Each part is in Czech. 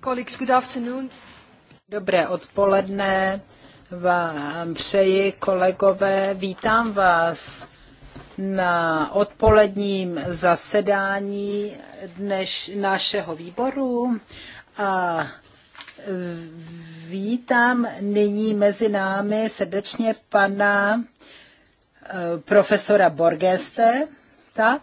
Colleagues, good afternoon. Dobré odpoledne vám přeji, kolegové. Vítám vás na odpoledním zasedání dneš, našeho výboru a vítám nyní mezi námi srdečně pana eh, profesora Borgeste, tak?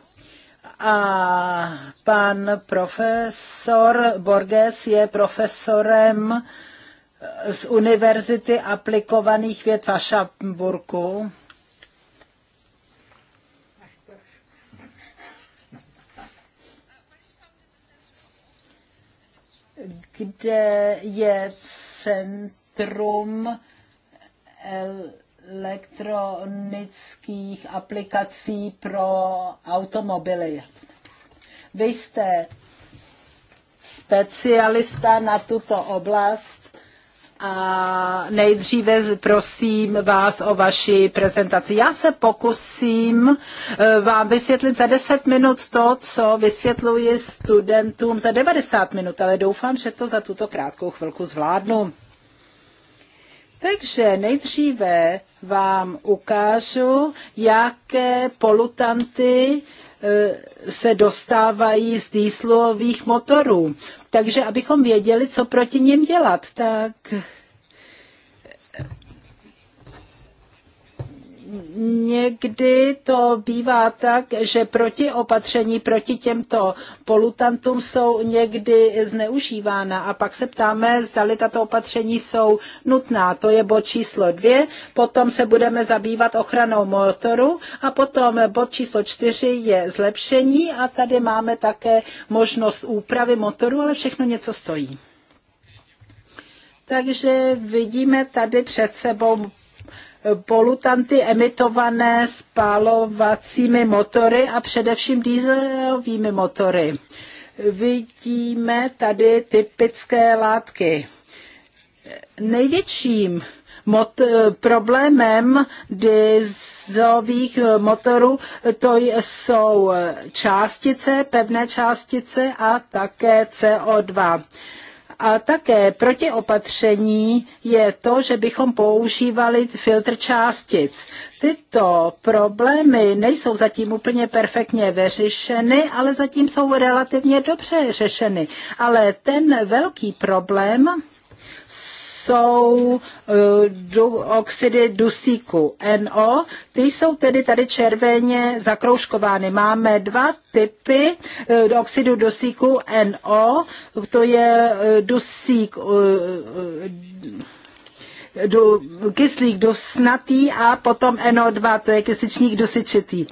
a pan profesor Borges je profesorem z Univerzity aplikovaných věd v Ašamburku. kde je centrum el- elektronických aplikací pro automobily. Vy jste specialista na tuto oblast a nejdříve prosím vás o vaši prezentaci. Já se pokusím eh, vám vysvětlit za 10 minut to, co vysvětluji studentům za 90 minut, ale doufám, že to za tuto krátkou chvilku zvládnu. Takže nejdříve vám ukážu, jaké polutanty e, se dostávají z dýslových motorů. Takže abychom věděli, co proti ním dělat, tak někdy to bývá tak, že protiopatření proti těmto polutantům jsou někdy zneužívána a pak se ptáme, zdali tato opatření jsou nutná. To je bod číslo dvě, potom se budeme zabývat ochranou motoru a potom bod číslo čtyři je zlepšení a tady máme také možnost úpravy motoru, ale všechno něco stojí. Takže vidíme tady před sebou polutanty emitované spalovacími motory a především dýzlovými motory. Vidíme tady typické látky. Největším mot- problémem dieselových motorů to jsou částice, pevné částice a také CO2. A také protiopatření je to, že bychom používali filtr částic. Tyto problémy nejsou zatím úplně perfektně vyřešeny, ale zatím jsou relativně dobře řešeny. Ale ten velký problém jsou eh, du, oxidy dusíku NO. Ty jsou tedy tady červeně zakroužkovány. Máme dva typy eh, oxidu dusíku NO. To je eh, dusík do, kyslík dusnatý a potom NO2, to je kysličník dusičitý,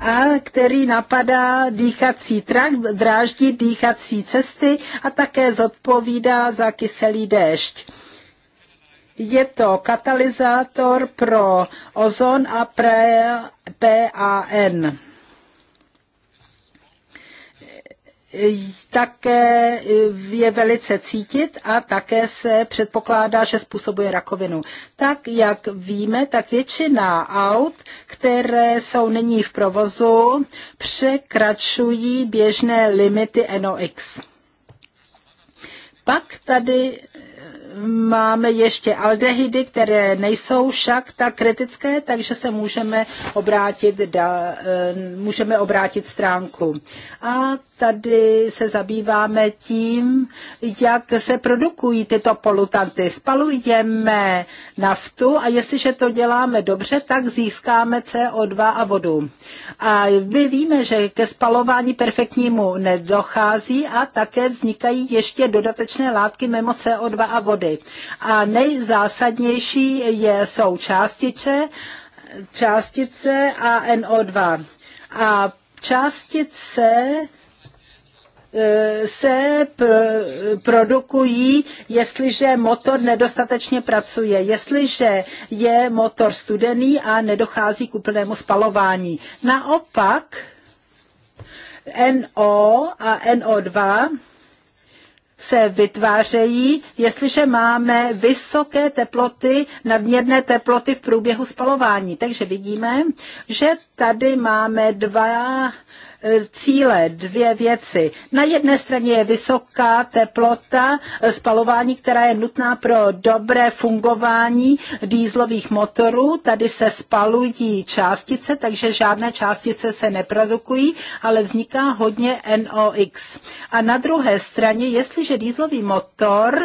a který napadá dýchací trakt, dráždí dýchací cesty a také zodpovídá za kyselý déšť. Je to katalyzátor pro ozon a pre PAN. také je velice cítit a také se předpokládá, že způsobuje rakovinu. Tak, jak víme, tak většina aut, které jsou nyní v provozu, překračují běžné limity NOx. Pak tady máme ještě aldehydy, které nejsou však tak kritické, takže se můžeme obrátit, da, eh, můžeme obrátit stránku. A tady se zabýváme tím, jak se produkují tyto polutanty. Spalujeme naftu a jestliže to děláme dobře, tak získáme CO2 a vodu. A my víme, že ke spalování perfektnímu nedochází a také vznikají ještě dodatečné látky mimo CO2 a vodu vody. A nejzásadnější je, jsou částice, částice a NO2. A částice e, se pr- produkují, jestliže motor nedostatečně pracuje, jestliže je motor studený a nedochází k úplnému spalování. Naopak NO a NO2 se vytvářejí, jestliže máme vysoké teploty, nadměrné teploty v průběhu spalování. Takže vidíme, že tady máme dva cíle, dvě věci. Na jedné straně je vysoká teplota eh, spalování, která je nutná pro dobré fungování dýzlových motorů. Tady se spalují částice, takže žádné částice se neprodukují, ale vzniká hodně NOx. A na druhé straně, jestliže dýzlový motor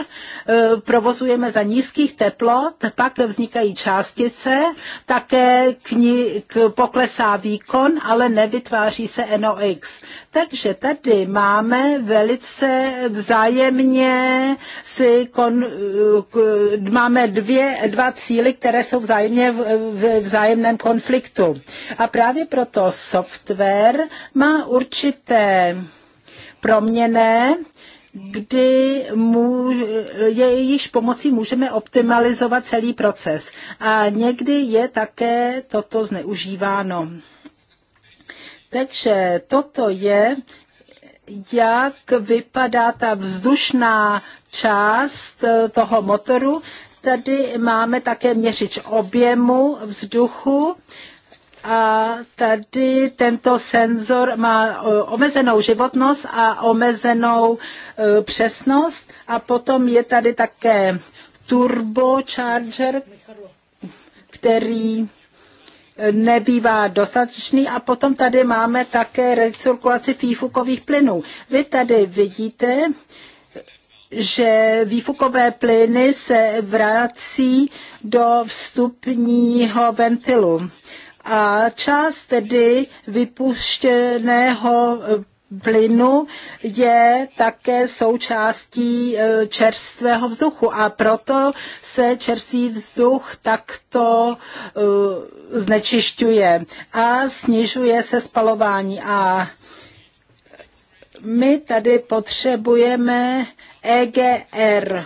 eh, provozujeme za nízkých teplot, pak vznikají částice, také k, ní, poklesá výkon, ale nevytváří se NOx lomeno x. Takže tady máme velice vzájemně si kon, máme dvě, dva cíly, které jsou vzájemně v vzájemném konfliktu. A právě proto software má určité proměné, kdy mu, jejíž pomocí můžeme optimalizovat celý proces. A někdy je také toto zneužíváno. Takže toto je, jak vypadá ta vzdušná část eh, toho motoru. Tady máme také měřič objemu vzduchu a tady tento senzor má eh, omezenou životnost a omezenou eh, přesnost a potom je tady také turbocharger, který nebývá dostatečný a potom tady máme také recirkulaci výfukových plynů. Vy tady vidíte, že výfukové plyny se vrací do vstupního ventilu a část tedy vypuštěného plynu je také součástí e, čerstvého vzduchu a proto se čerstvý vzduch takto e, znečišťuje a snižuje se spalování. A my tady potřebujeme EGR e,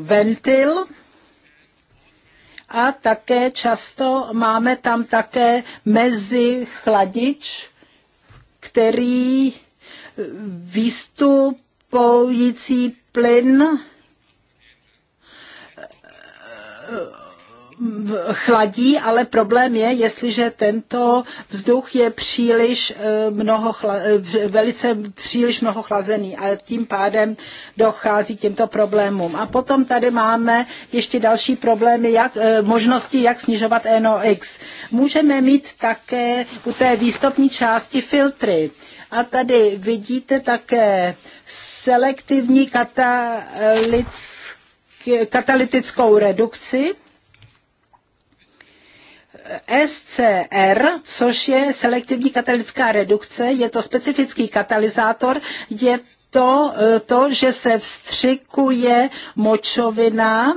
ventil, a také často máme tam také mezi chladič, který výstupující plyn chladí, ale problém je, jestliže tento vzduch je příliš eh, mnoho, eh, velice příliš mnoho chlazený a tím pádem dochází k těmto problémům. A potom tady máme ještě další problémy, jak, eh, možnosti, jak snižovat NOx. Můžeme mít také u té výstupní části filtry. A tady vidíte také selektivní katalitickou katalytickou redukci SCR, což je selektivní katalytická redukce, je to specifický katalyzátor, je to, e, to, že se vstřikuje močovina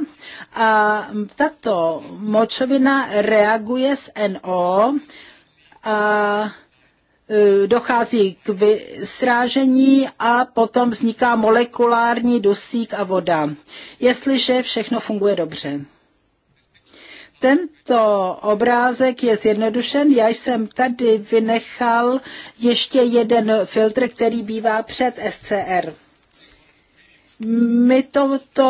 a tato močovina reaguje s NO a e, dochází k vysrážení a potom vzniká molekulární dusík a voda. Jestliže všechno funguje dobře. Tento obrázek je zjednodušen. Já jsem tady vynechal ještě jeden filtr, který bývá před SCR. My toto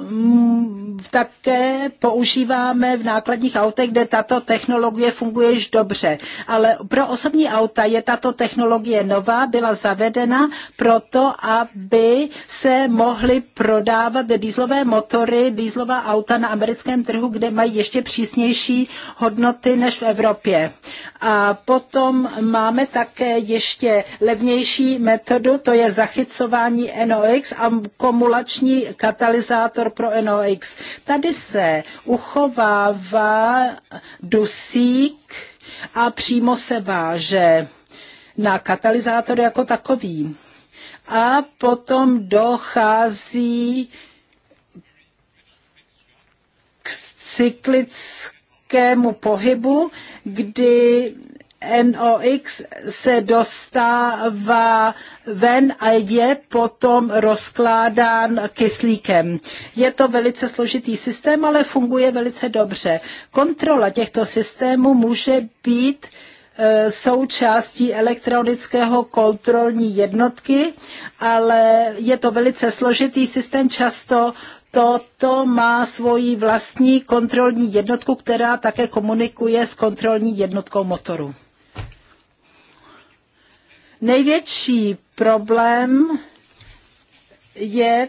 mm, také používáme v nákladních autech, kde tato technologie funguje již dobře. Ale pro osobní auta je tato technologie nová, byla zavedena proto, aby se mohly prodávat dýzlové motory, dýzlová auta na americkém trhu, kde mají ještě přísnější hodnoty než v Evropě. A potom máme také ještě levnější metodu, to je zachycování NOx a komulační katalyzátor pro NOx. Tady se uchovává dusík a přímo se váže na katalyzátor jako takový. A potom dochází k cyklickému pohybu, kdy NOx se dostává ven a je potom rozkládán kyslíkem. Je to velice složitý systém, ale funguje velice dobře. Kontrola těchto systémů může být e, součástí elektronického kontrolní jednotky, ale je to velice složitý systém, často toto má svoji vlastní kontrolní jednotku, která také komunikuje s kontrolní jednotkou motoru. Největší problém je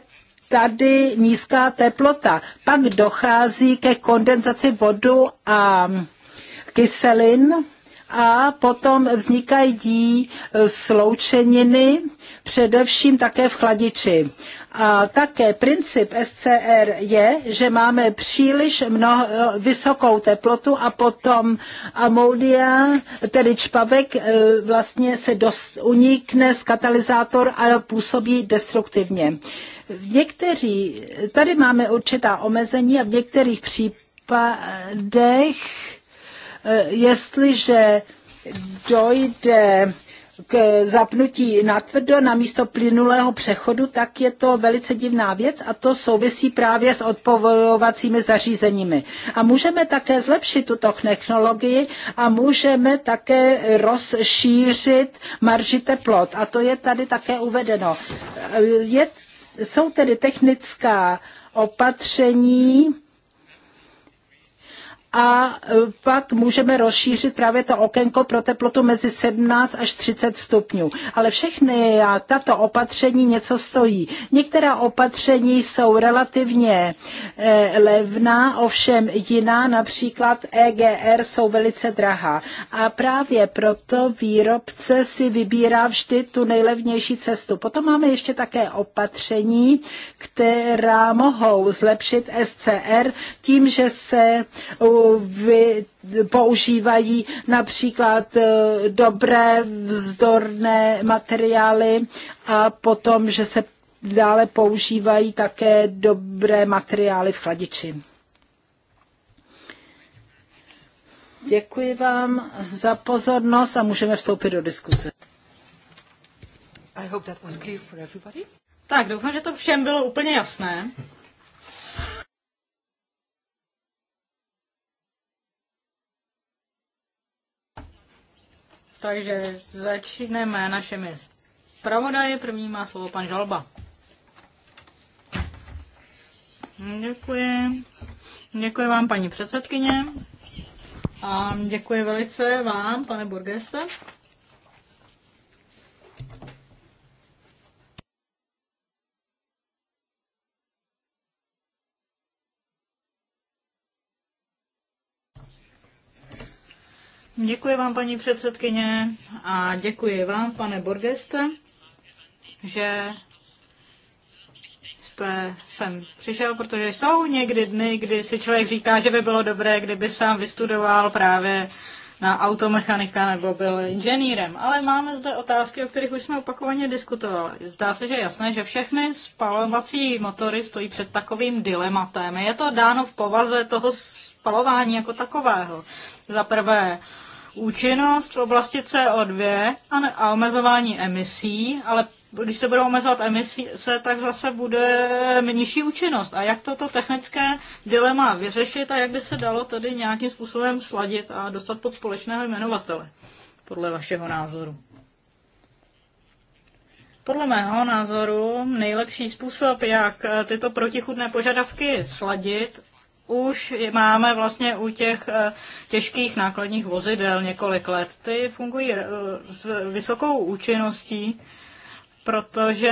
tady nízká teplota. Pak dochází ke kondenzaci vodu a kyselin a potom vznikají sloučeniny, především také v chladiči. A také princip SCR je, že máme příliš mnoho, vysokou teplotu a potom amonia, tedy čpavek, e, vlastně se dost, unikne z katalyzátor a působí destruktivně. V někteří, tady máme určitá omezení a v některých případech, e, jestliže dojde k zapnutí natvrdo na místo plynulého přechodu, tak je to velice divná věc a to souvisí právě s odpojovacími zařízeními. A můžeme také zlepšit tuto technologii a můžeme také rozšířit marži teplot. A to je tady také uvedeno. Je, jsou tedy technická opatření, a e, pak můžeme rozšířit právě to okénko pro teplotu mezi 17 až 30 stupňů. Ale všechny a tato opatření něco stojí. Některá opatření jsou relativně e, levná, ovšem jiná, například EGR, jsou velice drahá. A právě proto výrobce si vybírá vždy tu nejlevnější cestu. Potom máme ještě také opatření, která mohou zlepšit SCR tím, že se uh, používají například eh, dobré vzdorné materiály a potom, že se dále používají také dobré materiály v chladiči. Děkuji vám za pozornost a můžeme vstoupit do diskuse. I hope that was clear for everybody. Tak, doufám, že to všem bylo úplně jasné. takže začneme našimi zpravodaji. První má slovo pan Žalba. Děkuji. Děkuji vám, paní předsedkyně. A děkuji velice vám, pane Burgeste. Děkuji vám, paní předsedkyně, a děkuji vám, pane Borgeste, že jste sem přišel, protože jsou někdy dny, kdy si člověk říká, že by bylo dobré, kdyby sám vystudoval právě na automechanika nebo byl inženýrem. Ale máme zde otázky, o kterých už jsme opakovaně diskutovali. Zdá se, že je jasné, že všechny spalovací motory stojí před takovým dilematem. Je to dáno v povaze toho spalování jako takového. Za prvé účinnost v oblasti CO2 a, ne, a omezování emisí, ale když se budou omezovat emise, tak zase bude nižší účinnost. A jak toto technické dilema vyřešit a jak by se dalo tady nějakým způsobem sladit a dostat pod společného jmenovatele, podle vašeho názoru? Podle mého názoru nejlepší způsob, jak tyto protichudné požadavky sladit už máme vlastně u těch eh, těžkých nákladních vozidel několik let. Ty fungují eh, s vysokou účinností, protože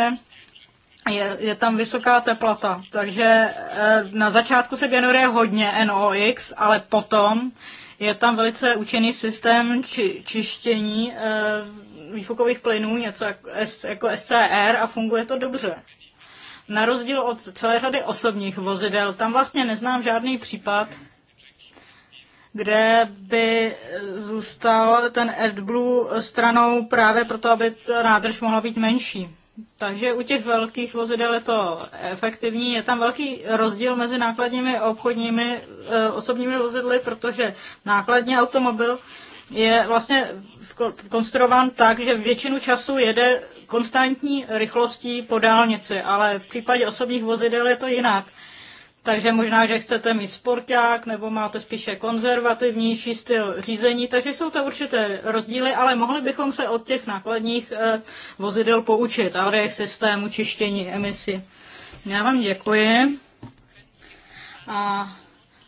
je, je tam vysoká teplota. Takže eh, na začátku se generuje hodně NOx, ale potom je tam velice účinný systém či, čištění výfukových plynů, něco jako, jako SCR a funguje to dobře. Na rozdíl od celé řady osobních vozidel, tam vlastně neznám žádný případ, kde by zůstal ten AdBlue stranou právě proto, aby ta nádrž mohla být menší. Takže u těch velkých vozidel je to efektivní. Je tam velký rozdíl mezi nákladními a obchodními e, osobními vozidly, protože nákladní automobil je vlastně konstruován tak, že většinu času jede konstantní rychlostí po dálnici, ale v případě osobních vozidel je to jinak. Takže možná, že chcete mít sporták, nebo máte spíše konzervativnější styl řízení, takže jsou to určité rozdíly, ale mohli bychom se od těch nákladních eh, vozidel poučit, ale je systému čištění emisí. Já vám děkuji. A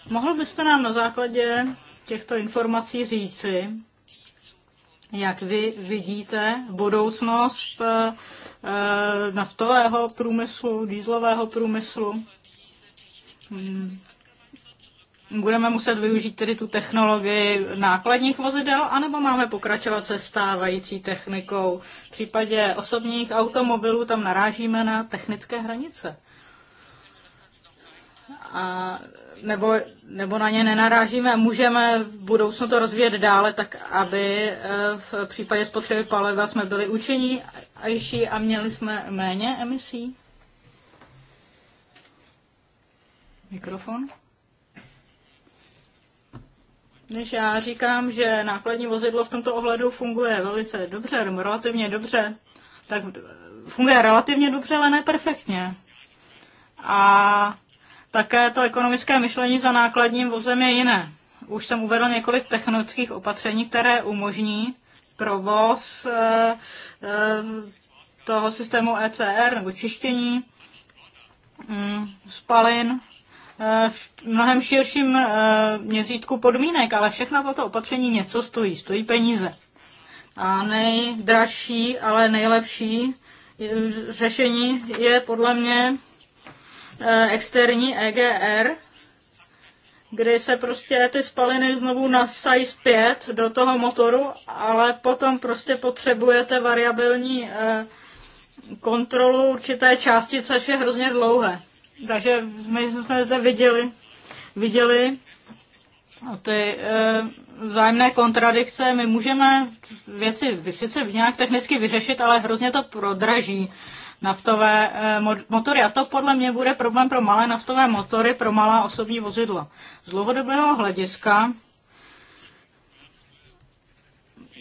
mohl byste nám na základě těchto informací říci, jak vy vidíte budoucnost eh, eh, naftového průmyslu, dýzlového průmyslu? Hmm. Budeme muset využít tedy tu technologii nákladních vozidel, anebo máme pokračovat se stávající technikou? V případě osobních automobilů tam narážíme na technické hranice. A nebo, nebo na ně nenarážíme a můžeme v budoucnu to rozvíjet dále, tak aby eh, v případě spotřeby paliva jsme byli účinnější a měli jsme méně emisí? Mikrofon. Než já říkám, že nákladní vozidlo v tomto ohledu funguje velice dobře, relativně dobře, tak eh, funguje relativně dobře, ale ne perfektně. A také to ekonomické myšlení za nákladním vozem je jiné. Už jsem uvedl několik technických opatření, které umožní provoz eh, eh, toho systému ECR nebo čištění mm, spalin eh, v mnohem širším měřítku podmínek, ale všechna tato opatření něco stojí, stojí peníze. A nejdražší, ale nejlepší řešení je podle mě Eh, externí EGR, kdy se prostě ty spaliny znovu nasají zpět do toho motoru, ale potom prostě potřebujete variabilní eh, kontrolu určité části což je hrozně dlouhé. Takže my jsme zde viděli, viděli ty eh, vzájemné kontradikce. My můžeme věci sice nějak technicky vyřešit, ale hrozně to prodraží naftové eh, motory. A to podle mě bude problém pro malé naftové motory, pro malá osobní vozidla. Z dlouhodobého hlediska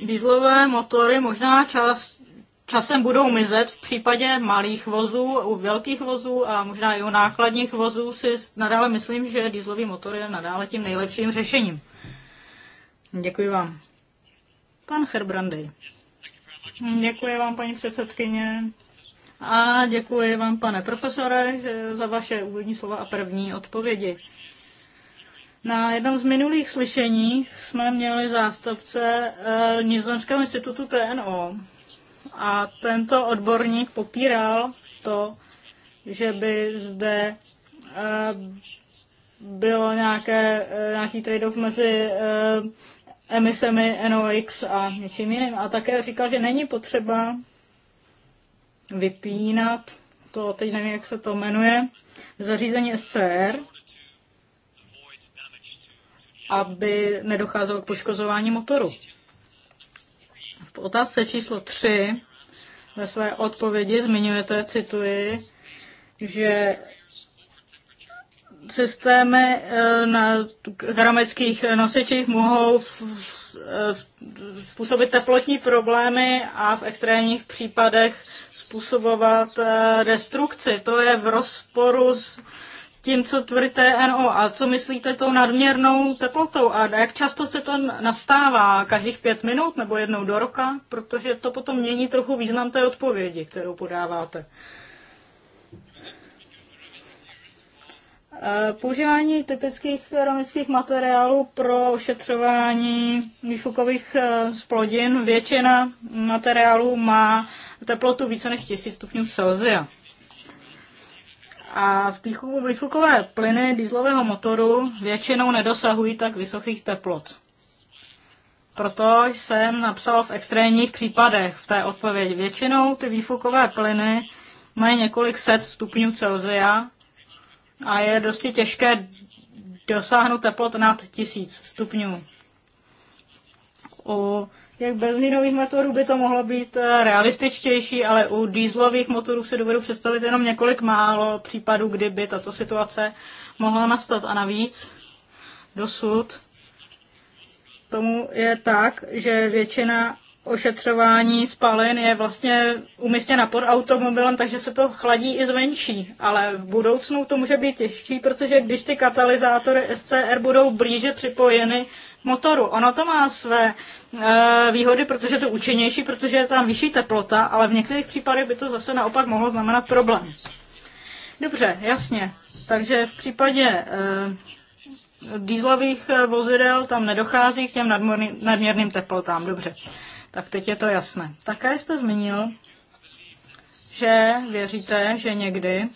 dieselové motory možná čas, časem budou mizet v případě malých vozů, u velkých vozů a možná i u nákladních vozů si nadále myslím, že dieselový motor je nadále tím nejlepším řešením. Děkuji vám. Pan Herbrandy. Děkuji vám, paní předsedkyně. A děkuji vám, pane profesore, za vaše úvodní slova a první odpovědi. Na jednom z minulých slyšení jsme měli zástupce eh, Nizozemského institutu TNO a tento odborník popíral to, že by zde eh, bylo nějaké, eh, nějaký trade-off mezi emisemi NOx a něčím jiným. A také říkal, že není potřeba vypínat, to teď nevím, jak se to jmenuje, zařízení SCR, aby nedocházelo k poškozování motoru. V otázce číslo 3 ve své odpovědi zmiňujete, cituji, že systémy eh, na karameckých nosičích mohou Eh, způsobit teplotní problémy a v extrémních případech způsobovat eh, destrukci. To je v rozporu s tím, co tvrdí TNO A co myslíte tou nadměrnou teplotou? A jak často se to nastává? Každých pět minut nebo jednou do roka? Protože to potom mění trochu význam té odpovědi, kterou podáváte. Eh, používání typických keramických materiálů pro ošetřování výfukových splodin, eh, většina materiálů má teplotu více než 1000 stupňů Celsia. A v výfukové plyny dýzlového motoru většinou nedosahují tak vysokých teplot. Proto jsem napsal v extrémních případech v té odpovědi. Většinou ty výfukové plyny mají několik set stupňů Celsia a je dosti těžké dosáhnout teplot nad 1000 stupňů. U jak benzínových motorů by to mohlo být eh, realističtější, ale u dýzlových motorů si dovedu představit jenom několik málo případů, kdyby tato situace mohla nastat. A navíc dosud tomu je tak, že většina ošetřování spalin je vlastně umístěna pod automobilem, takže se to chladí i zvenčí. Ale v budoucnu to může být těžší, protože když ty katalyzátory SCR budou blíže připojeny motoru. Ono to má své e, výhody, protože je to účinnější, protože je tam vyšší teplota, ale v některých případech by to zase naopak mohlo znamenat problém. Dobře, jasně. Takže v případě e, eh, dýzlových eh, vozidel tam nedochází k těm nadměrným teplotám. Dobře. Tak teď je to jasné. Také jste zmínil, že věříte, že někdy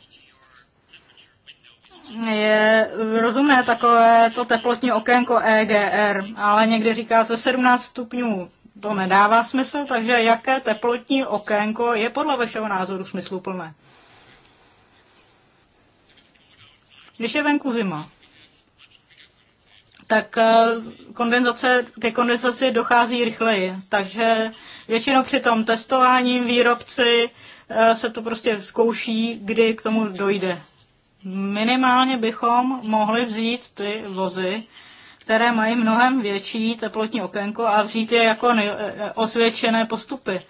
je rozumné takové to teplotní okénko EGR, ale někdy říkáte 17 stupňů. To nedává smysl, takže jaké teplotní okénko je podle vašeho názoru smysluplné? Když je venku zima tak eh, kondenzace, ke kondenzaci dochází rychleji. Takže většinou při tom testování výrobci eh, se to prostě zkouší, kdy k tomu dojde. Minimálně bychom mohli vzít ty vozy, které mají mnohem větší teplotní okénko a vzít je jako eh, osvědčené postupy.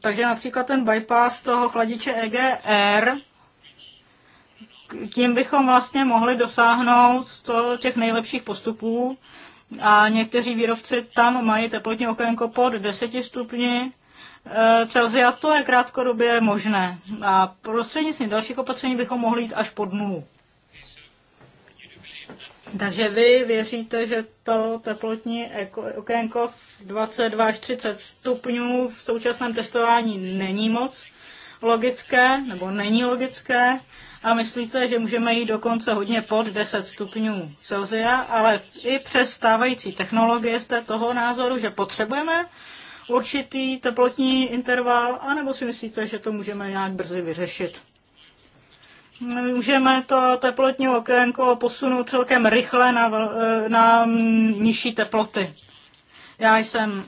Takže například ten bypass toho chladiče EGR tím bychom vlastně mohli dosáhnout to, těch nejlepších postupů a někteří výrobci tam mají teplotní okénko pod 10 stupni e, Celsia. To je krátkodobě možné a prostřednictvím dalších opatření bychom mohli jít až pod nulu. Takže vy věříte, že to teplotní okénko 22 až 30 stupňů v současném testování není moc logické, nebo není logické, a myslíte, že můžeme jít dokonce hodně pod 10 stupňů Celsia, ale i přes stávající technologie jste toho názoru, že potřebujeme určitý teplotní interval, anebo si myslíte, že to můžeme nějak brzy vyřešit? Můžeme to teplotní okénko posunout celkem rychle na, na mm, nižší teploty. Já jsem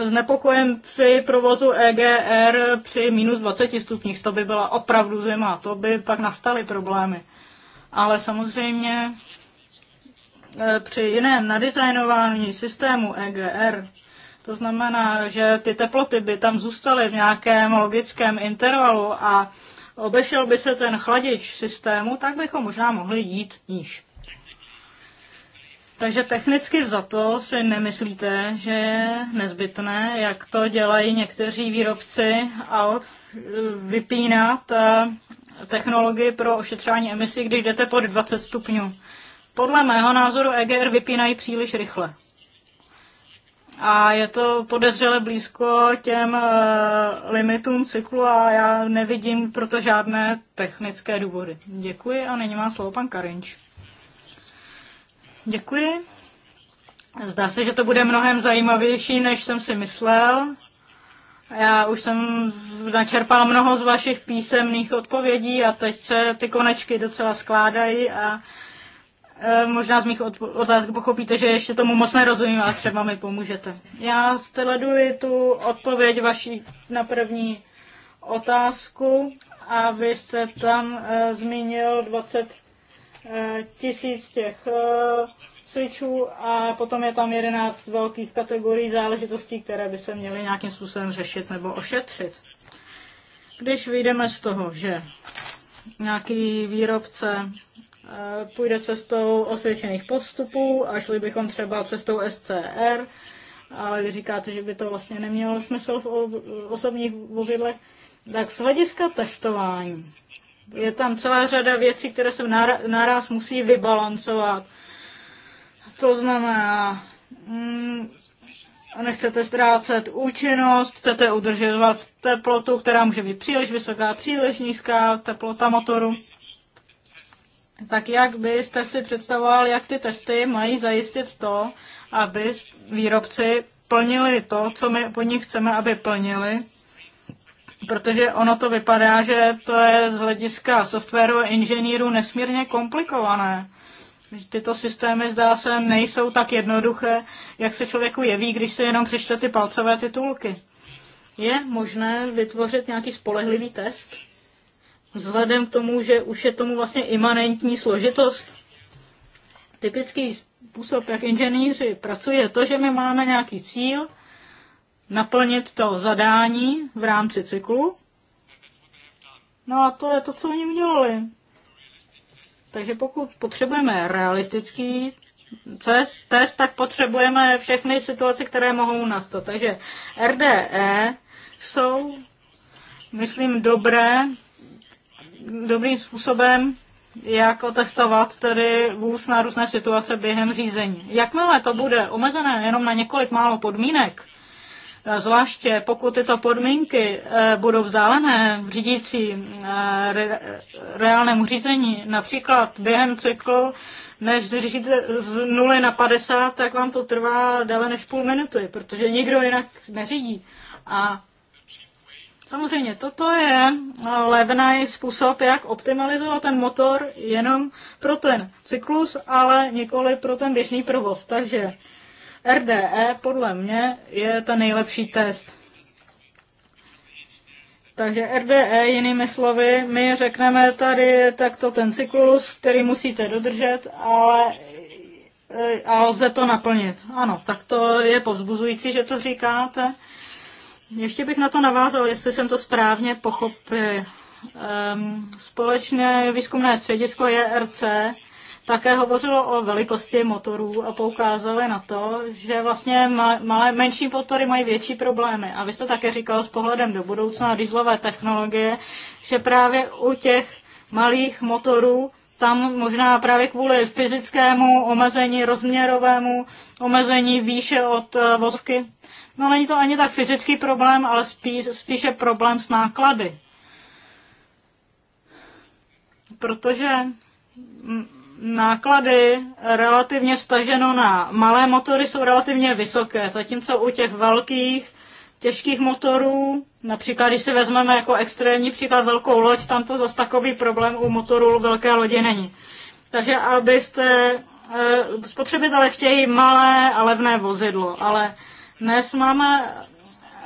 znepokojen při provozu EGR při minus 20 stupních. To by byla opravdu zima, to by pak nastaly problémy. Ale samozřejmě e, při jiném nadizajnování systému EGR, to znamená, že ty teploty by tam zůstaly v nějakém logickém intervalu a obešel by se ten chladič systému, tak bychom možná mohli jít níž. Takže technicky vzato si nemyslíte, že je nezbytné, jak to dělají někteří výrobci aut, vypínat eh, technologii pro ošetřování emisí, když jdete pod 20 stupňů. Podle mého názoru EGR vypínají příliš rychle. A je to podezřele blízko těm eh, limitům cyklu a já nevidím proto žádné technické důvody. Děkuji a nyní má slovo pan Karinč. Děkuji. Zdá se, že to bude mnohem zajímavější, než jsem si myslel. Já už jsem načerpal mnoho z vašich písemných odpovědí a teď se ty konečky docela skládají a e, možná z mých otázek pochopíte, že ještě tomu moc nerozumím a třeba mi pomůžete. Já sleduji tu odpověď vaší na první otázku a vy jste tam e, zmínil 20 tisíc těch e, switchů a potom je tam jedenáct velkých kategorií záležitostí, které by se měly nějakým způsobem řešit nebo ošetřit. Když vyjdeme z toho, že nějaký výrobce e, půjde cestou osvědčených postupů a šli bychom třeba cestou SCR, ale vy říkáte, že by to vlastně nemělo smysl v osobních vozidlech, tak z hlediska testování je tam celá řada věcí, které se naraz musí vybalancovat. To znamená, mm, nechcete ztrácet účinnost, chcete udržovat teplotu, která může být příliš vysoká, příliš nízká, teplota motoru. Tak jak byste si představoval, jak ty testy mají zajistit to, aby výrobci plnili to, co my po nich chceme, aby plnili? protože ono to vypadá, že to je z hlediska softwaru a inženýrů nesmírně komplikované. Tyto systémy, zdá se, nejsou tak jednoduché, jak se člověku jeví, když se jenom přečte ty palcové titulky. Je možné vytvořit nějaký spolehlivý test? Vzhledem k tomu, že už je tomu vlastně imanentní složitost. Typický způsob, jak inženýři pracují, je to, že my máme nějaký cíl, naplnit to zadání v rámci cyklu. No a to je to, co oni udělali. Takže pokud potřebujeme realistický cest, test, tak potřebujeme všechny situace, které mohou nastat. Takže RDE jsou, myslím, dobré, dobrým způsobem, jak otestovat tedy vůz na různé situace během řízení. Jakmile to bude omezené jenom na několik málo podmínek, Eh, zvláště pokud tyto podmínky eh, budou vzdálené v řídící eh, reálnému řízení, například během cyklu, než řídíte z 0 na 50, tak vám to trvá déle než půl minuty, protože nikdo jinak neřídí. A Samozřejmě, toto je levný způsob, jak optimalizovat ten motor jenom pro ten cyklus, ale nikoli pro ten běžný provoz. Takže RDE podle mě je ten nejlepší test. Takže RDE, jinými slovy, my řekneme tady takto ten cyklus, který musíte dodržet, ale e, a lze to naplnit. Ano, tak to je povzbuzující, že to říkáte. Ještě bych na to navázal, jestli jsem to správně pochopil. Ehm, společné výzkumné středisko RC také hovořilo o velikosti motorů a poukázali na to, že vlastně malé, menší motory mají větší problémy. A vy jste také říkal s pohledem do budoucna na dieselové technologie, že právě u těch malých motorů tam možná právě kvůli fyzickému omezení, rozměrovému omezení výše od eh, vozky. No není to ani tak fyzický problém, ale spíš, spíše problém s náklady. Protože mm, náklady relativně vstaženo na malé motory jsou relativně vysoké, zatímco u těch velkých těžkých motorů, například když si vezmeme jako extrémní příklad velkou loď, tam to zase takový problém u motoru velké lodi není. Takže abyste, eh, spotřebitelé chtějí malé a levné vozidlo, ale dnes máme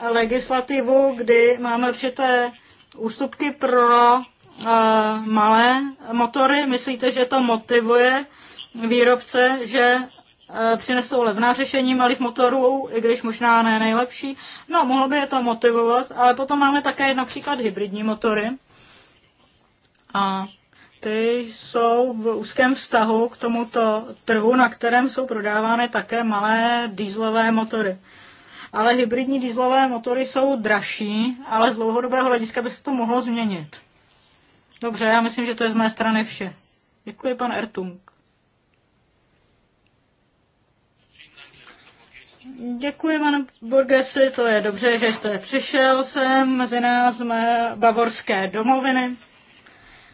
legislativu, kdy máme určité ústupky pro malé motory. Myslíte, že to motivuje výrobce, že e, přinesou levná řešení malých motorů, i když možná ne nejlepší. No, mohlo by je to motivovat, ale potom máme také například hybridní motory. A ty jsou v úzkém vztahu k tomuto trhu, na kterém jsou prodávány také malé dýzlové motory. Ale hybridní dýzlové motory jsou dražší, ale z dlouhodobého hlediska by se to mohlo změnit. Dobře, já myslím, že to je z mé strany vše. Děkuji, pan Ertung. Děkuji, pane Borgesi, to je dobře, že jste přišel sem mezi nás z mé bavorské domoviny.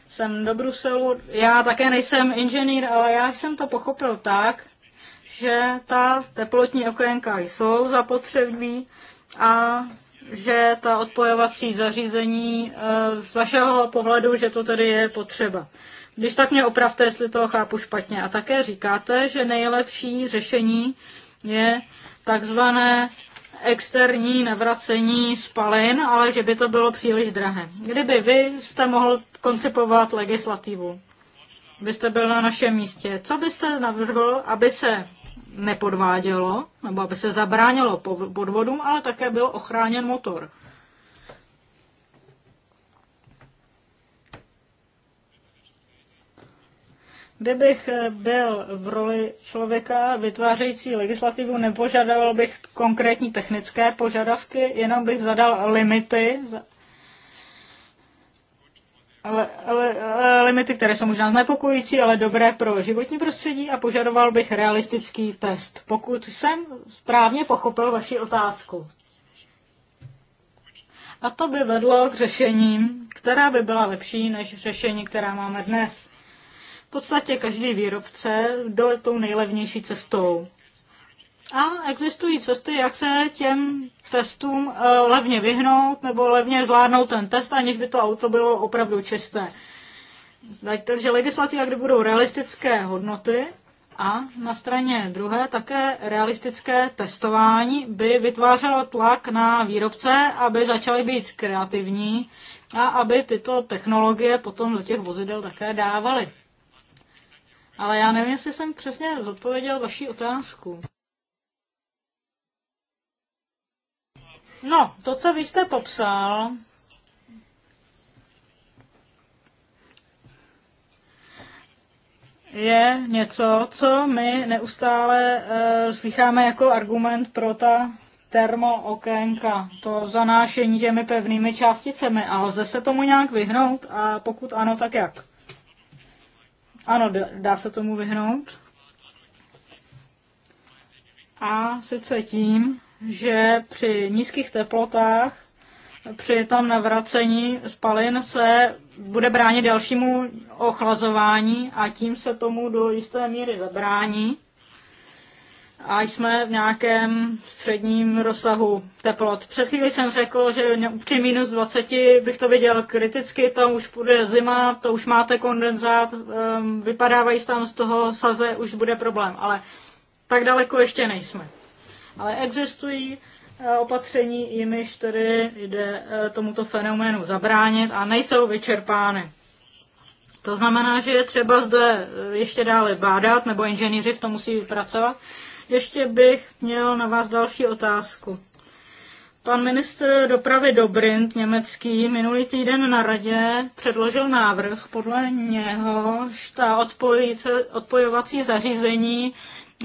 Jsem do Bruselu. Já také nejsem inženýr, ale já jsem to pochopil tak, že ta teplotní okénka jsou zapotřebí a že ta odpojovací zařízení eh, z vašeho pohledu, že to tedy je potřeba. Když tak mě opravte, jestli to chápu špatně. A také říkáte, že nejlepší řešení je takzvané externí navracení spalin, ale že by to bylo příliš drahé. Kdyby vy jste mohl koncipovat legislativu, byste byl na našem místě, co byste navrhl, aby se nepodvádělo, nebo aby se zabránilo podvodům, ale také byl ochráněn motor. Kdybych byl v roli člověka vytvářející legislativu, nepožadoval bych konkrétní technické požadavky, jenom bych zadal limity, ale, ale, ale limity, které jsou možná znepokojící, ale dobré pro životní prostředí a požadoval bych realistický test, pokud jsem správně pochopil vaši otázku. A to by vedlo k řešením, která by byla lepší než řešení, která máme dnes. V podstatě každý výrobce jde tou nejlevnější cestou. A existují cesty, jak se těm testům eh, levně vyhnout nebo levně zvládnout ten test, aniž by to auto bylo opravdu čisté. Takže legislativa, kdy budou realistické hodnoty a na straně druhé také realistické testování by vytvářelo tlak na výrobce, aby začaly být kreativní a aby tyto technologie potom do těch vozidel také dávaly. Ale já nevím, jestli jsem přesně zodpověděl vaši otázku. No, to, co vy jste popsal, je něco, co my neustále e, eh, slycháme jako argument pro ta termookénka, to zanášení těmi pevnými částicemi. A lze se tomu nějak vyhnout? A pokud ano, tak jak? Ano, dá se tomu vyhnout. A sice tím, že při nízkých teplotách při tom navracení spalin se bude bránit dalšímu ochlazování a tím se tomu do jisté míry zabrání. A jsme v nějakém středním rozsahu teplot. Před chvíli jsem řekl, že při minus 20 bych to viděl kriticky, tam už bude zima, to už máte kondenzát, ehm, vypadávají tam z toho saze, už bude problém. Ale tak daleko ještě nejsme. Ale existují eh, opatření, jimiž tedy jde eh, tomuto fenoménu zabránit a nejsou vyčerpány. To znamená, že je třeba zde eh, ještě dále bádat, nebo inženýři v tom musí pracovat. Ještě bych měl na vás další otázku. Pan ministr dopravy Dobrindt německý minulý týden na radě předložil návrh, podle něhož ta odpojovací zařízení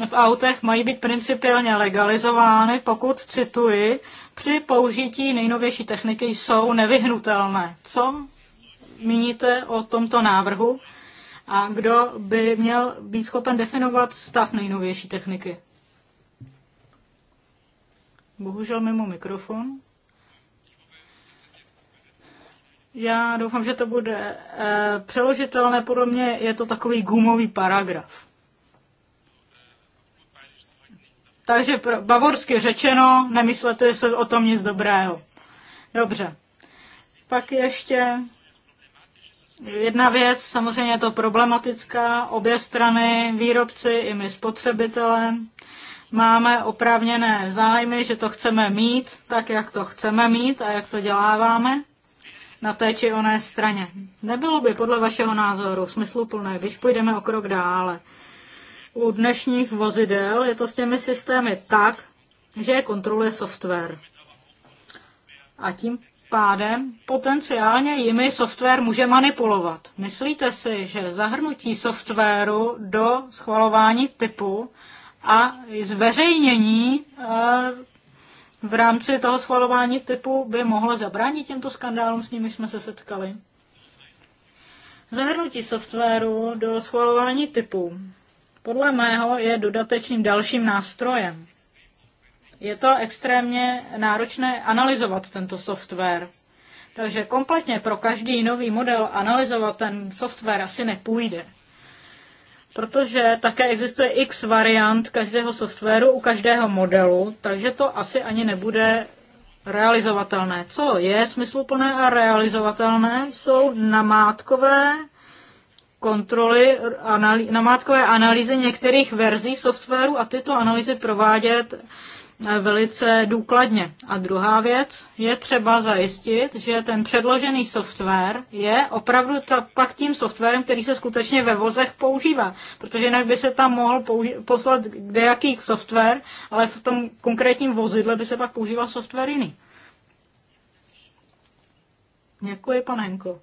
v autech mají být principiálně legalizovány, pokud, cituji, při použití nejnovější techniky jsou nevyhnutelné. Co míníte o tomto návrhu a kdo by měl být schopen definovat stav nejnovější techniky? Bohužel mimo mikrofon. Já doufám, že to bude e, přeložitelné. Podle mě je to takový gumový paragraf. Takže pro, bavorsky řečeno, nemyslete se o tom nic dobrého. Dobře. Pak ještě jedna věc, samozřejmě je to problematická, obě strany, výrobci i my spotřebitelé, máme oprávněné zájmy, že to chceme mít tak, jak to chceme mít a jak to děláváme na té či oné straně. Nebylo by podle vašeho názoru smysluplné, když půjdeme o krok dále, u dnešních vozidel je to s těmi systémy tak, že je kontroluje software. A tím pádem potenciálně jimi software může manipulovat. Myslíte si, že zahrnutí softwaru do schvalování typu a zveřejnění eh, v rámci toho schvalování typu by mohlo zabránit těmto skandálům, s nimi jsme se setkali? Zahrnutí softwaru do schvalování typu podle mého je dodatečným dalším nástrojem. Je to extrémně náročné analyzovat tento software. Takže kompletně pro každý nový model analyzovat ten software asi nepůjde. Protože také existuje x variant každého softwaru u každého modelu, takže to asi ani nebude realizovatelné. Co je smysluplné a realizovatelné, jsou namátkové kontroly analý, namátkové analýzy některých verzí softwaru a tyto analýzy provádět eh, velice důkladně. A druhá věc, je třeba zajistit, že ten předložený software je opravdu ta, pak tím softwarem, který se skutečně ve vozech používá. Protože jinak by se tam mohl použi- poslat kdejaký software, ale v tom konkrétním vozidle by se pak používal software jiný. Děkuji, pan Henko.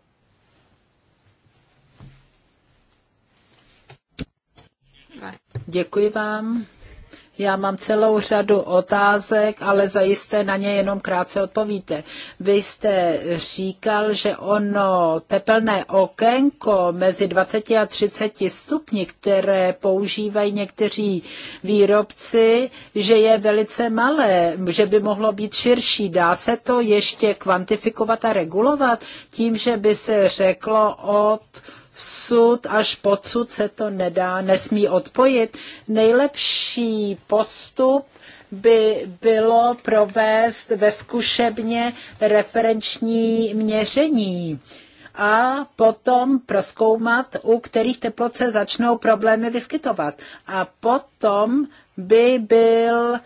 Děkuji vám. Já mám celou řadu otázek, ale zajisté na ně jenom krátce odpovíte. Vy jste říkal, že ono tepelné okénko mezi 20 a 30 stupni, které používají někteří výrobci, že je velice malé, že by mohlo být širší. Dá se to ještě kvantifikovat a regulovat tím, že by se řeklo od sud až podsud se to nedá, nesmí odpojit. Nejlepší postup by bylo provést ve zkušebně referenční měření a potom proskoumat, u kterých teplot se začnou problémy vyskytovat. A potom by byl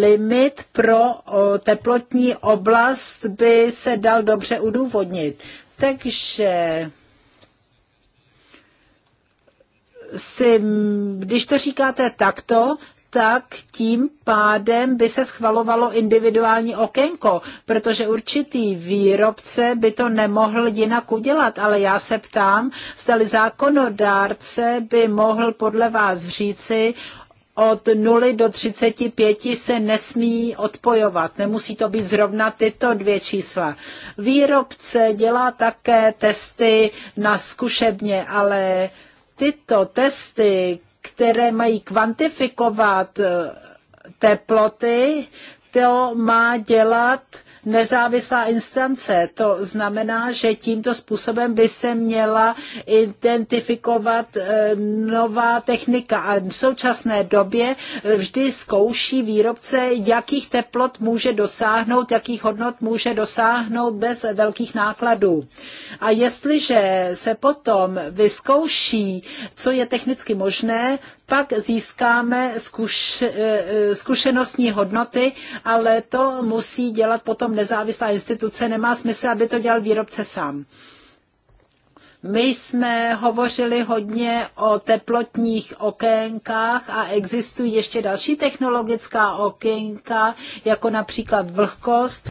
limit pro teplotní oblast by se dal dobře udůvodnit. Takže si, když to říkáte takto, tak tím pádem by se schvalovalo individuální okénko, protože určitý výrobce by to nemohl jinak udělat. Ale já se ptám, stali zákonodárce by mohl podle vás říci, od 0 do 35 se nesmí odpojovat. Nemusí to být zrovna tyto dvě čísla. Výrobce dělá také testy na zkušebně, ale tyto testy, které mají kvantifikovat eh, teploty, to má dělat nezávislá instance. To znamená, že tímto způsobem by se měla identifikovat eh, nová technika. A v současné době eh, vždy zkouší výrobce, jakých teplot může dosáhnout, jakých hodnot může dosáhnout bez velkých nákladů. A jestliže se potom vyzkouší, co je technicky možné, pak získáme zkuš, eh, zkušenostní hodnoty, ale to musí dělat potom nezávislá instituce. Nemá smysl, aby to dělal výrobce sám. My jsme hovořili hodně o teplotních okénkách a existují ještě další technologická okénka, jako například vlhkost.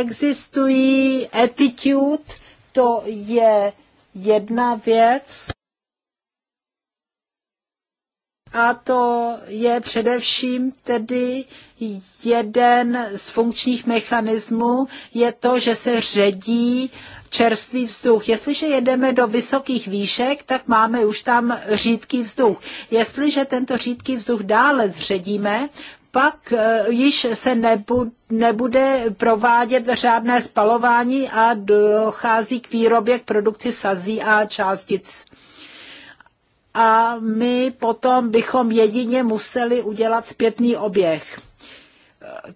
Existují attitude, to je jedna věc. A to je především tedy jeden z funkčních mechanismů, je to, že se ředí čerstvý vzduch. Jestliže jedeme do vysokých výšek, tak máme už tam řídký vzduch. Jestliže tento řídký vzduch dále zředíme, pak eh, již se nebude provádět řádné spalování a dochází k výrobě, k produkci sazí a částic a my potom bychom jedině museli udělat zpětný oběh.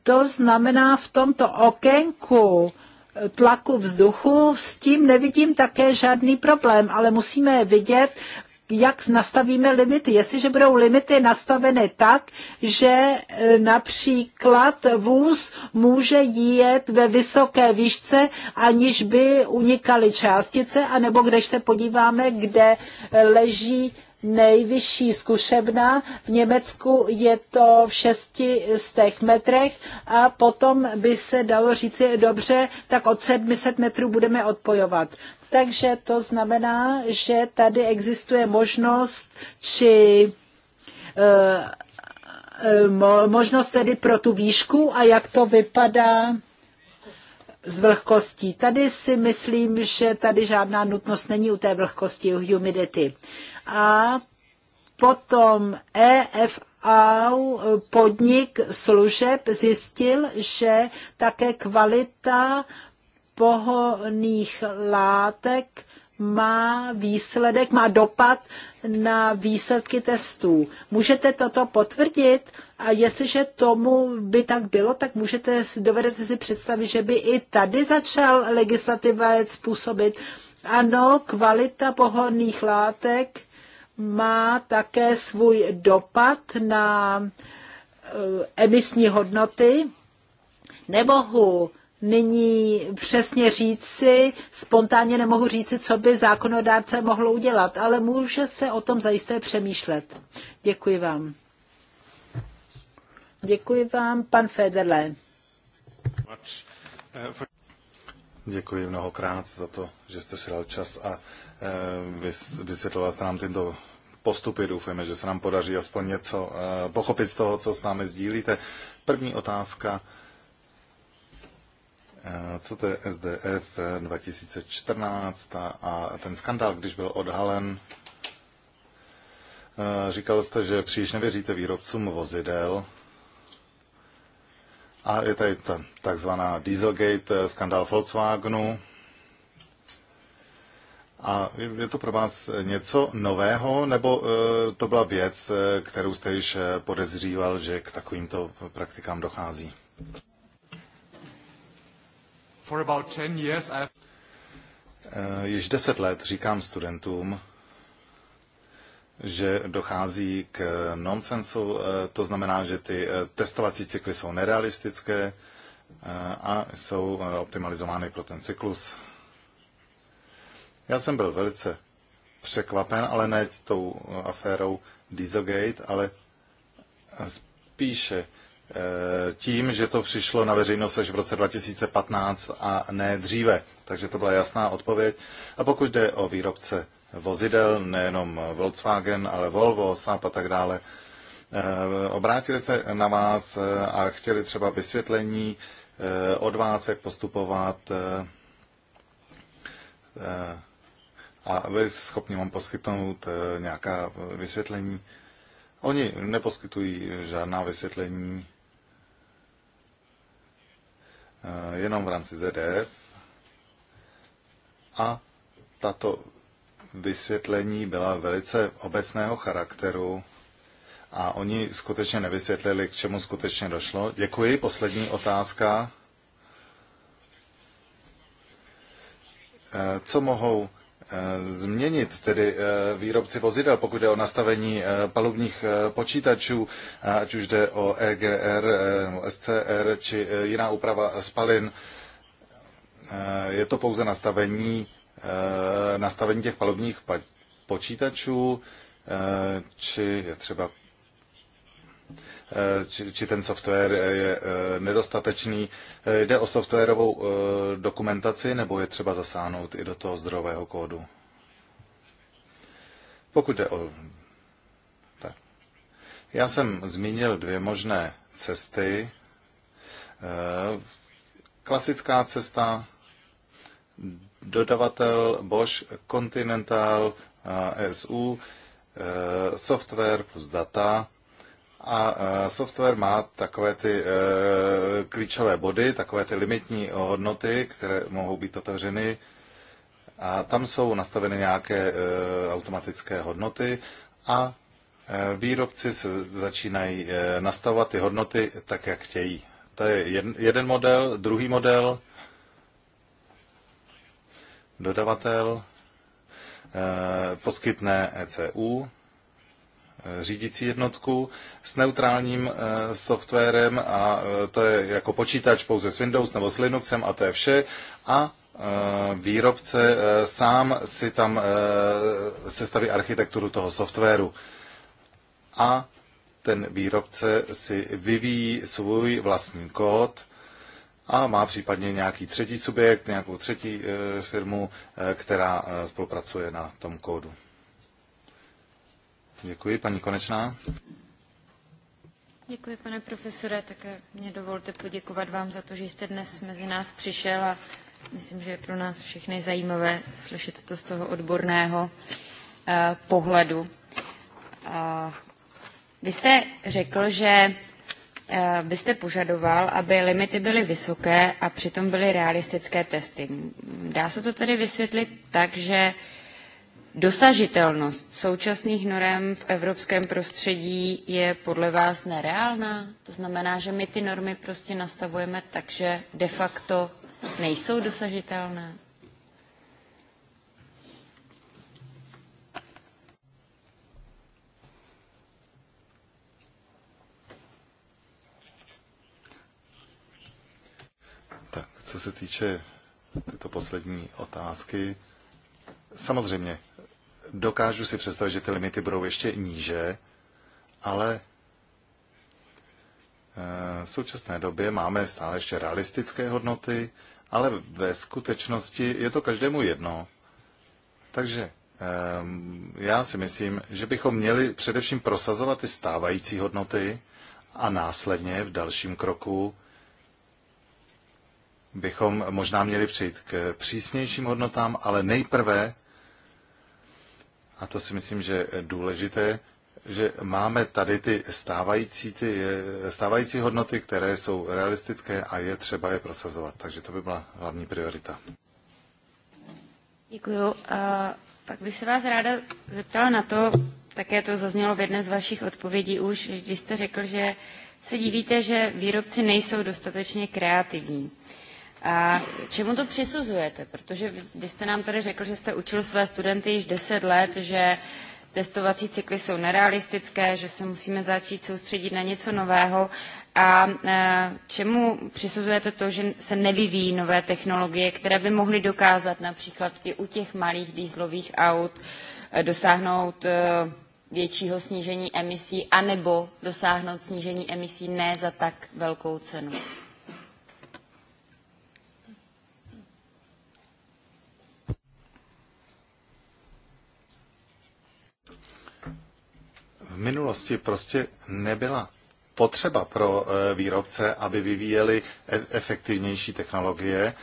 To znamená v tomto okénku tlaku vzduchu, s tím nevidím také žádný problém, ale musíme vidět, jak nastavíme limity. Jestliže budou limity nastaveny tak, že e, například vůz může jet ve vysoké výšce, aniž by unikaly částice, anebo když se podíváme, kde leží nejvyšší zkušebna. V Německu je to v 600 metrech a potom by se dalo říci, dobře, tak od 700 metrů budeme odpojovat. Takže to znamená, že tady existuje možnost či eh, eh, možnost tedy pro tu výšku a jak to vypadá z vlhkostí. Tady si myslím, že tady žádná nutnost není u té vlhkosti, u humidity. A potom EFA podnik služeb zjistil, že také kvalita pohoných látek má výsledek, má dopad na výsledky testů. Můžete toto potvrdit? A jestliže tomu by tak bylo, tak můžete, dovedete si představit, že by i tady začal legislativa způsobit. Ano, kvalita pohonných látek má také svůj dopad na eh, emisní hodnoty. Nemohu nyní přesně říci, spontánně nemohu říci, co by zákonodárce mohlo udělat, ale může se o tom zajisté přemýšlet. Děkuji vám. Děkuji vám, pan Federle. Děkuji mnohokrát za to, že jste si dal čas a eh, vysvětlila jste nám tento postupy. Doufejme, že se nám podaří aspoň něco eh, pochopit z toho, co s námi sdílíte. První otázka Eh, co to je SDF 2014 eh, a, a ten skandál, když byl odhalen, eh, říkal jste, že příliš nevěříte výrobcům vozidel. A je tady ta takzvaná Dieselgate, skandál Volkswagenu. A je to pro vás něco nového, nebo to byla věc, kterou jste již podezříval, že k takovýmto praktikám dochází? Eh, již deset let říkám studentům, že dochází k nonsensu, eh, to znamená, že ty eh, testovací cykly jsou nerealistické a jsou optimalizovány pro ten cyklus. Já jsem byl velice překvapen, ale ne tou aférou Dieselgate, ale spíše Eh, tím, že to přišlo na veřejnost až v roce 2015 a ne dříve. Takže to byla jasná odpověď. A pokud jde o výrobce vozidel, nejenom Volkswagen, ale Volvo, Saab a tak dále, eh, obrátili se na vás eh, a chtěli třeba vysvětlení od vás, jak postupovat a byli schopni vám poskytnout nějaká vysvětlení. Oni neposkytují žádná vysvětlení. Eh, jenom v rámci ZDF a tato vysvětlení byla velice obecného charakteru a oni skutečně nevysvětlili, k čemu skutečně došlo. Děkuji. Poslední otázka. Eh, co mohou Eh, změnit, tedy eh, výrobci vozidel, pokud jde o nastavení eh, palubních počítačů, ať už jde o EGR, SCR či jiná úprava spalin. Je to pouze nastavení, nastavení těch palubních počítačů, či je třeba Eh, či, ten software je eh, nedostatečný. Eh, jde o softwarovou dokumentaci nebo je třeba zasáhnout i do toho zdrojového kódu? Pokud jde o... Tak. Já jsem zmínil dvě možné cesty. Klasická cesta, dodavatel Bosch Continental SU software plus data, a e, software má takové ty e, klíčové body, takové ty limitní hodnoty, které mohou být otevřeny. A tam jsou nastaveny nějaké e, automatické hodnoty a výrobci se začínají nastavovat ty hodnoty tak, jak chtějí. To je jeden model, druhý model, dodavatel poskytne ECU řídící jednotku s neutrálním eh, softwarem a eh, to je jako počítač pouze s Windows nebo s Linuxem a to je vše. A eh, výrobce sám si tam sestaví architekturu toho softwaru. A ten výrobce si vyvíjí svůj vlastní kód, a má případně nějaký třetí subjekt, nějakou třetí firmu, která spolupracuje na tom kódu. Děkuji, paní Konečná. Děkuji, pane profesore. Také mě dovolte poděkovat vám za to, že jste dnes mezi nás přišel a myslím, že je pro nás všechny zajímavé slyšet to z toho odborného eh, pohledu. Eh, vy jste řekl, že eh, byste požadoval, aby limity byly vysoké a přitom byly realistické testy. Dá se to tedy vysvětlit tak, že eh, Dosažitelnost současných norm v evropském prostředí je podle vás nereálná? To znamená, že my ty normy prostě nastavujeme tak, že de facto nejsou dosažitelné? Tak, co se týče této poslední otázky, samozřejmě dokážu si představit, že ty limity budou ještě níže, ale eh, v současné době máme stále ještě realistické hodnoty, ale ve skutečnosti je to každému jedno. Takže eh, já si myslím, že bychom měli především prosazovat ty stávající hodnoty a následně v dalším kroku bychom možná měli přijít k přísnějším hodnotám, ale nejprve a to si myslím, že je důležité, že máme tady ty stávající, ty eh, stávající hodnoty, které jsou realistické a je třeba je prosazovat. Takže to by byla hlavní priorita. Děkuji. A pak bych se vás ráda zeptala na to, také to zaznělo v jedné z vašich odpovědí už, když jste řekl, že se divíte, že výrobci nejsou dostatečně kreativní. A čemu to přisuzujete? Protože vy jste nám tady řekl, že jste učil své studenty již 10 let, že testovací cykly jsou nerealistické, že se musíme začít soustředit na něco nového. A e, čemu přisuzujete to, že se nevyvíjí nové technologie, které by mohly dokázat například i u těch malých dýzlových aut e, dosáhnout e, většího snížení emisí, anebo dosáhnout snížení emisí ne za tak velkou cenu? v minulosti prostě nebyla potřeba pro eh, výrobce, aby vyvíjeli e- efektivnější technologie,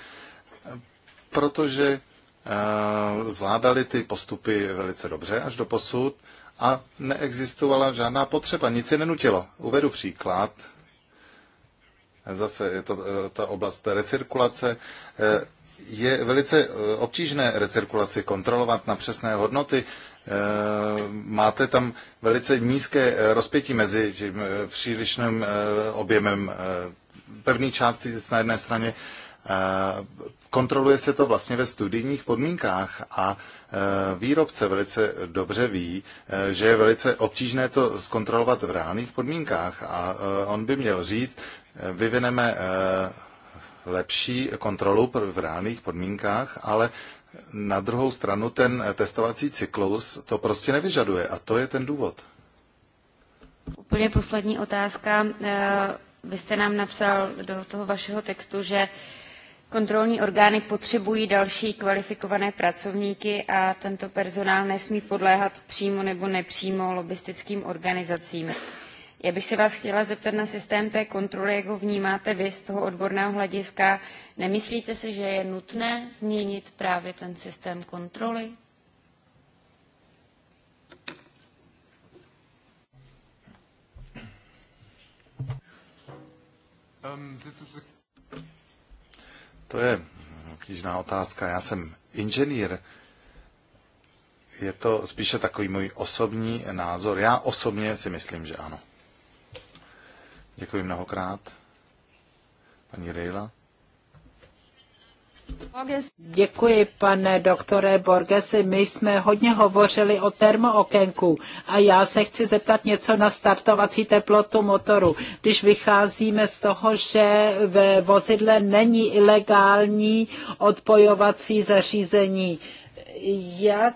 protože eh, zvládali ty postupy velice dobře až do posud a neexistovala žádná potřeba, nic je nenutilo. Uvedu příklad. Zase je to eh, ta oblast recirkulace. Je velice obtížné recirkulaci kontrolovat na přesné hodnoty, Eh, máte tam velice nízké eh, rozpětí mezi tím eh, přílišným objemem části. částic na jedné straně. Kontroluje se to vlastně ve studijních podmínkách a výrobce velice dobře ví, že je velice obtížné to zkontrolovat v reálných podmínkách a on by měl říct, vyvineme lepší kontrolu v reálných podmínkách, ale na druhou stranu ten testovací cyklus to prostě nevyžaduje a to je ten důvod. Úplně poslední otázka. Eh, vy jste nám napsal do toho vašeho textu, že kontrolní orgány potřebují další kvalifikované pracovníky a tento personál nesmí podléhat přímo nebo nepřímo lobistickým organizacím já bych se vás chtěla zeptat na systém té kontroly, jak ho vnímáte vy z toho odborného hlediska. Nemyslíte si, že je nutné změnit právě ten systém kontroly? Um, to je obtížná otázka. Já jsem inženýr. Je to spíše takový můj osobní názor. Já osobně si myslím, že ano. Děkuji mnohokrát. Paní Rejla. Děkuji, pane doktore Borgesi. My jsme hodně hovořili o termookénku a já se chci zeptat něco na startovací teplotu motoru. Když vycházíme z toho, že ve vozidle není ilegální odpojovací zařízení, jak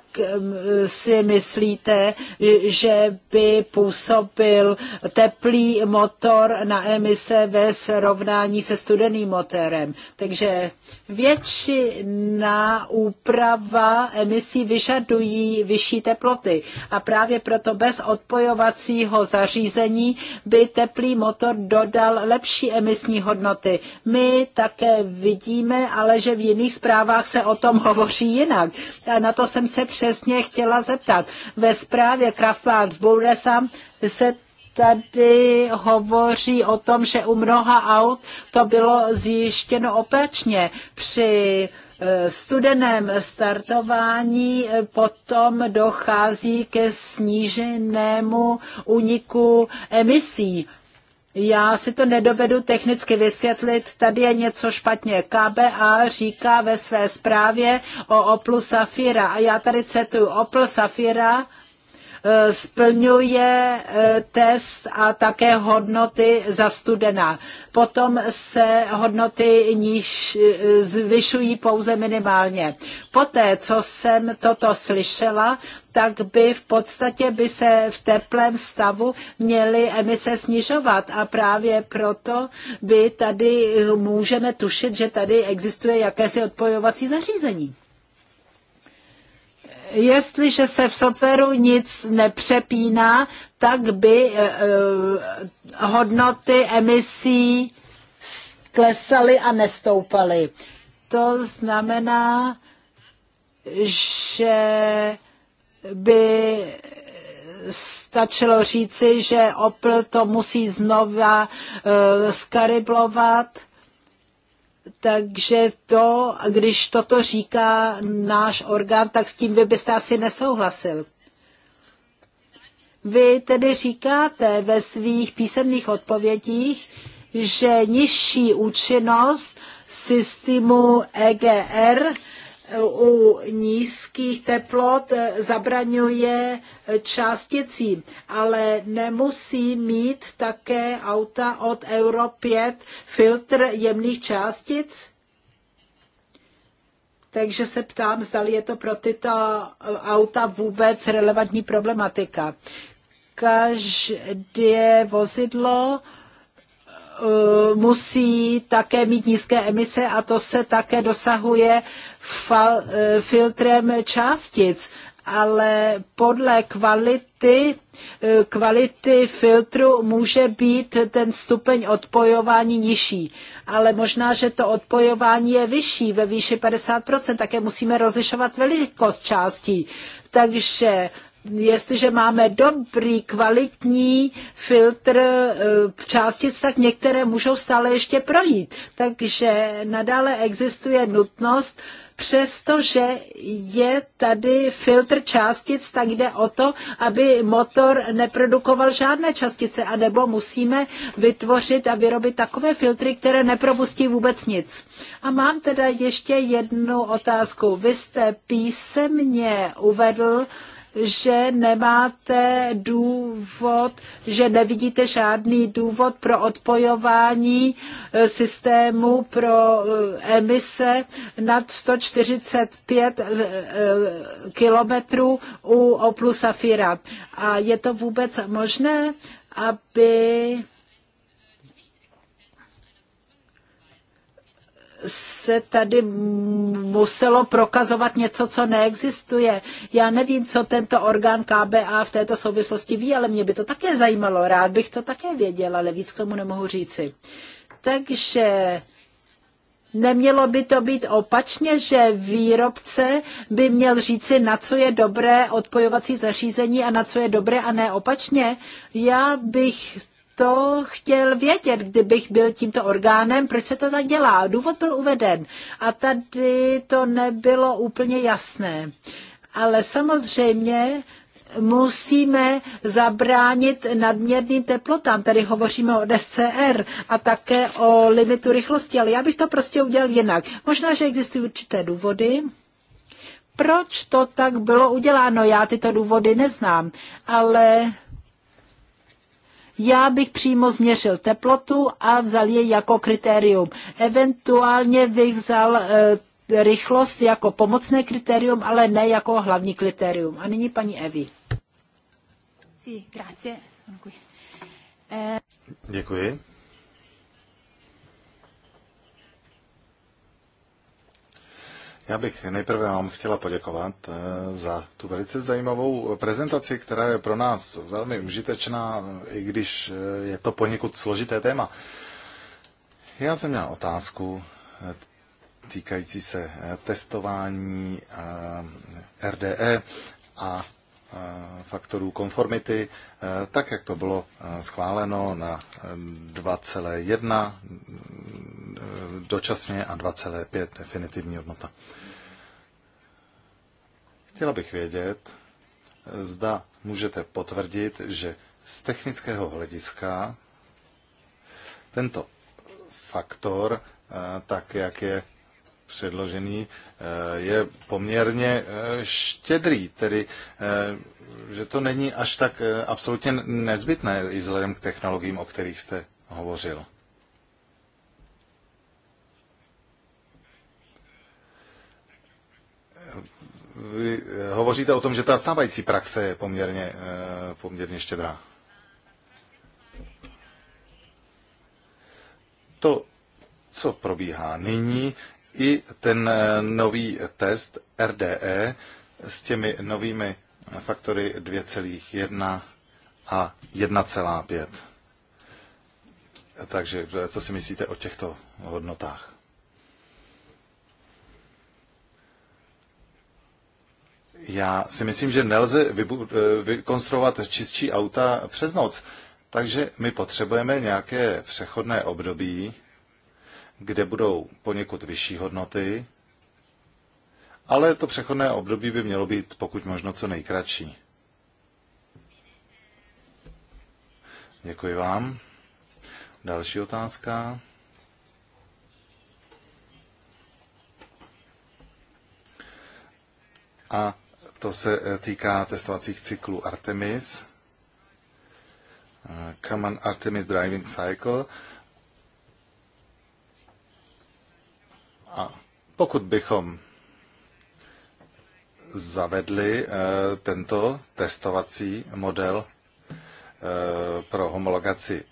si myslíte, že by působil teplý motor na emise ve srovnání se studeným motorem. Takže většina úprava emisí vyžadují vyšší teploty a právě proto bez odpojovacího zařízení by teplý motor dodal lepší emisní hodnoty. My také vidíme, ale že v jiných zprávách se o tom hovoří jinak. A na to jsem se přesně chtěla zeptat. Ve zprávě z Bouresa se tady hovoří o tom, že u mnoha aut to bylo zjištěno opačně. Při eh, studeném startování eh, potom dochází ke sníženému uniku emisí. Já si to nedovedu technicky vysvětlit, tady je něco špatně. KBA říká ve své zprávě o Oplu Safira a já tady cetuju Opel Safira Eh, splňuje eh, test a také hodnoty za studena. Potom se hodnoty níž eh, zvyšují pouze minimálně. Poté, co jsem toto slyšela, tak by v podstatě by se v teplém stavu měly emise snižovat a právě proto by tady můžeme tušit, že tady existuje jakési odpojovací zařízení jestliže se v softwaru nic nepřepíná, tak by eh, eh, hodnoty emisí klesaly a nestoupaly. To znamená, že by stačilo říci, že Opel to musí znova uh, skariblovat takže to, když toto říká náš orgán, tak s tím vy byste asi nesouhlasil. Vy tedy říkáte ve svých písemných odpovědích, že nižší účinnost systému EGR u nízkých teplot zabraňuje částicím, ale nemusí mít také auta od Euro 5 filtr jemných částic? Takže se ptám, zda je to pro tyto auta vůbec relevantní problematika. Každé vozidlo Eh, musí také mít nízké emise a to se také dosahuje fal, eh, filtrem částic ale podle kvality, eh, kvality filtru může být ten stupeň odpojování nižší. Ale možná, že to odpojování je vyšší, ve výši 50%, také musíme rozlišovat velikost částí. Takže jestliže máme dobrý, kvalitní filtr eh, částic, tak některé můžou stále ještě projít. Takže nadále existuje nutnost přestože je tady filtr částic, tak jde o to, aby motor neprodukoval žádné částice, anebo musíme vytvořit a vyrobit takové filtry, které nepropustí vůbec nic. A mám teda ještě jednu otázku. Vy jste písemně uvedl, že nemáte důvod, že nevidíte žádný důvod pro odpojování eh, systému pro eh, emise nad 145 eh, kilometrů u Oplu Safira. A je to vůbec možné, aby se tady muselo prokazovat něco, co neexistuje. Já nevím, co tento orgán KBA v této souvislosti ví, ale mě by to také zajímalo. Rád bych to také věděl, ale víc k tomu nemohu říci. Takže Nemělo by to být opačně, že výrobce by měl říci, na co je dobré odpojovací zařízení a na co je dobré a ne opačně? Já bych to chtěl vědět, kdybych byl tímto orgánem, proč se to tak dělá. Důvod byl uveden a tady to nebylo úplně jasné. Ale samozřejmě musíme zabránit nadměrným teplotám. Tady hovoříme o SCR a také o limitu rychlosti, ale já bych to prostě udělal jinak. Možná, že existují určité důvody, proč to tak bylo uděláno. Já tyto důvody neznám, ale já bych přímo změřil teplotu a vzal je jako kritérium. Eventuálně bych vzal eh, rychlost jako pomocné kritérium, ale ne jako hlavní kritérium. A nyní paní Evi. Děkuji. Eh, Já bych nejprve vám chtěla poděkovat eh, za tu velice zajímavou prezentaci, která je pro nás velmi užitečná, eh, i když eh, je to poněkud složité téma. Já jsem měl otázku týkající se testování RDE a faktorů konformity, tak jak to bylo schváleno na 2,1 Eh, dočasně a 2,5 definitivní hodnota. Chtěla bych vědět, zda můžete potvrdit, že z technického hlediska tento faktor, eh, tak jak je předložený, eh, je poměrně štědrý, tedy že to není až tak absolutně nezbytné i vzhledem k technologiím, o kterých jste hovořil. Vy eh, hovoříte o tom, že ta stávající praxe je poměrně, eh, poměrně štědrá. To, co probíhá nyní, i ten eh, nový test RDE s těmi novými faktory 2,1 a 1,5. Takže co si myslíte o těchto hodnotách? Já si myslím, že nelze eh, vykonstruovat čistší auta přes noc. Takže my potřebujeme nějaké přechodné období, kde budou poněkud vyšší hodnoty, ale to přechodné období by mělo být pokud možno co nejkratší. Děkuji vám. Další otázka. A to se eh, týká testovacích cyklů Artemis, Common eh, Artemis Driving Cycle. A pokud bychom zavedli eh, tento testovací model pro homologaci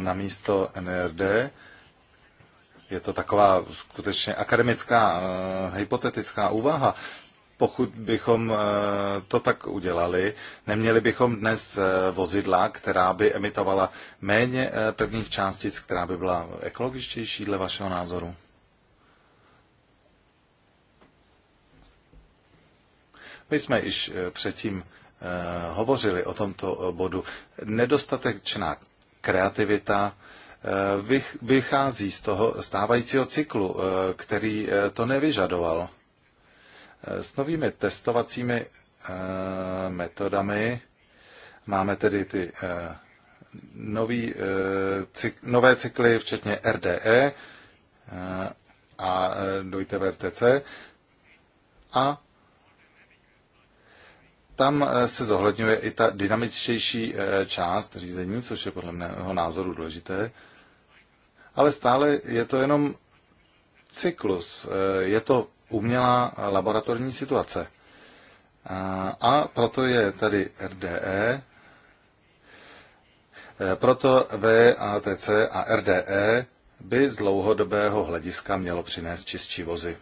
na místo NRD, je to taková skutečně akademická, hypotetická úvaha, pokud bychom eh, to tak udělali, neměli bychom dnes eh, vozidla, která by emitovala méně eh, pevných částic, která by byla ekologičtější dle vašeho názoru? My jsme již předtím hovořili o tomto bodu. Nedostatečná kreativita vychází z toho stávajícího cyklu, který to nevyžadoval. S novými testovacími eh, metodami máme tedy ty eh, nový, eh, nové cykly, včetně RDE a dojte VFTC. A tam se zohledňuje i ta dynamičtější část řízení, což je podle mého názoru důležité. Ale stále je to jenom cyklus. Je to umělá laboratorní situace. A proto je tady RDE, e, proto VATC a RDE by z dlouhodobého hlediska mělo přinést čistší vozy. E,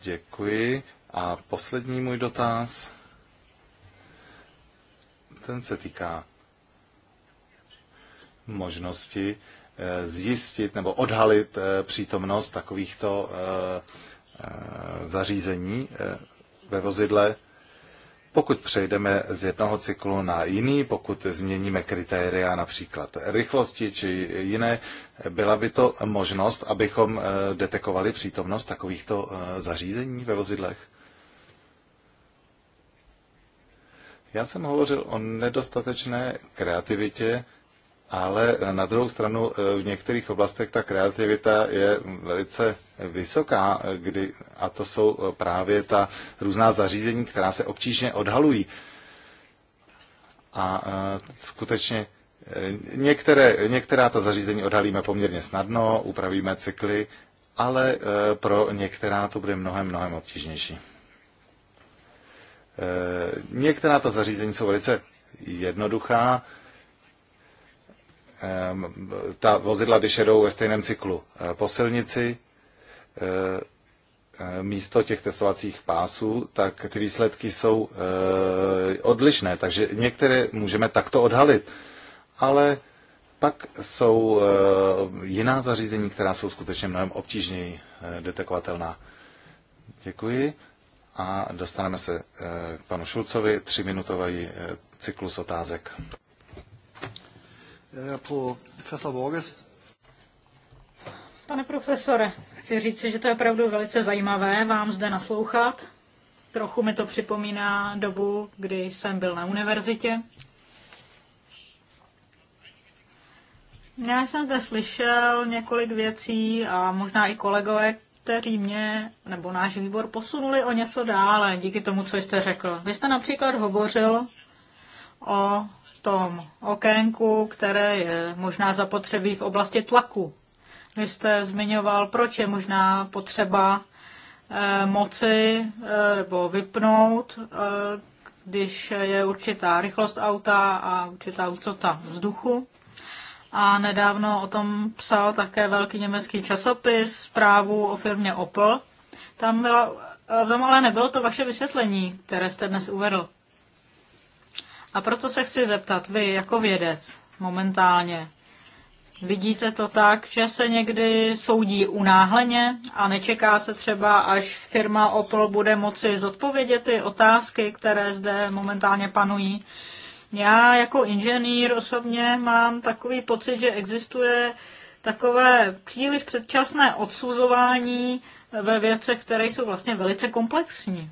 děkuji. A poslední můj dotaz, ten se týká možnosti zjistit nebo odhalit eh, přítomnost takovýchto eh, eh, zařízení ve vozidle. Pokud přejdeme z jednoho cyklu na jiný, pokud změníme kritéria například rychlosti či jiné, byla by to možnost, abychom detekovali přítomnost takovýchto zařízení ve vozidlech? Já jsem hovořil o nedostatečné kreativitě ale na druhou stranu eh, v některých oblastech ta kreativita je velice vysoká, eh, kdy, a to jsou eh, právě ta různá zařízení, která se obtížně odhalují. A skutečně některé, některá ta zařízení odhalíme poměrně snadno, upravíme cykly, ale pro některá to bude mnohem, mnohem obtížnější. Některá ta zařízení jsou velice jednoduchá, Ehm, ta vozidla, když jedou ve stejném cyklu eh, po silnici, eh, eh, místo těch testovacích pásů, tak ty výsledky jsou odlišné. Takže některé můžeme takto odhalit. Ale pak jsou jiná zařízení, která jsou skutečně mnohem obtížněji detekovatelná. Děkuji a dostaneme se k panu Šulcovi minutový cyklus otázek. Eh, Pane profesore, chci říct, že to je opravdu velice zajímavé vám zde naslouchat. Trochu mi to připomíná dobu, kdy jsem byl na univerzitě. Já jsem zde slyšel několik věcí a možná i kolegové, kteří mě nebo náš výbor posunuli o něco dále díky tomu, co jste řekl. Vy jste například hovořil o tom okénku, které je možná zapotřebí v oblasti tlaku. Vy jste zmiňoval, proč je možná potřeba eh, moci eh, nebo vypnout, eh, když je určitá rychlost auta a určitá úcota vzduchu. A nedávno o tom psal také velký německý časopis zprávu o firmě Opel. Tam, byla, eh, tam ale nebylo to vaše vysvětlení, které jste dnes uvedl. A proto se chci zeptat, vy jako vědec momentálně, vidíte to tak, že se někdy soudí unáhleně a nečeká se třeba, až firma Opel bude moci zodpovědět ty otázky, které zde momentálně panují. Já jako inženýr osobně mám takový pocit, že existuje takové příliš předčasné odsuzování ve věcech, které jsou vlastně velice komplexní.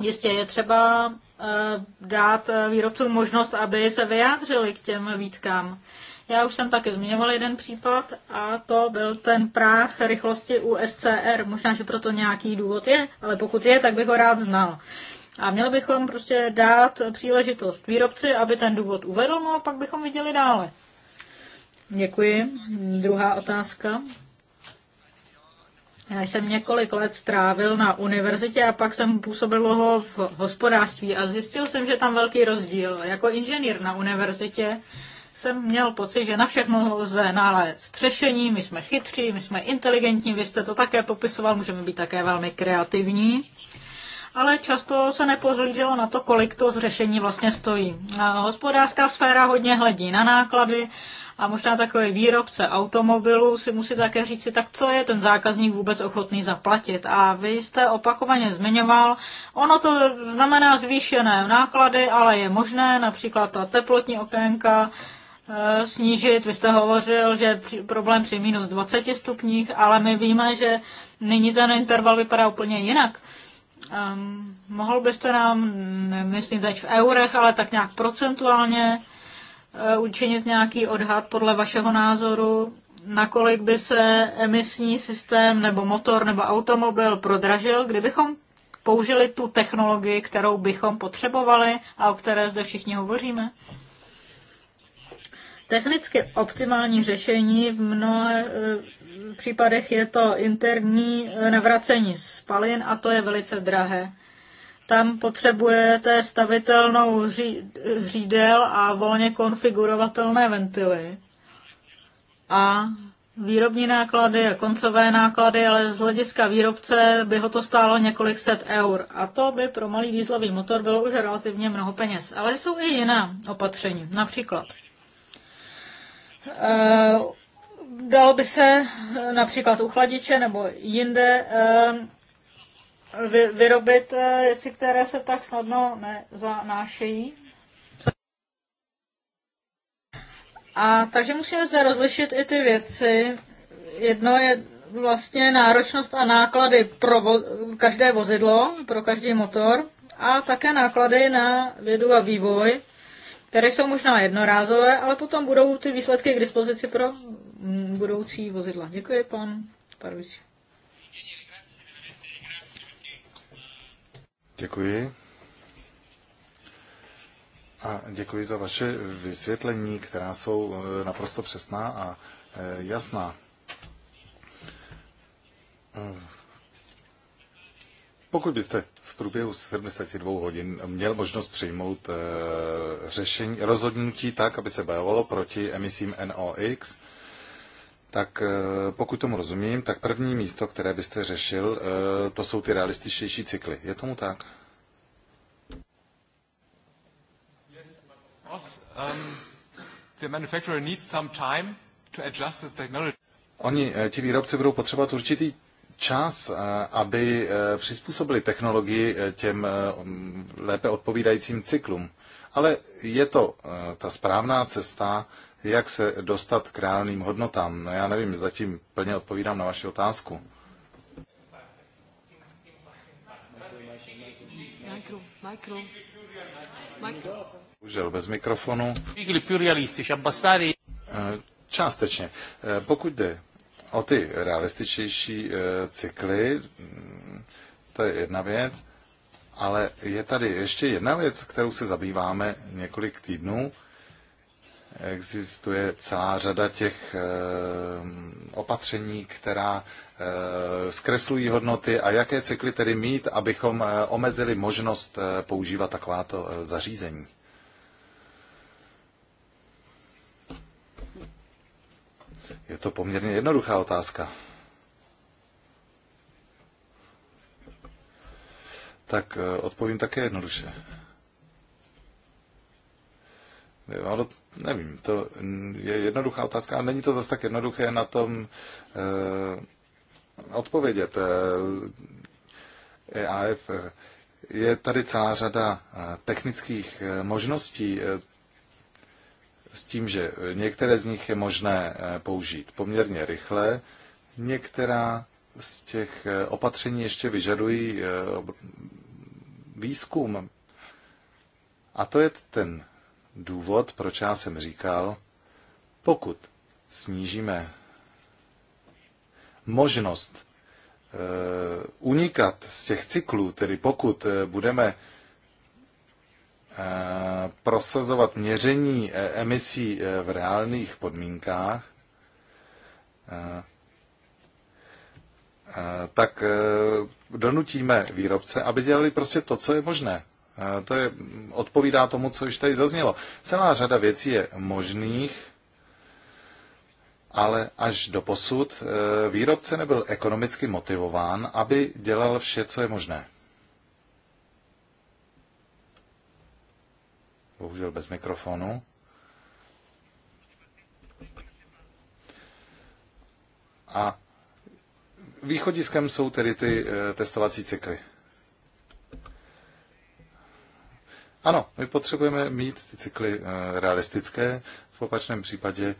Jistě je třeba Eh, dát eh, výrobcům možnost, aby se vyjádřili k těm výtkám. Já už jsem taky zmiňoval jeden případ a to byl ten práh rychlosti u SCR. Možná, že proto nějaký důvod je, ale pokud je, tak bych ho rád znal. A měli bychom prostě dát příležitost výrobci, aby ten důvod uvedl, no a pak bychom viděli dále. Děkuji. Druhá otázka. Já jsem několik let strávil na univerzitě a pak jsem působil ho v hospodářství a zjistil jsem, že tam velký rozdíl. Jako inženýr na univerzitě jsem měl pocit, že na všechno lze nalézt řešení, my jsme chytří, my jsme inteligentní, vy jste to také popisoval, můžeme být také velmi kreativní. Ale často se nepohlíželo na to, kolik to řešení vlastně stojí. A hospodářská sféra hodně hledí na náklady a možná takový výrobce automobilů si musí také říct si, tak co je ten zákazník vůbec ochotný zaplatit. A vy jste opakovaně zmiňoval, ono to znamená zvýšené náklady, ale je možné například ta teplotní okénka, eh, snížit. Vy jste hovořil, že problém při minus 20 stupních, ale my víme, že nyní ten interval vypadá úplně jinak. Um, mohl byste nám, myslím teď v eurech, ale tak nějak procentuálně Eh, učinit nějaký odhad podle vašeho názoru, nakolik by se emisní systém nebo motor nebo automobil prodražil, kdybychom použili tu technologii, kterou bychom potřebovali a o které zde všichni hovoříme? Technicky optimální řešení v mnoha eh, případech je to interní eh, navracení spalin a to je velice drahé. Tam potřebujete stavitelnou řídel a volně konfigurovatelné ventily. A výrobní náklady a koncové náklady, ale z hlediska výrobce by ho to stálo několik set eur. A to by pro malý dýzlový motor bylo už relativně mnoho peněz. Ale jsou i jiná opatření. Například eh, dalo by se například u chladiče nebo jinde eh, vy, vyrobit eh, věci, které se tak snadno nezanášejí. A takže musíme zde rozlišit i ty věci. Jedno je vlastně náročnost a náklady pro vo, každé vozidlo, pro každý motor a také náklady na vědu a vývoj, které jsou možná jednorázové, ale potom budou ty výsledky k dispozici pro budoucí vozidla. Děkuji, pan Parvici. Děkuji. A děkuji za vaše vysvětlení, která jsou eh, naprosto přesná a eh, jasná. Eh, pokud byste v průběhu 72 hodin měl možnost přijmout řešení rozhodnutí tak, aby se bojovalo proti emisím NOx, tak eh, pokud tomu rozumím, tak první místo, které byste řešil, eh, to jsou ty realističtější cykly. Je tomu tak? Ähm, Oni, eh, ti výrobci, budou potřebovat určitý čas, aby přizpůsobili technologii těm um, lépe odpovídajícím cyklům. Ale je to ta správná cesta, jak se dostat k reálným hodnotám. No já nevím, zatím plně odpovídám na vaši otázku. Mikro, mikro, mikro. bez mikrofonu. Eh, částečně. Eh, pokud jde o ty realističtější eh, cykly, mm, to je jedna věc, ale je tady ještě jedna věc, kterou se zabýváme několik týdnů, existuje celá řada těch eh, opatření, která eh, zkreslují hodnoty a jaké cykly tedy mít, abychom eh, omezili možnost používat takováto zařízení. Je to poměrně jednoduchá otázka. Tak odpovím také jednoduše. Ale nevím, to je jednoduchá otázka a není to zase tak jednoduché na tom eh, odpovědět. EAF eh, e je tady celá řada eh, technických eh, možností s tím, že některé z nich je možné použít poměrně rychle, některá z těch opatření ještě vyžadují výzkum. A to je ten důvod, proč já jsem říkal, pokud snížíme možnost e, unikat z těch cyklů, tedy pokud e, budeme e, prosazovat měření emisí v reálných podmínkách, tak donutíme výrobce, aby dělali prostě to, co je možné. To je, odpovídá tomu, co již tady zaznělo. Celá řada věcí je možných, ale až do posud e, výrobce nebyl ekonomicky motivován, aby dělal vše, co je možné. Bohužel bez mikrofonu. A východiskem jsou tedy ty e, testovací cykly. Ano, my potřebujeme mít ty cykly eh, realistické, v opačném případě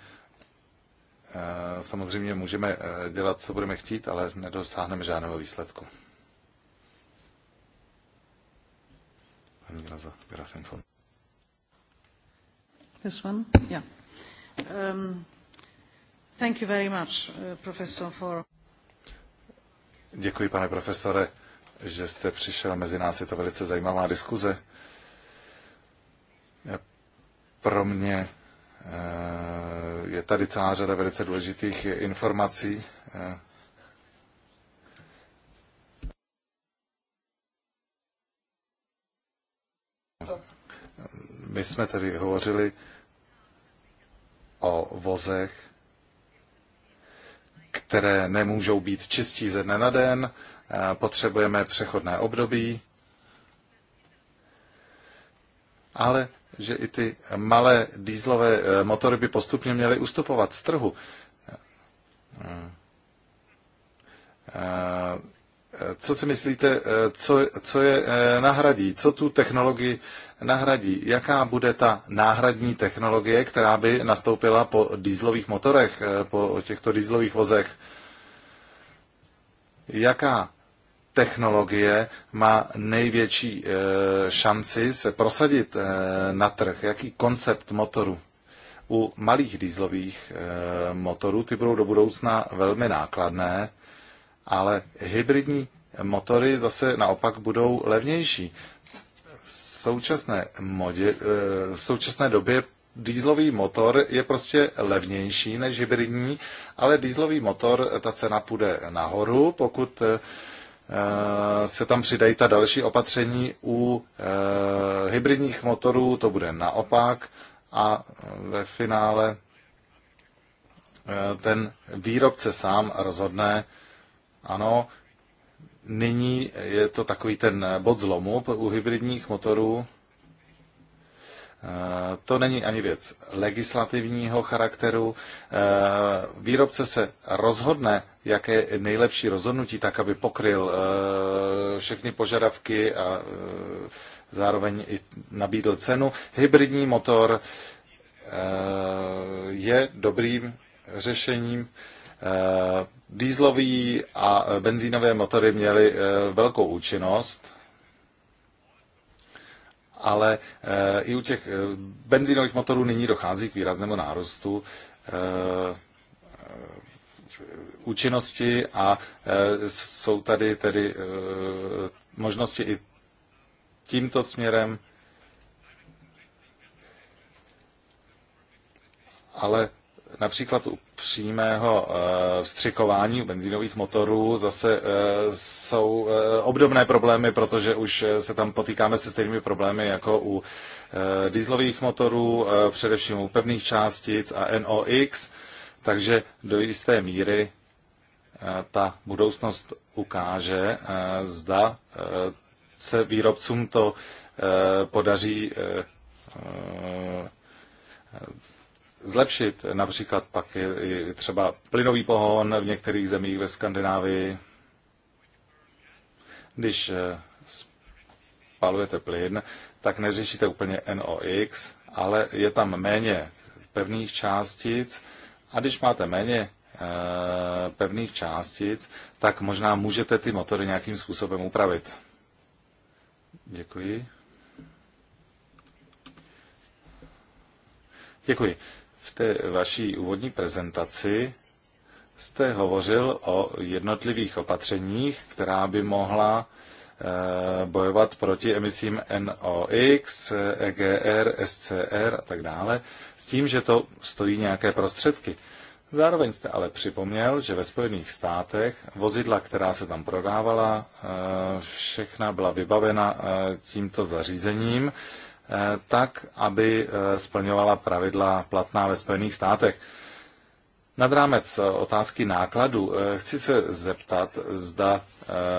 eh, samozřejmě můžeme eh, dělat, co budeme chtít, ale nedosáhneme žádného výsledku. Paní Raza, Grasenfon. This one? Yeah. Um, thank you very much, uh, professor, for... Děkuji, pane profesore, že jste přišel mezi nás. Je to velice zajímavá diskuze pro mě eh, je tady celá řada velice důležitých informací. Eh, my jsme tedy hovořili o vozech, které nemůžou být čistí ze dne na den, eh, potřebujeme přechodné období, ale že i ty malé dýzlové eh, motory by postupně měly ustupovat z trhu. Eh, eh, co si myslíte, co, co je nahradí? Co tu technologii nahradí? Jaká bude ta náhradní technologie, která by nastoupila po dýzlových motorech, po těchto dýzlových vozech? Jaká technologie má největší eh, šanci se prosadit eh, na trh? Jaký koncept motoru? U malých dýzlových eh, motorů ty budou do budoucna velmi nákladné, ale hybridní motory zase naopak budou levnější. V současné, modě, v současné době dýzlový motor je prostě levnější než hybridní, ale dýzlový motor, ta cena půjde nahoru, pokud Eh, se tam přidají ta další opatření. U eh, hybridních motorů to bude naopak a eh, ve finále ten výrobce sám rozhodne, ano, nyní je to takový ten bod zlomu u hybridních motorů, Eh, to není ani věc legislativního charakteru. Eh, výrobce se rozhodne, jaké je nejlepší rozhodnutí, tak aby pokryl eh, všechny požadavky a zároveň i nabídl cenu. Hybridní motor je dobrým řešením. Dýzlový a benzínové motory měly velkou účinnost ale eh, i u těch eh, benzínových motorů nyní dochází k výraznému nárostu eh, účinnosti a jsou tady tedy možnosti i tímto směrem, ale Například u přímého eh, vstřikování u benzínových motorů zase eh, jsou eh, obdobné problémy, protože už se tam potýkáme se stejnými problémy jako u dieselových motorů, především u pevných částic a NOx, takže do jisté míry ta budoucnost ukáže, zda se výrobcům to podaří zlepšit. Například pak je, třeba plynový pohon v některých zemích ve Skandinávii. Když eh, spalujete plyn, tak neřešíte úplně NOx, ale je tam méně pevných částic a když máte méně eh, pevných částic, tak možná můžete ty motory nějakým způsobem upravit. Děkuji. Děkuji. V té vaší úvodní prezentaci jste hovořil o jednotlivých opatřeních, která by mohla eh, bojovat proti emisím NOx, EGR, SCR a tak dále, s tím, že to stojí nějaké prostředky. Zároveň jste ale připomněl, že ve Spojených státech vozidla, která se tam prodávala, eh, všechna byla vybavena eh, tímto zařízením, tak, aby eh, splňovala pravidla platná ve Spojených státech. Nad rámec eh, otázky nákladu eh, chci se zeptat, zda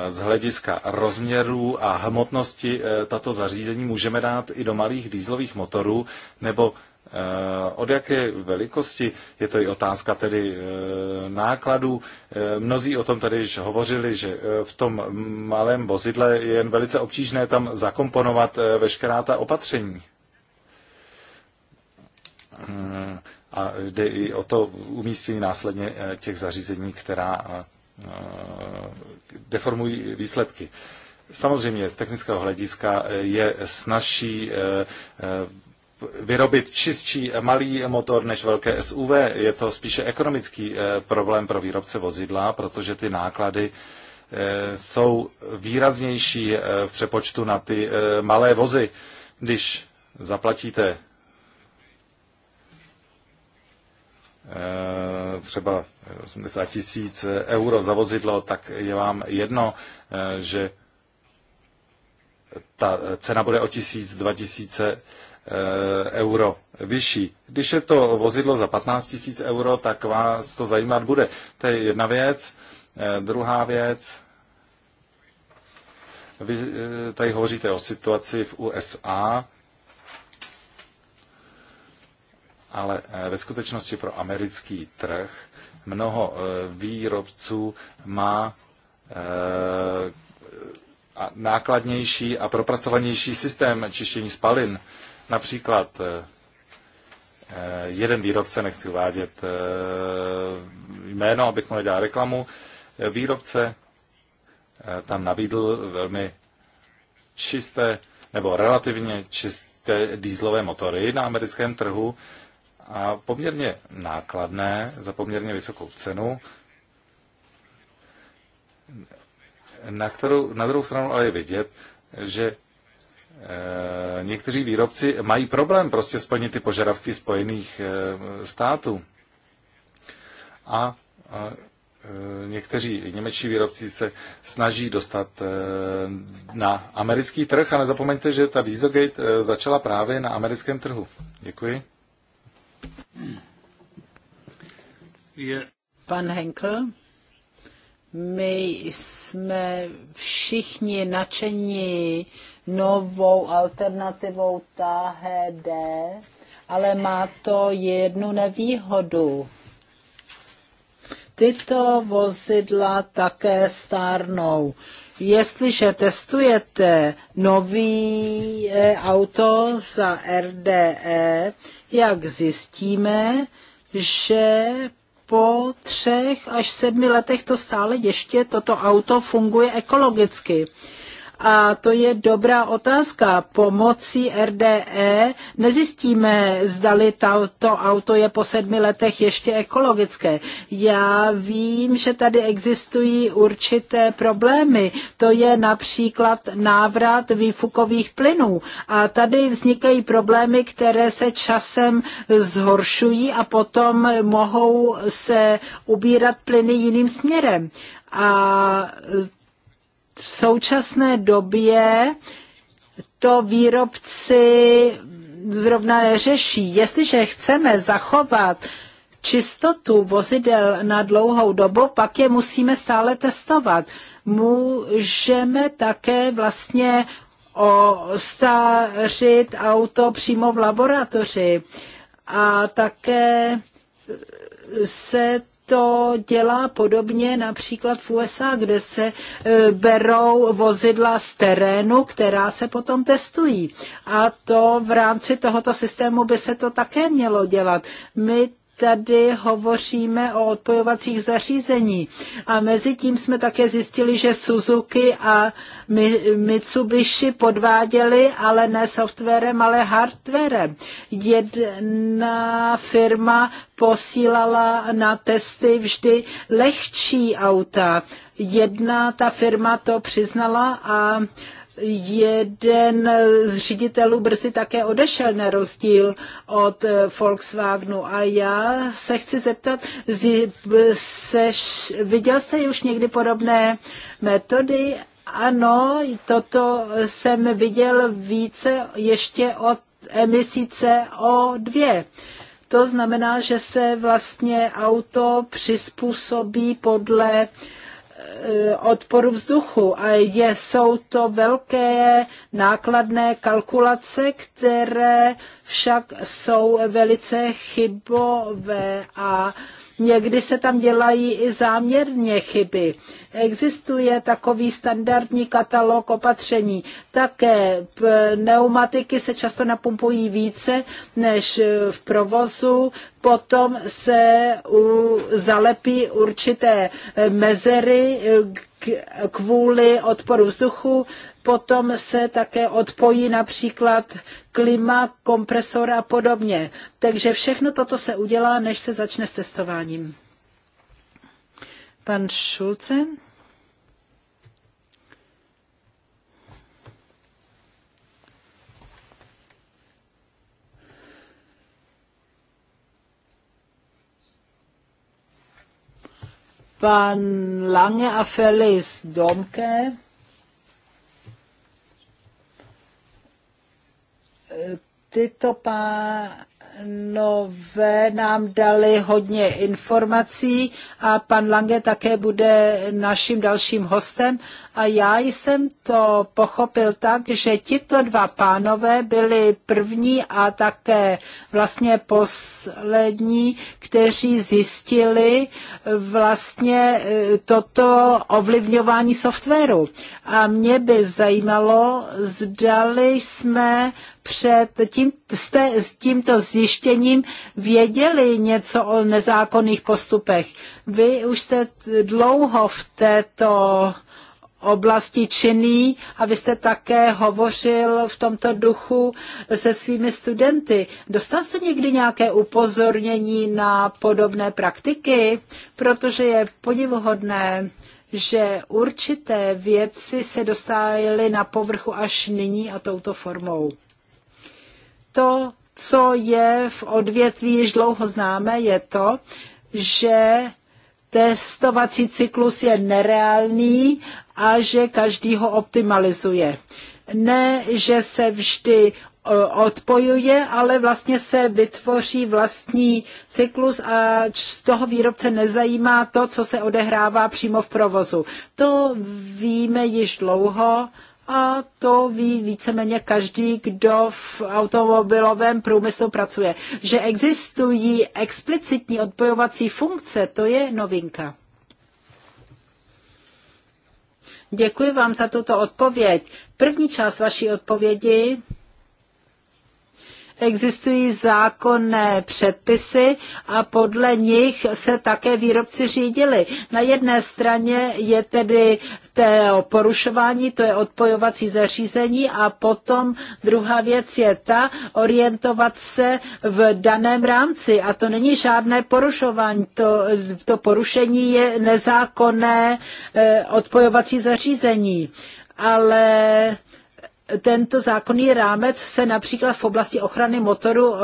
z hlediska rozměrů a hmotnosti tato zařízení můžeme dát i do malých dýzlových motorů, nebo Eh, od jaké velikosti? Je to i otázka tedy eh, nákladů. Eh, mnozí o tom tady již hovořili, že v tom malém vozidle je jen velice obtížné tam zakomponovat veškerá ta opatření. A jde i o to umístění následně těch zařízení, která deformují výsledky. Samozřejmě z technického hlediska je snažší vyrobit čistší malý motor než velké SUV. Je to spíše ekonomický eh, problém pro výrobce vozidla, protože ty náklady eh, jsou výraznější eh, v přepočtu na ty malé vozy. Když zaplatíte třeba 80 tisíc euro za vozidlo, tak je vám jedno, že ta cena bude o tisíc, dva tisíce Eh, euro vyšší. Když je to vozidlo za 15 000 euro, tak vás to zajímat bude. To je jedna věc. Eh, druhá věc, vy eh, tady hovoříte o situaci v USA, ale ve skutečnosti pro americký trh mnoho výrobců má nákladnější a propracovanější systém čištění spalin. Například eh, eh, jeden výrobce, nechci uvádět eh, jméno, abych mu nedělal reklamu, výrobce tam nabídl velmi čisté nebo relativně čisté dýzlové motory na americkém trhu a poměrně nákladné za poměrně vysokou cenu, na, kterou, na druhou stranu ale je vidět, že Eh, někteří výrobci mají problém prostě splnit ty požadavky Spojených eh, států. A eh, někteří němečtí výrobci se snaží dostat na americký trh a nezapomeňte, že ta Dieselgate začala právě na americkém trhu. Děkuji. Pan Henkel. My jsme všichni nadšení novou alternativou THD, ale má to jednu nevýhodu. Tyto vozidla také stárnou jestliže testujete nový eh, auto za RDE, jak zjistíme, že po třech až sedmi letech to stále ještě toto auto funguje ekologicky. A to je dobrá otázka. Pomocí RDE nezjistíme, zdali to auto je po sedmi letech ještě ekologické. Já vím, že tady existují určité problémy. To je například návrat výfukových plynů. A tady vznikají problémy, které se časem zhoršují a potom mohou se ubírat plyny jiným směrem. A v současné době to výrobci zrovna neřeší. Jestliže chceme zachovat čistotu vozidel na dlouhou dobu, pak je musíme stále testovat. Můžeme také vlastně ostářit auto přímo v laboratoři. A také se to dělá podobně například v USA, kde se e, berou vozidla z terénu, která se potom testují. A to v rámci tohoto systému by se to také mělo dělat. My tady hovoříme o odpojovacích zařízení. A mezi tím jsme také zjistili, že Suzuki a Mitsubishi podváděli, ale ne softwarem, ale hardwarem. Jedna firma posílala na testy vždy lehčí auta. Jedna ta firma to přiznala a jeden z ředitelů brzy také odešel na rozdíl od eh, Volkswagenu. A já se chci zeptat, seš, viděl jste už někdy podobné metody? Ano, toto jsem viděl více ještě od emisí CO2. To znamená, že se vlastně auto přizpůsobí podle uh, Eh, odporu vzduchu a je, jsou to velké nákladné kalkulace, které však jsou velice chybové a Někdy se tam dělají i záměrně chyby. Existuje takový standardní katalog opatření. Také pneumatiky se často napumpují více než v provozu, potom se u, zalepí určité mezery kvůli odporu vzduchu potom se také odpojí například klima, kompresor a podobně. Takže všechno toto se udělá, než se začne s testováním. Pan Šulce. Pan Lange a Felis Domke. tyto pánové nám dali hodně informací a pan Lange také bude naším dalším hostem a já jsem to pochopil tak, že tito dva pánové byli první a také vlastně poslední, kteří zjistili vlastně e, toto ovlivňování softwaru. A mě by zajímalo, zdali jsme před tím, jste s tímto zjištěním věděli něco o nezákonných postupech. Vy už jste dlouho v této oblasti činný a vy jste také hovořil v tomto duchu se svými studenty. Dostal jste někdy nějaké upozornění na podobné praktiky? Protože je podivuhodné, že určité věci se dostály na povrchu až nyní a touto formou. To, co je v odvětví již dlouho známe, je to, že testovací cyklus je nereálný a že každý ho optimalizuje. Ne, že se vždy e, odpojuje, ale vlastně se vytvoří vlastní cyklus a z toho výrobce nezajímá to, co se odehrává přímo v provozu. To víme již dlouho a to ví víceméně každý, kdo v automobilovém průmyslu pracuje. Že existují explicitní odpojovací funkce, to je novinka. Děkuji vám za tuto odpověď. První část vaší odpovědi existují zákonné předpisy a podle nich se také výrobci řídili. Na jedné straně je tedy to porušování, to je odpojovací zařízení a potom druhá věc je ta, orientovat se v daném rámci a to není žádné porušování, to, to porušení je nezákonné eh, odpojovací zařízení. Ale tento zákonný rámec se například v oblasti ochrany motoru eh,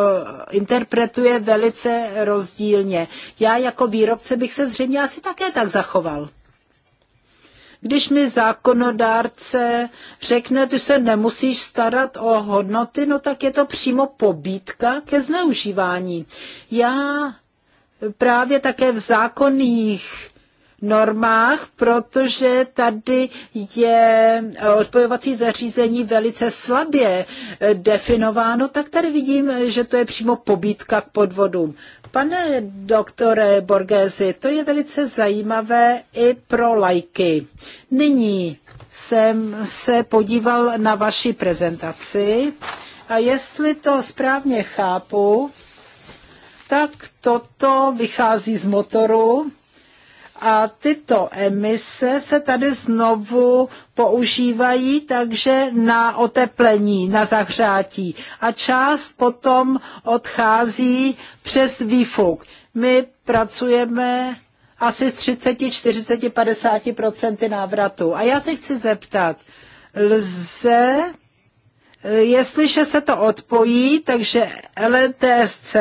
interpretuje velice rozdílně. Já jako výrobce bych se zřejmě asi také tak zachoval když mi zákonodárce řekne, ty se nemusíš starat o hodnoty, no tak je to přímo pobídka ke zneužívání. Já právě také v zákonných normách, protože tady je eh, odpojovací zařízení velice slabě eh, definováno, tak tady vidím, eh, že to je přímo pobídka k podvodům. Pane doktore Borgesi, to je velice zajímavé i pro lajky. Nyní jsem se podíval na vaši prezentaci a jestli to správně chápu, tak toto vychází z motoru a tyto emise se tady znovu používají takže na oteplení, na zahřátí. A část potom odchází přes výfuk. My pracujeme asi s 30, 40, 50 procenty návratu. A já se chci zeptat, lze, jestliže se to odpojí, takže LTSC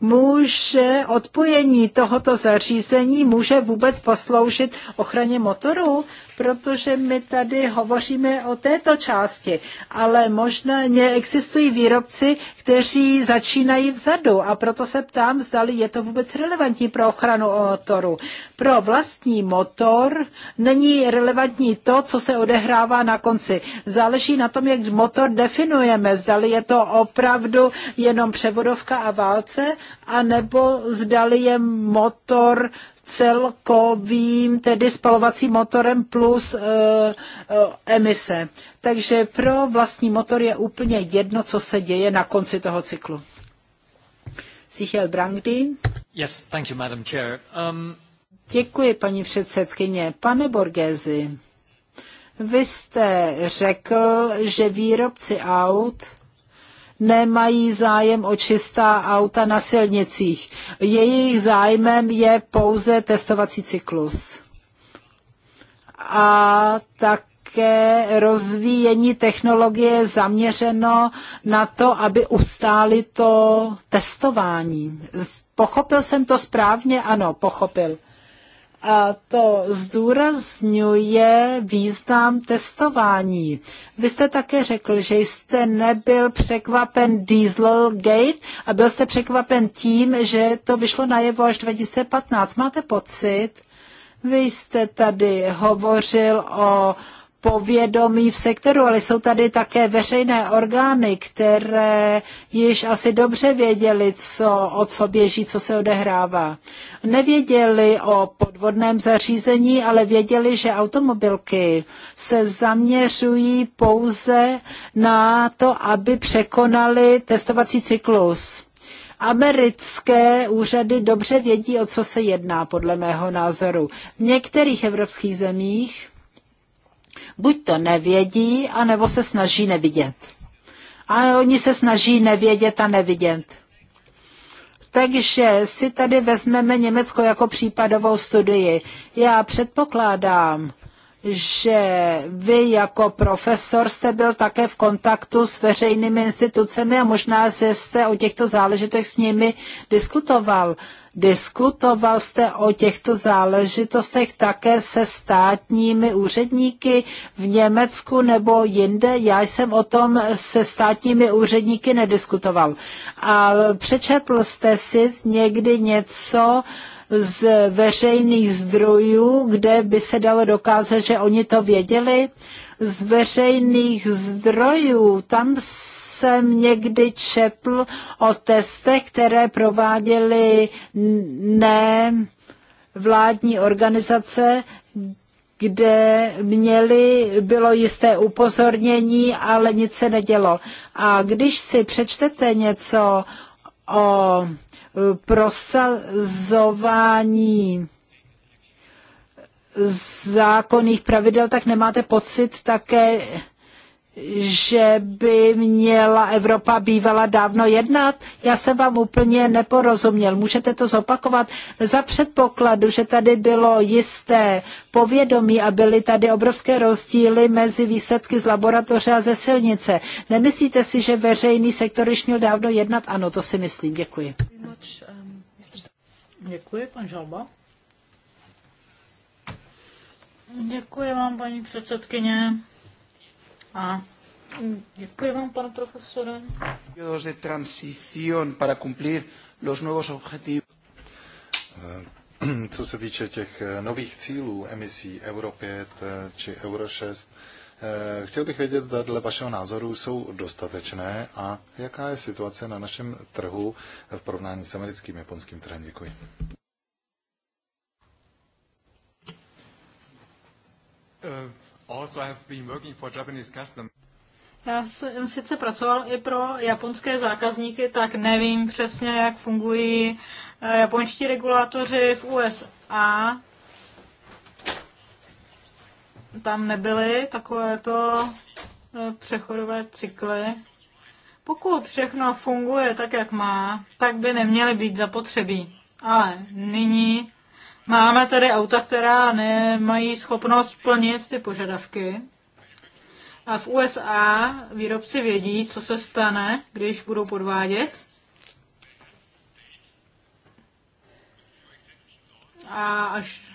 Může odpojení tohoto zařízení může vůbec posloužit ochraně motoru? protože my tady hovoříme o této části, ale možná existují výrobci, kteří začínají vzadu a proto se ptám, zdali je to vůbec relevantní pro ochranu motoru. Pro vlastní motor není relevantní to, co se odehrává na konci. Záleží na tom, jak motor definujeme, zdali je to opravdu jenom převodovka a válce, anebo zdali je motor celkovým tedy spalovacím motorem plus e, e, emise. Takže pro vlastní motor je úplně jedno, co se děje na konci toho cyklu. Sichel Brangdy. Yes, thank you, Madam Chair. Um... Děkuji, paní předsedkyně. Pane Borgézi, vy jste řekl, že výrobci aut nemají zájem o čistá auta na silnicích. Jejich zájmem je pouze testovací cyklus. A tak také rozvíjení technologie zaměřeno na to, aby ustáli to testování. Pochopil jsem to správně? Ano, pochopil. A to zdůrazňuje význam testování. Vy jste také řekl, že jste nebyl překvapen Dieselgate a byl jste překvapen tím, že to vyšlo najevo až 2015. Máte pocit, vy jste tady hovořil o uh, povědomí v sektoru, ale jsou tady také veřejné orgány, které již asi dobře věděli, co, o co běží, co se odehrává. Nevěděli o podvodném zařízení, ale věděli, že automobilky se zaměřují pouze na to, aby překonali testovací cyklus. Americké úřady dobře vědí, o co se jedná, podle mého názoru. V některých evropských zemích Buď to nevědí, anebo se snaží nevidět. A oni se snaží nevědět a nevidět. Takže si tady vezmeme Německo jako případovou studii. Já předpokládám, že vy jako profesor jste byl také v kontaktu s veřejnými institucemi a možná jste o těchto záležitostech s nimi diskutoval. Diskutoval jste o těchto záležitostech také se státními úředníky v Německu nebo jinde? Já jsem o tom se státními úředníky nediskutoval. A přečetl jste si někdy něco, z veřejných zdrojů, kde by se dalo dokázat, že oni to věděli. Z veřejných zdrojů, tam jsem někdy četl o testech, které prováděly ne vládní organizace, kde měli, bylo jisté upozornění, ale nic se nedělo. A když si přečtete něco o prosazování zákonných pravidel, tak nemáte pocit také, že by měla Evropa bývala dávno jednat? Já jsem vám úplně neporozuměl. Můžete to zopakovat? Za předpokladu, že tady bylo jisté povědomí a byly tady obrovské rozdíly mezi výsledky z laboratoře a ze silnice. Nemyslíte si, že veřejný sektor již měl dávno jednat? Ano, to si myslím. Děkuji. Děkuji, pan Žalba. Děkuji vám, paní předsedkyně. A mm, děkuji vám, pane profesore. de transición para cumplir los nuevos objetivos. Eh, co se týče těch eh, nových cílů emisí Euro 5 eh, či Euro 6, Chtěl bych vědět, zda dle vašeho názoru jsou dostatečné a jaká je situace na našem trhu v porovnání s americkým japonským trhem. Děkuji. Uh, já jsem sice pracoval i pro japonské zákazníky, tak nevím přesně, jak fungují eh, japonští regulátoři v USA. Tam nebyly takovéto eh, přechodové cykly. Pokud všechno funguje tak, jak má, tak by neměly být zapotřebí. Ale nyní Máme tady auta, která nemají schopnost plnit ty požadavky. A v USA výrobci vědí, co se stane, když budou podvádět. A až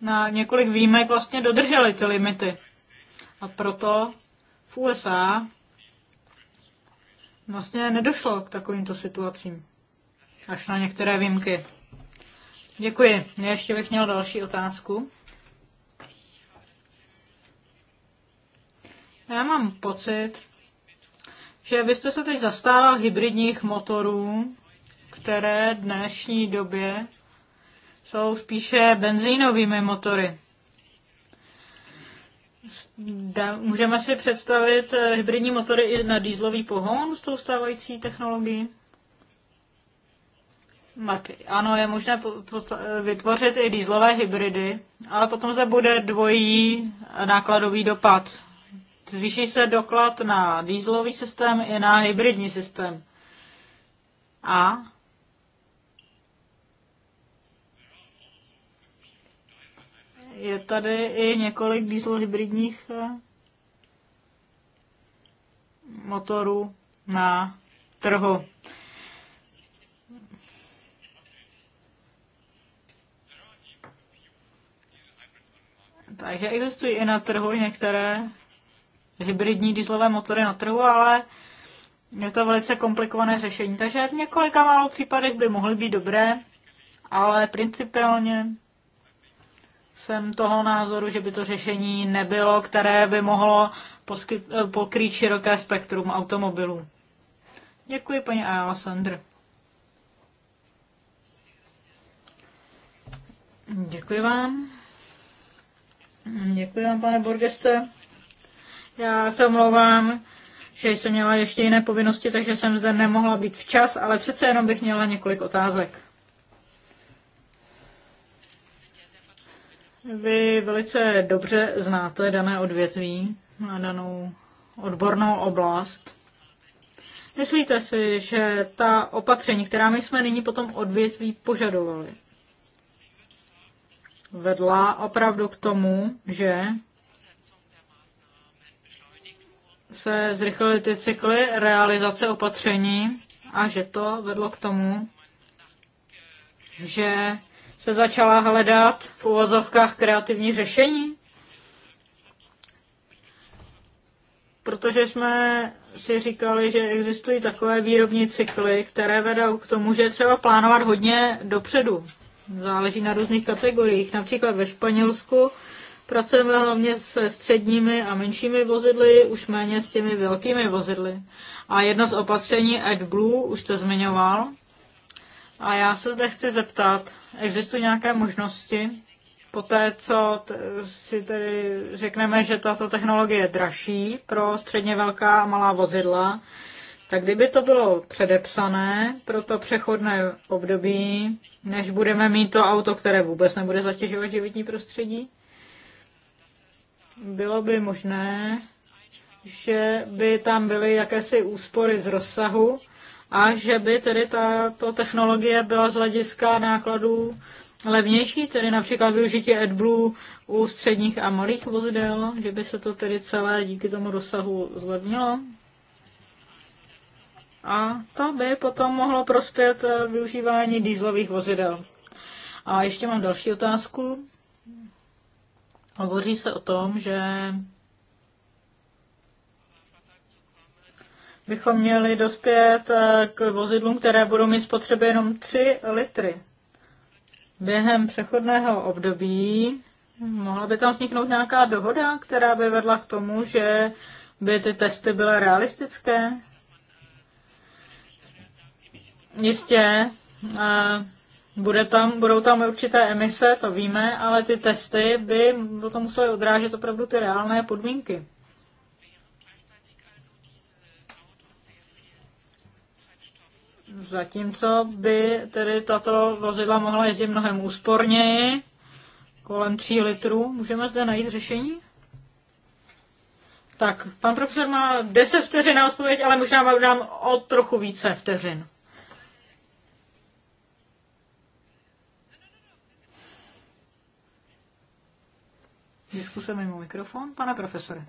na několik výjimek vlastně dodrželi ty limity. A proto v USA vlastně nedošlo k takovýmto situacím. Až na některé výjimky. Děkuji. Ještě bych měl další otázku. Já mám pocit, že vy jste se teď zastával hybridních motorů, které v dnešní době jsou spíše benzínovými motory. Můžeme si představit eh, hybridní motory i na dýzlový pohon s tou stávající technologií? Maky. Ano, je možné vytvořit i dýzlové hybridy, ale potom se bude dvojí nákladový dopad. Zvýší se doklad na dýzlový systém i na hybridní systém. A je tady i několik diesel hybridních eh, motorů na trhu. Takže existují i na trhu i některé hybridní dieselové motory na trhu, ale je to velice komplikované řešení. Takže v několika málo případech by mohly být dobré, ale principiálně jsem toho názoru, že by to řešení nebylo, které by mohlo poskyt, pokrýt široké spektrum automobilů. Děkuji, paní Alessandr. Děkuji vám. Hm, děkuji vám, pane Borgeste. Já se omlouvám, že jsem měla ještě jiné povinnosti, takže jsem zde nemohla být včas, ale přece jenom bych měla několik otázek. Vy velice dobře znáte dané odvětví na danou odbornou oblast. Myslíte si, že ta opatření, která my jsme nyní potom odvětví požadovali, vedla opravdu k tomu, že se zrychlily ty cykly realizace opatření a že to vedlo k tomu, že se začala hledat v uvozovkách kreativní řešení. Protože jsme si říkali, že existují takové výrobní cykly, které vedou k tomu, že je třeba plánovat hodně dopředu záleží na různých kategoriích. Například ve Španělsku pracujeme hlavně se středními a menšími vozidly, už méně s těmi velkými vozidly. A jedno z opatření AdBlue, už to zmiňoval, a já se zde chci zeptat, existují nějaké možnosti, po té, co si tedy řekneme, že tato technologie je dražší pro středně velká a malá vozidla, tak kdyby to bylo předepsané pro to přechodné období, než budeme mít to auto, které vůbec nebude zatěžovat životní prostředí, bylo by možné, že by tam byly jakési úspory z rozsahu a že by tedy tato technologie byla z hlediska nákladů levnější, tedy například využití AdBlue u středních a malých vozidel, že by se to tedy celé díky tomu rozsahu zlevnilo. A to by potom mohlo prospět eh, využívání dýzlových vozidel. A ještě mám další otázku. Hovoří se o tom, že bychom měli dospět eh, k vozidlům, které budou mít spotřeby jenom 3 litry. Během přechodného období mohla by tam vzniknout nějaká dohoda, která by vedla k tomu, že by ty testy byly realistické? Jistě, bude tam, budou tam určité emise, to víme, ale ty testy by toho musely odrážet opravdu ty reálné podmínky. Zatímco by tedy tato vozidla mohla jezdit mnohem úsporněji, kolem 3 litrů. Můžeme zde najít řešení? Tak, pan profesor má 10 vteřin na odpověď, ale možná vám dám o trochu více vteřin. Diskuse mimo mikrofon. Pane profesore.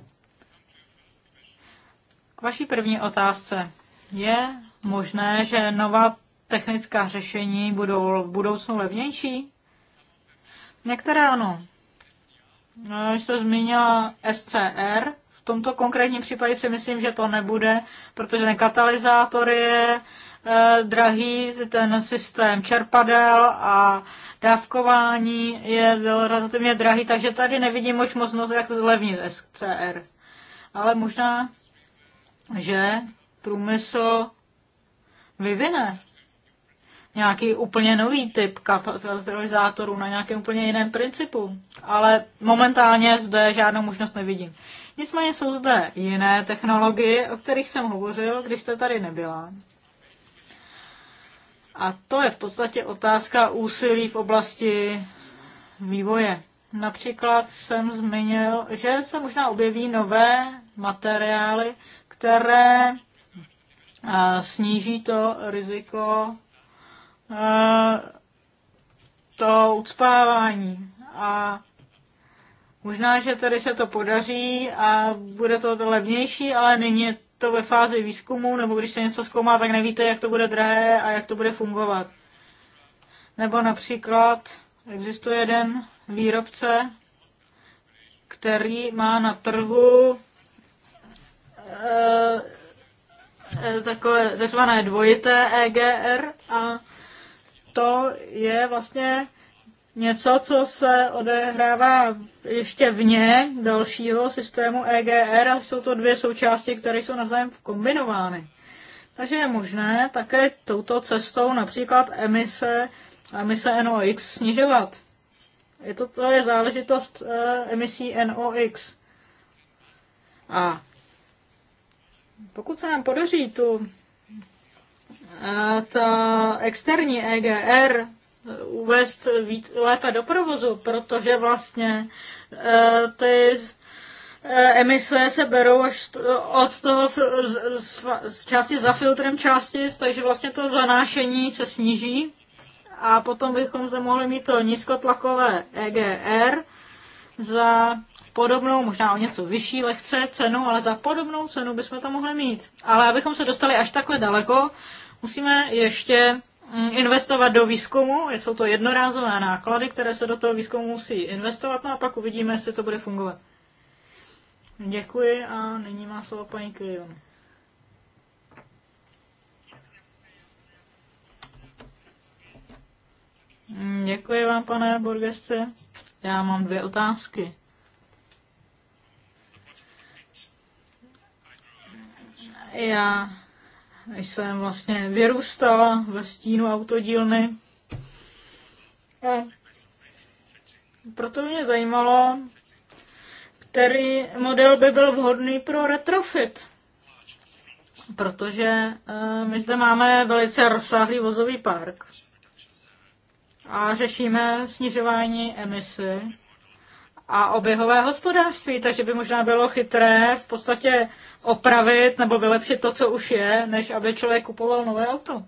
K vaší první otázce. Je možné, že nová technická řešení budou v budoucnu levnější? Některé ano. Když eh, jste zmínila SCR, v tomto konkrétním případě si myslím, že to nebude, protože ten katalyzátor je Eh, drahý ten systém čerpadel a dávkování je relativně drahý, takže tady nevidím už možnost, jak zlevnit SCR. Ale možná, že průmysl vyvine nějaký úplně nový typ katalizátorů na nějakém úplně jiném principu. Ale momentálně zde žádnou možnost nevidím. Nicméně jsou zde jiné technologie, o kterých jsem hovořil, když jste tady nebyla. A to je v podstatě otázka úsilí v oblasti vývoje. Například jsem zmínil, že se možná objeví nové materiály, které eh, sníží to riziko eh, to ucpávání. A možná, že tady se to podaří a bude to levnější, ale nyní to ve fázi výzkumu, nebo když se něco zkoumá, tak nevíte, jak to bude drahé a jak to bude fungovat. Nebo například existuje jeden výrobce, který má na trhu e, takové takzvané dvojité EGR a to je vlastně něco, co se odehrává ještě vně dalšího systému EGR a jsou to dvě součásti, které jsou navzájem kombinovány. Takže je možné také touto cestou například emise, emise NOx snižovat. Je to, to je záležitost e, emisí NOx. A pokud se nám podaří tu eh, ta externí EGR uvést víc, lépe do provozu, protože vlastně eh, ty eh, emise se berou až od toho z, z části za filtrem částic, takže vlastně to zanášení se sníží a potom bychom zde mohli mít to nízkotlakové EGR za podobnou, možná o něco vyšší lehce cenu, ale za podobnou cenu bychom to mohli mít. Ale abychom se dostali až takhle daleko, musíme ještě Mm, investovat do výzkumu, jsou to jednorázové náklady, které se do toho výzkumu musí investovat, no a pak uvidíme, jestli to bude fungovat. Děkuji a nyní má slovo paní Kilion. Mm, děkuji vám, pane Borgesce. Já mám dvě otázky. Já jsem vlastně vyrůstala ve stínu autodílny. A proto mě zajímalo, který model by byl vhodný pro retrofit. Protože eh, my zde máme velice rozsáhlý vozový park a řešíme snižování emisy a oběhové hospodářství, takže by možná bylo chytré v podstatě opravit nebo vylepšit to, co už je, než aby člověk kupoval nové auto.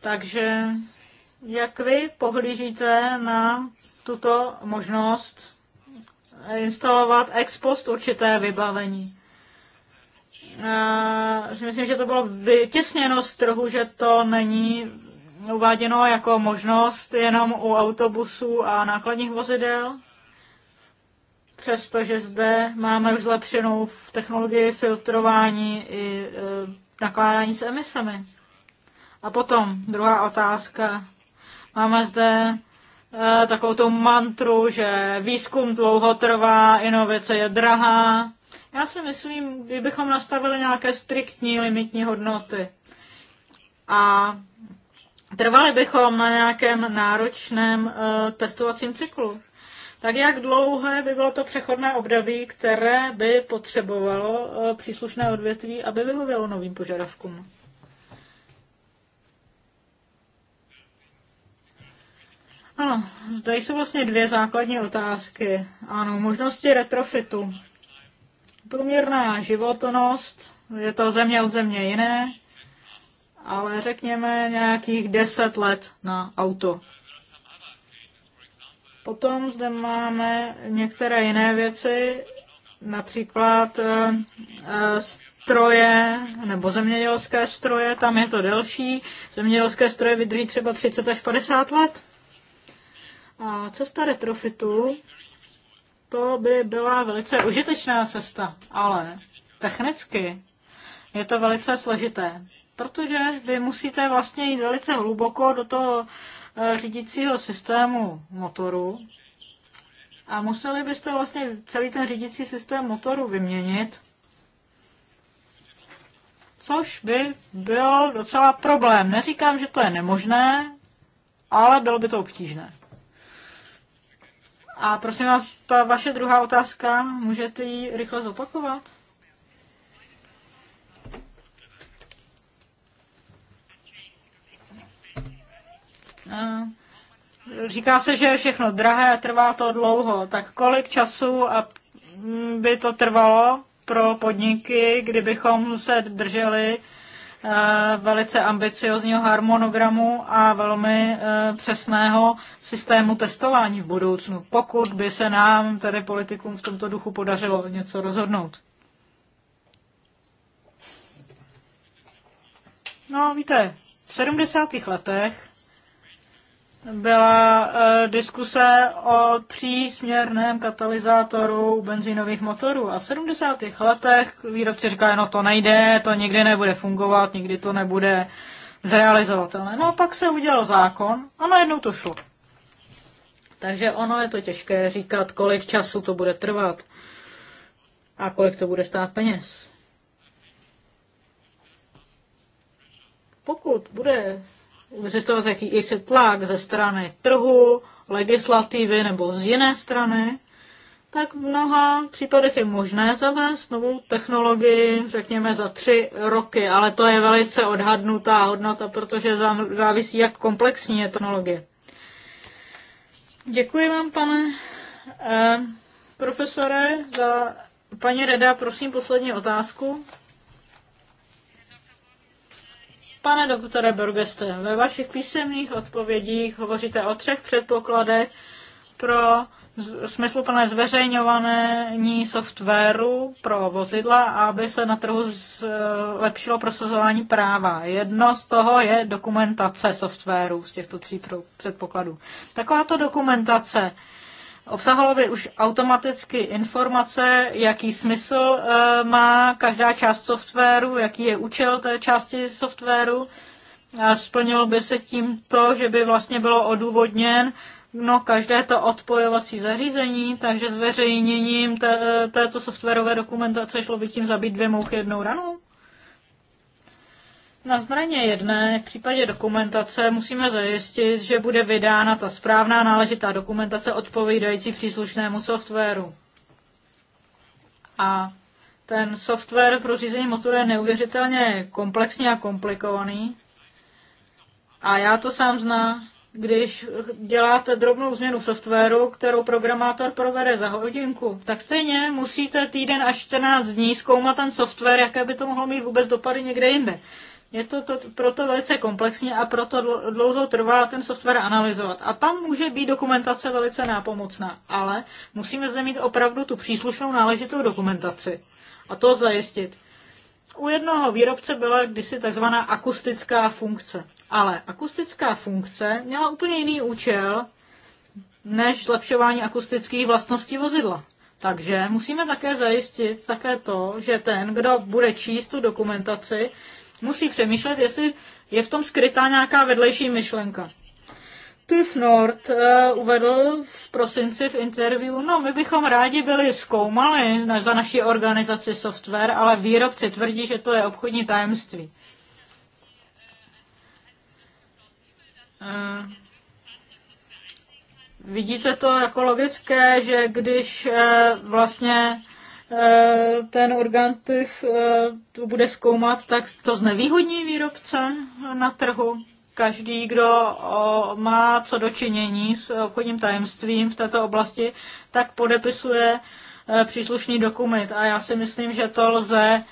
Takže jak vy pohlížíte na tuto možnost instalovat ex post určité vybavení? Já myslím, že to bylo vytěsněno z trhu, že to není uváděno jako možnost jenom u autobusů a nákladních vozidel přestože zde máme už zlepšenou v technologii filtrování i e, nakládání s emisemi. A potom druhá otázka. Máme zde e, takovou tu mantru, že výzkum dlouho trvá, inovace je drahá. Já si myslím, kdybychom nastavili nějaké striktní limitní hodnoty a trvali bychom na nějakém náročném e, testovacím cyklu tak jak dlouhé by bylo to přechodné období, které by potřebovalo eh, příslušné odvětví, aby vyhovělo novým požadavkům? Ano, zde jsou vlastně dvě základní otázky. Ano, možnosti retrofitu. Průměrná životnost, je to země od země jiné, ale řekněme nějakých 10 let na auto. Potom zde máme některé jiné věci, například eh, eh, stroje nebo zemědělské stroje, tam je to delší. Zemědělské stroje vydrží třeba 30 až 50 let. A cesta retrofitu, to by byla velice užitečná cesta, ale technicky je to velice složité, protože vy musíte vlastně jít velice hluboko do toho Eh, řídícího systému motoru a museli byste vlastně celý ten řídící systém motoru vyměnit, což by byl docela problém. Neříkám, že to je nemožné, ale bylo by to obtížné. A prosím vás, ta vaše druhá otázka, můžete ji rychle zopakovat? Říká se, že je všechno drahé, trvá to dlouho. Tak kolik času a mm, by to trvalo pro podniky, kdybychom se drželi e, velice ambiciozního harmonogramu a velmi e, přesného systému testování v budoucnu, pokud by se nám, tedy politikům, v tomto duchu podařilo něco rozhodnout. No, víte, v 70. letech byla uh, diskuse o třísměrném katalyzátoru benzínových motorů. A v 70. letech výrobci říkali, no to nejde, to nikdy nebude fungovat, nikdy to nebude zrealizovatelné. No a pak se udělal zákon a najednou to šlo. Takže ono je to těžké říkat, kolik času to bude trvat a kolik to bude stát peněz. Pokud bude existoval jaký se tlak ze strany trhu, legislativy nebo z jiné strany, tak v mnoha případech je možné zavést novou technologii, řekněme za tři roky, ale to je velice odhadnutá hodnota, protože závisí, jak komplexní je technologie. Děkuji vám, pane eh, profesore, za paní Reda, prosím poslední otázku. Pane doktore Borgeste, ve vašich písemných odpovědích hovoříte o třech předpokladech pro smysluplné zveřejňování softwaru pro vozidla, aby se na trhu zlepšilo prosazování práva. Jedno z toho je dokumentace softwaru z těchto tří předpokladů. Takováto dokumentace Obsahovalo by už automaticky informace, jaký smysl e, má každá část softwaru, jaký je účel té části softwaru. A splnilo by se tím to, že by vlastně bylo odůvodněn no, každé to odpojovací zařízení, takže zveřejněním té, e, této softwarové dokumentace šlo by tím zabít dvě mouchy jednou ranou. Na straně jedné v případě dokumentace musíme zajistit, že bude vydána ta správná náležitá dokumentace odpovídající příslušnému softwaru. A ten software pro řízení motoru je neuvěřitelně komplexní a komplikovaný. A já to sám znám, když děláte drobnou změnu softwaru, kterou programátor provede za hodinku, tak stejně musíte týden až 14 dní zkoumat ten software, jaké by to mohlo mít vůbec dopady někde jinde. Je to, to proto velice komplexní a proto dlouho trvá ten software analyzovat. A tam může být dokumentace velice nápomocná, ale musíme zde mít opravdu tu příslušnou náležitou dokumentaci a to zajistit. U jednoho výrobce byla kdysi takzvaná akustická funkce, ale akustická funkce měla úplně jiný účel než zlepšování akustických vlastností vozidla. Takže musíme také zajistit také to, že ten, kdo bude číst tu dokumentaci, musí přemýšlet, jestli je v tom skrytá nějaká vedlejší myšlenka. Tiff Nord uh, uvedl v prosinci v interview, no my bychom rádi byli zkoumali na, za naší organizaci software, ale výrobci tvrdí, že to je obchodní tajemství. Uh, vidíte to jako logické, že když uh, vlastně Eh, ten orgán těch eh, to bude zkoumat, tak to znevýhodní výrobce na trhu. Každý, kdo má co dočinění s obchodním tajemstvím v této oblasti, tak podepisuje eh, příslušný dokument. A já si myslím, že to lze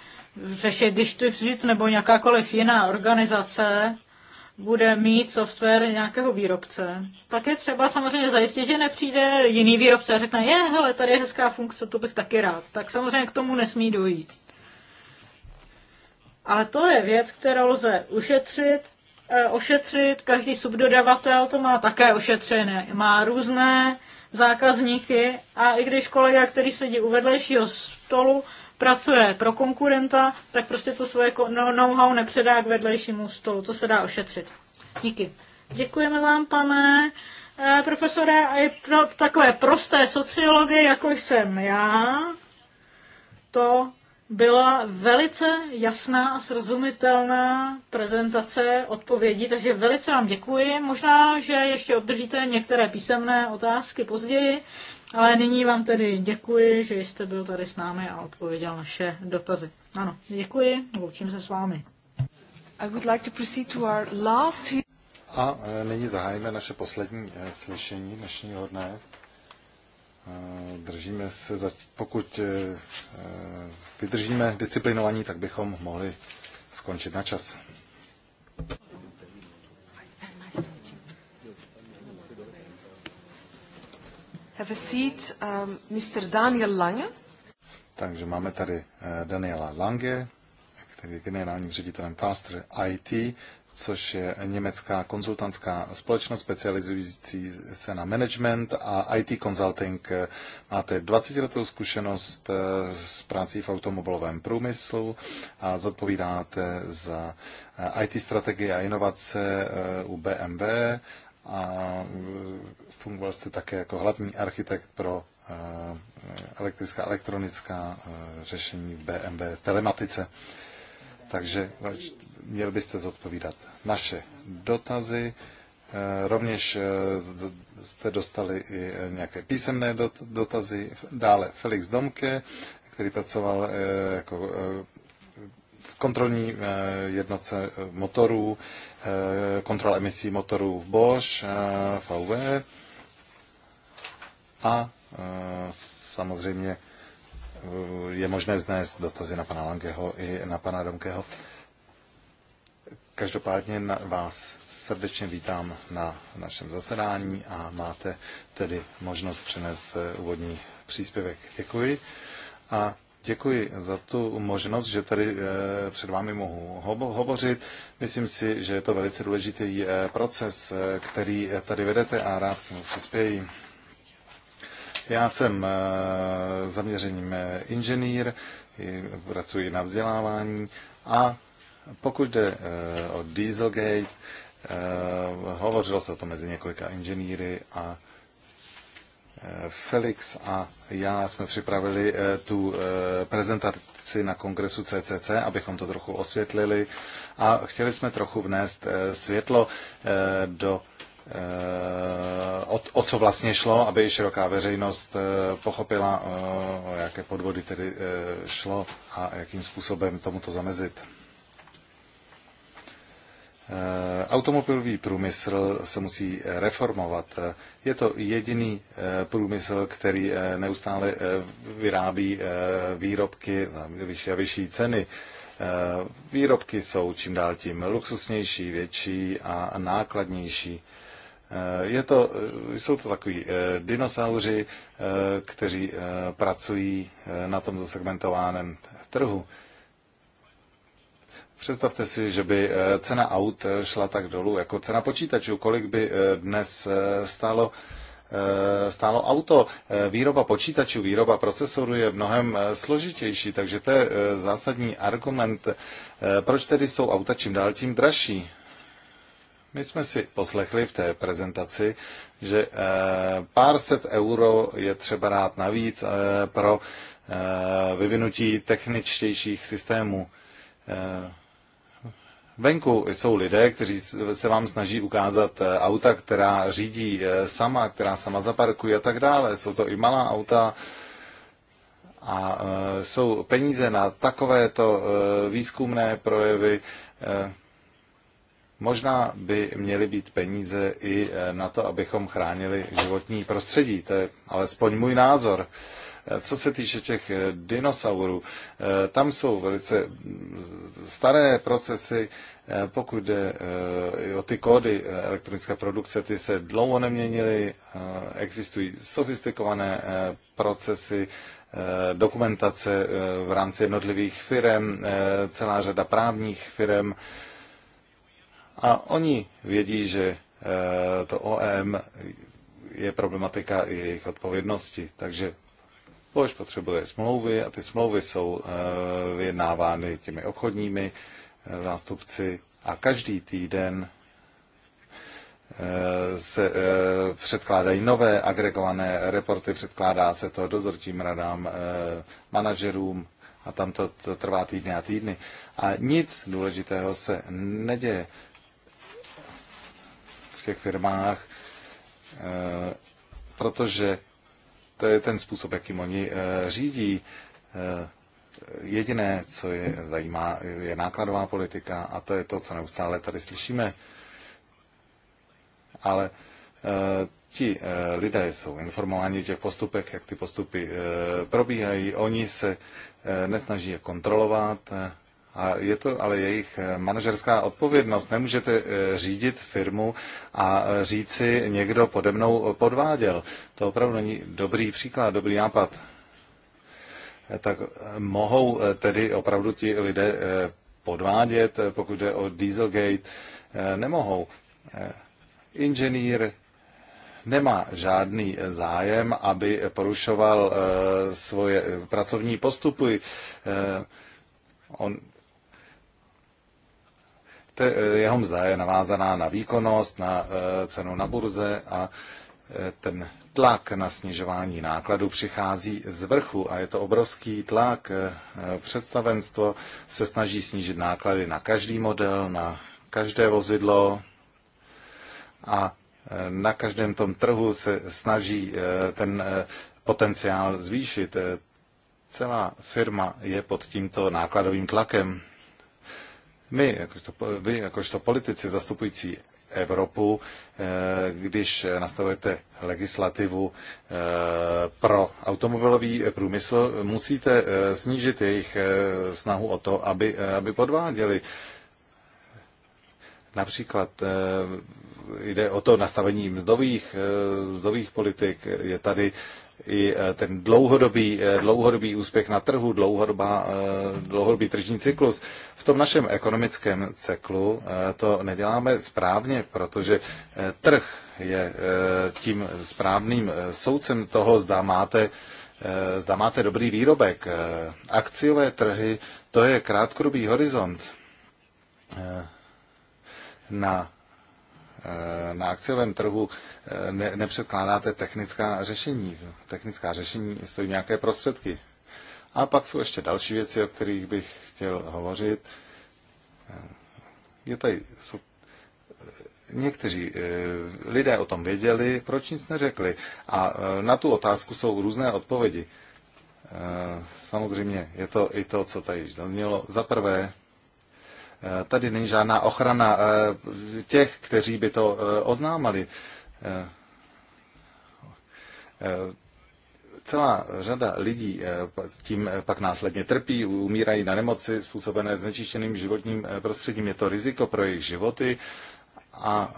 řešit, když to nebo nějakákoliv jiná organizace bude mít software nějakého výrobce, tak je třeba samozřejmě zajistit, že nepřijde jiný výrobce a řekne, je, hele, tady je hezká funkce, to bych taky rád. Tak samozřejmě k tomu nesmí dojít. Ale to je věc, kterou lze ušetřit, e, ošetřit, každý subdodavatel to má také ošetřené. Má různé zákazníky a i když kolega, který sedí u vedlejšího stolu, pracuje pro konkurenta, tak prostě to svoje no, know-how nepředá k vedlejšímu stolu. To se dá ošetřit. Díky. Děkujeme vám, pane eh, profesore, a i pro takové prosté sociologie, jako jsem já, to byla velice jasná a srozumitelná prezentace odpovědí, takže velice vám děkuji. Možná, že ještě obdržíte některé písemné otázky později. Ale nyní vám tedy děkuji, že jste byl tady s námi a odpověděl naše dotazy. Ano, děkuji, loučím se s vámi. I would like to proceed to our last... A e, nyní zahájíme naše poslední e, slyšení dnešního dne. E, držíme se, za, pokud vydržíme disciplinovaní, tak bychom mohli skončit na čas. have a seat, um, Mr. Daniel Lange. Takže máme tady eh, Daniela Lange, který je generálním ředitelem Faster IT, což je německá konzultantská společnost specializující se na management a IT consulting. Máte 20 letou zkušenost eh, s prací v automobilovém průmyslu a zodpovídáte za eh, IT strategie a inovace u BMW a fungoval jste také jako hlavní architekt pro eh, elektrická, elektronická eh, řešení BMW telematice. Takže měl byste zodpovídat naše dotazy. Eh, rovněž jste dostali i nějaké písemné dotazy. Dále Felix Domke, který pracoval jako v kontrolní jednotce motorů, kontrola emisí motorů v Bosch, VW a e, samozřejmě e, je možné vznést dotazy na pana Langeho i na pana Domkeho. Každopádně na vás srdečně vítám na našem zasedání a máte tedy možnost přenést e, úvodní příspěvek. Děkuji a děkuji za tu možnost, že tady před vámi mohu hovořit. Myslím si, že je to velice důležitý proces, který tady vedete a rád přispějí. Já jsem eh, zaměřením eh, inženýr, pracuji na vzdělávání a pokud jde eh, o Dieselgate, hovořilo se o tom mezi několika inženýry a Felix a já jsme připravili tu prezentaci na kongresu CCC, abychom to trochu osvětlili a chtěli jsme trochu vnést světlo do Eh, o, o co vlastně šlo, aby široká veřejnost eh, pochopila, eh, o jaké podvody tedy šlo a jakým způsobem tomuto zamezit. Automobilový průmysl se musí reformovat. Je to jediný průmysl, který neustále vyrábí výrobky za vyšší a vyšší ceny. Výrobky jsou čím dál tím luxusnější, větší a nákladnější. Eh, je to, eh, jsou to takový eh, dinosauři, kteří pracují na tom zasegmentovaném trhu. Představte si, že by cena aut šla tak dolů jako cena počítačů. Kolik by dnes stálo stálo auto. Výroba počítačů, výroba procesorů je mnohem složitější, takže to je zásadní argument, proč tedy jsou auta čím dál tím dražší. My jsme si poslechli v té prezentaci, že eh, pár set euro je třeba dát navíc eh, pro eh, vyvinutí techničtějších systémů. Venku jsou lidé, kteří se vám snaží ukázat auta, která řídí sama, která sama zaparkuje a tak dále. Jsou to i malá auta a jsou peníze na takovéto výzkumné projevy. Možná by měly být peníze i eh, na to, abychom chránili životní prostředí. To je alespoň můj názor. Eh, co se týče těch eh, dinosaurů, tam jsou velice mm, staré procesy, pokud jde o ty kódy elektronické produkce, ty se dlouho neměnily, existují sofistikované procesy, dokumentace v rámci jednotlivých firm, celá řada právních firm, a oni vědí, že eh, to OM je problematika i jejich odpovědnosti. Takže Lož potřebuje smlouvy a ty smlouvy jsou eh, vyjednávány těmi obchodními eh, zástupci a každý týden se předkládají nové agregované reporty, předkládá se to dozorčím radám, manažerům a tam to trvá týdny a týdny. A nic důležitého se neděje v těch firmách, eh, protože to je ten způsob, jakým oni eh, řídí. Eh, jediné, co je zajímá, je nákladová politika a to je to, co neustále tady slyšíme. Ale ti lidé jsou informováni těch postupech, jak ty postupy probíhají. Oni se nesnaží je kontrolovat, a je to ale jejich eh, manažerská odpovědnost. Nemůžete eh, řídit firmu a eh, říci, někdo pode mnou podváděl. To opravdu není dobrý příklad, dobrý nápad. Tak mohou tedy opravdu ti lidé podvádět, pokud jde o Dieselgate? Nemohou. Inženýr nemá žádný zájem, aby porušoval svoje pracovní postupy. On te, eh, jeho mzda je navázaná na výkonnost, na eh, cenu na burze a eh, ten tlak na snižování nákladů přichází z vrchu a je to obrovský tlak. Představenstvo se snaží snížit náklady na každý model, na každé vozidlo a na každém tom trhu se snaží ten potenciál zvýšit. Celá firma je pod tímto nákladovým tlakem. My, jakožto, vy, jakožto politici zastupující Evropu, eh, když nastavujete legislativu eh, pro automobilový průmysl, musíte eh, snížit jejich snahu o to, aby, aby podváděli. Například jde o to nastavení mzdových, mzdových politik. Je tady i e, ten dlouhodobý, e, dlouhodobý úspěch na trhu, dlouhodobá, e, dlouhodobý tržní cyklus. V tom našem ekonomickém cyklu to neděláme správně, protože trh je tím správným soudcem toho, zda máte, zda máte dobrý výrobek. Akciové trhy, to je krátkodobý horizont. Na Eh, na akciovém trhu eh, ne, nepředkládáte technická řešení. Technická řešení jsou nějaké prostředky. A pak jsou ještě další věci, o kterých bych chtěl hovořit. Eh, je tady, jsou, někteří lidé o tom věděli, proč nic neřekli. A na tu otázku jsou různé odpovědi. Samozřejmě je to i to, co tady zaznělo. Za prvé, Eh, tady není žádná ochrana eh, těch, kteří by to eh, oznámali. Celá řada lidí tím pak následně trpí, umírají na nemoci způsobené znečištěným životním prostředím. Je to riziko pro jejich životy a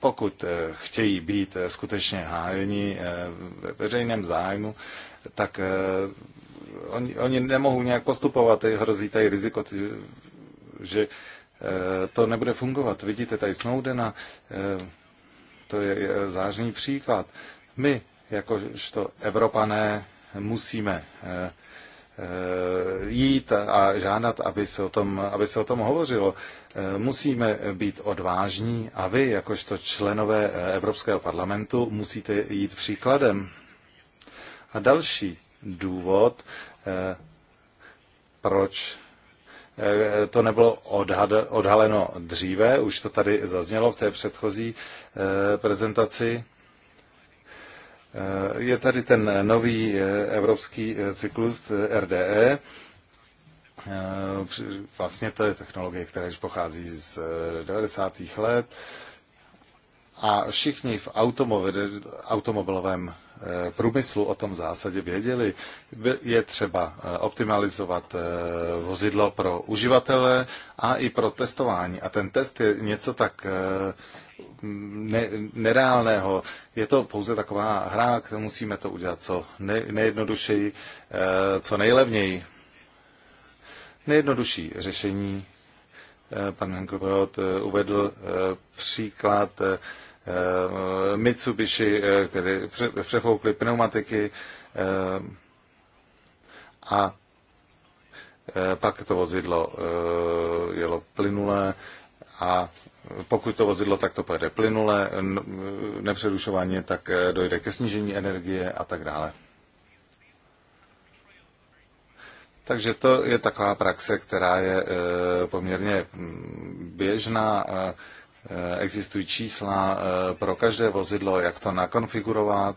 pokud chtějí být skutečně hájeni ve veřejném zájmu, tak oni, oni nemohou nějak postupovat, hrozí tady riziko že eh, to nebude fungovat. Vidíte tady Snowdena, eh, to je zářený příklad. My, jakožto Evropané, musíme eh, jít a žádat, aby se, o tom, aby se o tom hovořilo. Musíme být odvážní a vy, jakožto členové Evropského parlamentu, musíte jít příkladem. A další důvod, proč Eh, to nebylo odhaleno dříve, už to tady zaznělo v té předchozí eh, prezentaci. Eh, je tady ten nový evropský cyklus RDE. Vlastně to je technologie, která už pochází z 90. let. A všichni v automobilovém Eh, průmyslu o tom zásadě věděli. Je třeba eh, optimalizovat eh, vozidlo pro uživatele a i pro testování. A ten test je něco tak ne, nereálného. Je to pouze taková hra, kterou musíme to udělat co nejjednodušší, nejjednodušeji, co nejlevněji. Nejjednodušší řešení. Pan Henkelbrod uvedl příklad Eh, Mitsubishi, eh, které přefoukly pneumatiky eh, a pak to vozidlo jelo plynulé a pokud to vozidlo takto pojede plynule, nepředušování, tak dojde ke snížení energie a tak dále. Takže to je taková praxe, která je poměrně mm, běžná. Eh, existují čísla eh, pro každé vozidlo, jak to nakonfigurovat.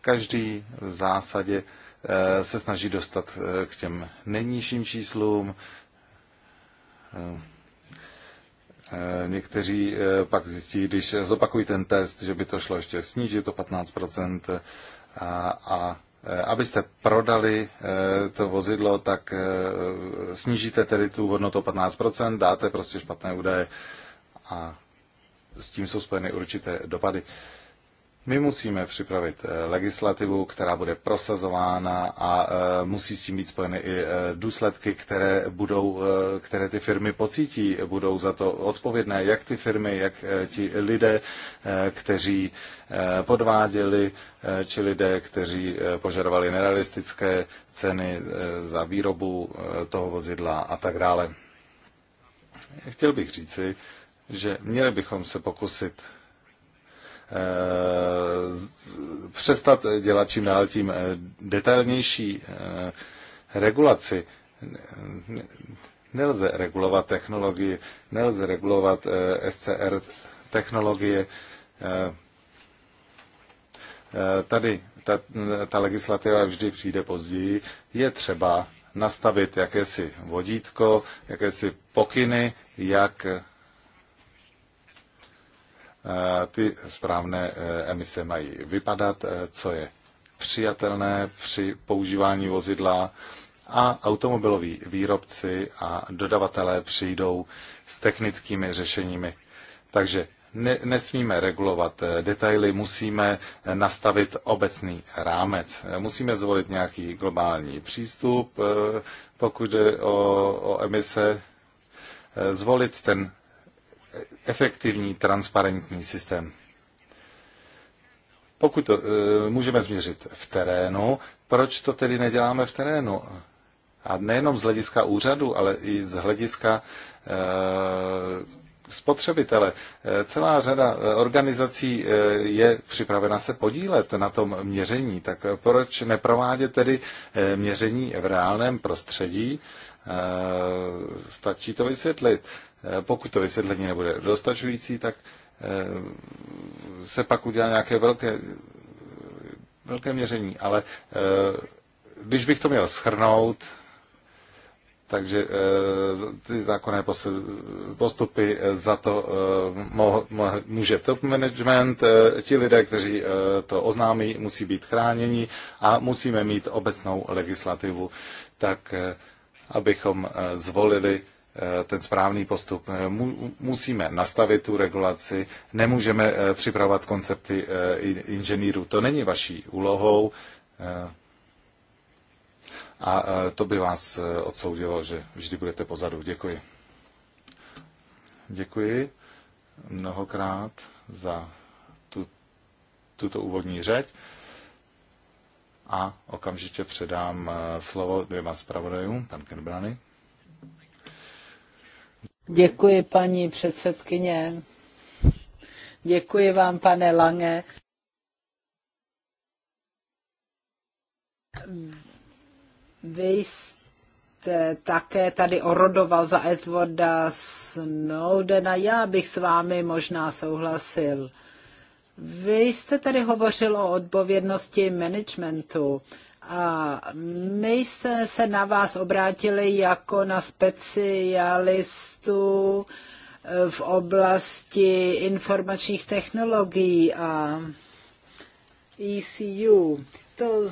Každý v zásadě eh, se snaží dostat k těm nejnižším číslům. Někteří pak zjistí, když zopakují ten test, že by to šlo ještě snížit o 15 a, a Eh, abyste prodali eh, to vozidlo, tak eh, snížíte tedy tu hodnotu 15%, dáte prostě špatné údaje a s tím jsou spojeny určité dopady. My musíme připravit eh, legislativu, která bude prosazována a eh, musí s tím být spojeny i eh, důsledky, které, budou, které ty firmy pocítí, budou za to odpovědné, jak ty firmy, jak ti lidé, kteří podváděli, či lidé, kteří požadovali nerealistické ceny za výrobu toho vozidla a tak dále. Chtěl bych říci, že měli bychom se pokusit Eh, přestat dělat čím dál tím eh, detailnější eh, regulaci. Nelze regulovat technologii, nelze regulovat SCR technologie. Tady ta, ta legislativa vždy přijde později. Je třeba nastavit jakési vodítko, jakési pokyny, jak Eh, ty správné eh, emise mají vypadat, eh, co je přijatelné při používání vozidla a automobiloví výrobci a dodavatelé přijdou s technickými řešeními. Takže ne, nesmíme regulovat detaily, musíme nastavit obecný rámec. Musíme zvolit nějaký globální přístup, pokud jde o, o emise, zvolit ten efektivní, transparentní systém. Pokud to e, můžeme změřit v terénu, proč to tedy neděláme v terénu? A nejenom z hlediska úřadu, ale i z hlediska e, spotřebitele. E, celá řada e, organizací e, je připravena se podílet na tom měření, tak proč neprovádět tedy měření v reálném prostředí? Stačí to vysvětlit. Eh, pokud to vysvětlení nebude dostačující, tak eh, se pak udělá nějaké velké, velké měření. Ale eh, když bych to měl schrnout, takže ty zákonné postupy za to může top management. Ti lidé, kteří to oznámí, musí být chráněni a musíme mít obecnou legislativu, tak abychom zvolili Eh, ten správný postup. Eh, musíme nastavit tu regulaci, nemůžeme eh, připravovat koncepty inženýrů. To není vaší úlohou a to by vás odsoudilo, že vždy budete pozadu. Děkuji. Děkuji mnohokrát za tu, tuto úvodní řeč a okamžitě předám slovo dvěma zpravodajům, pan Kenbrany. Děkuji, paní předsedkyně. Děkuji vám, pane Lange. Vy jste také tady orodoval za Edwarda Snowdena. Já bych s vámi možná souhlasil. Vy jste tady hovořil o odpovědnosti managementu a my jsme se na vás obrátili jako na specialistu eh, v oblasti informačních technologií a ECU. To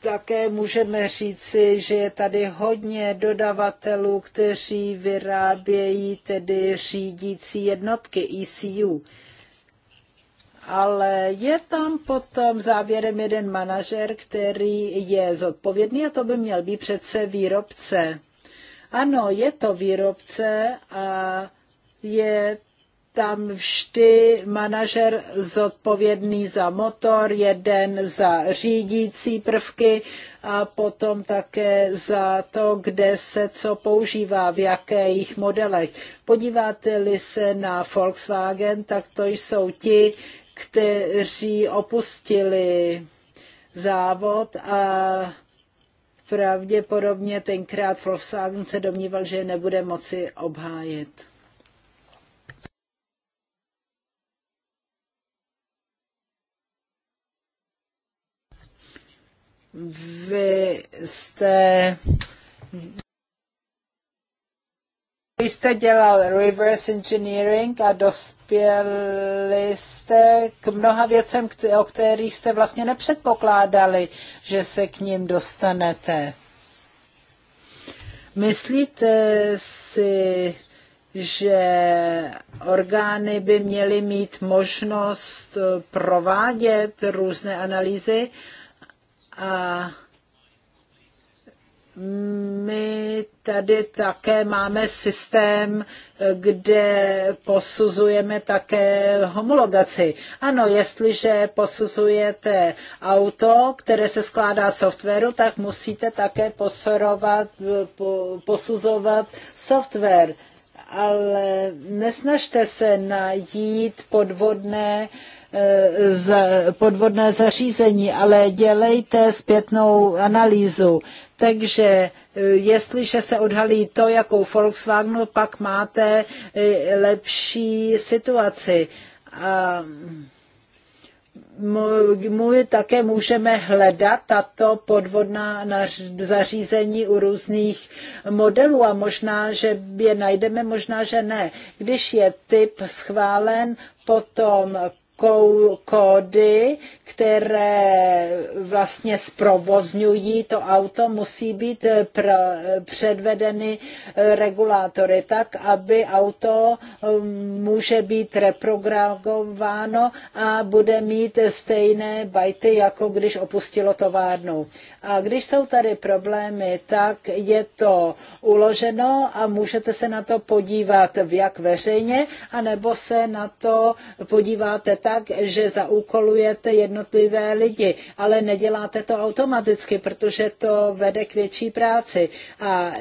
také můžeme říci, že je tady hodně dodavatelů, kteří vyrábějí tedy řídící jednotky ECU ale je tam potom závěrem jeden manažer, který je zodpovědný a to by měl být přece výrobce. Ano, je to výrobce a je tam vždy manažer zodpovědný za motor, jeden za řídící prvky a potom také za to, kde se co používá, v jakých modelech. Podíváte-li se na Volkswagen, tak to jsou ti, kteří opustili závod a pravděpodobně tenkrát Volkswagen se domníval, že je nebude moci obhájit. Vy jste vy jste dělal reverse engineering a dospěli jste k mnoha věcem, o kterých jste vlastně nepředpokládali, že se k ním dostanete. Myslíte si, že orgány by měly mít možnost provádět různé analýzy a my tady také máme systém, kde posuzujeme také homologaci. Ano, jestliže posuzujete auto, které se skládá softwaru, tak musíte také posuzovat software ale nesnažte se najít podvodné Eh, z podvodné zařízení, ale dělejte zpětnou analýzu. Takže eh, jestliže se odhalí to, jakou Volkswagenu, pak máte eh, lepší situaci. A my také můžeme hledat tato podvodná zařízení u různých modelů a možná, že je najdeme, možná, že ne. Když je typ schválen, potom kódy, které vlastně zprovozňují to auto, musí být eh, eh, předvedeny eh, regulátory tak, aby auto um, může být reprogramováno a bude mít stejné bajty, jako když opustilo továrnu. A když jsou tady problémy, tak je to uloženo a můžete se na to podívat jak veřejně, anebo se na to podíváte tak, že zaúkolujete jednotlivé lidi, ale neděláte to automaticky, protože to vede k větší práci. A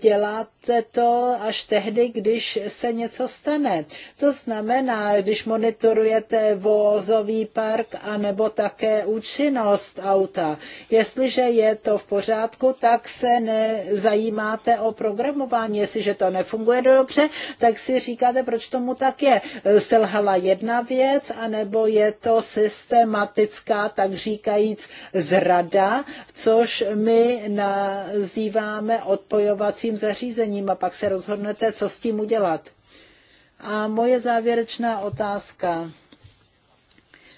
děláte to až tehdy, když se něco stane. To znamená, když monitorujete vozový park anebo také účinnost auta. Jestliže že je to v pořádku, tak se nezajímáte o programování. Jestliže to nefunguje dobře, tak si říkáte, proč tomu tak je. Selhala jedna věc, anebo je to systematická, tak říkajíc, zrada, což my nazýváme odpojovacím zařízením a pak se rozhodnete, co s tím udělat. A moje závěrečná otázka.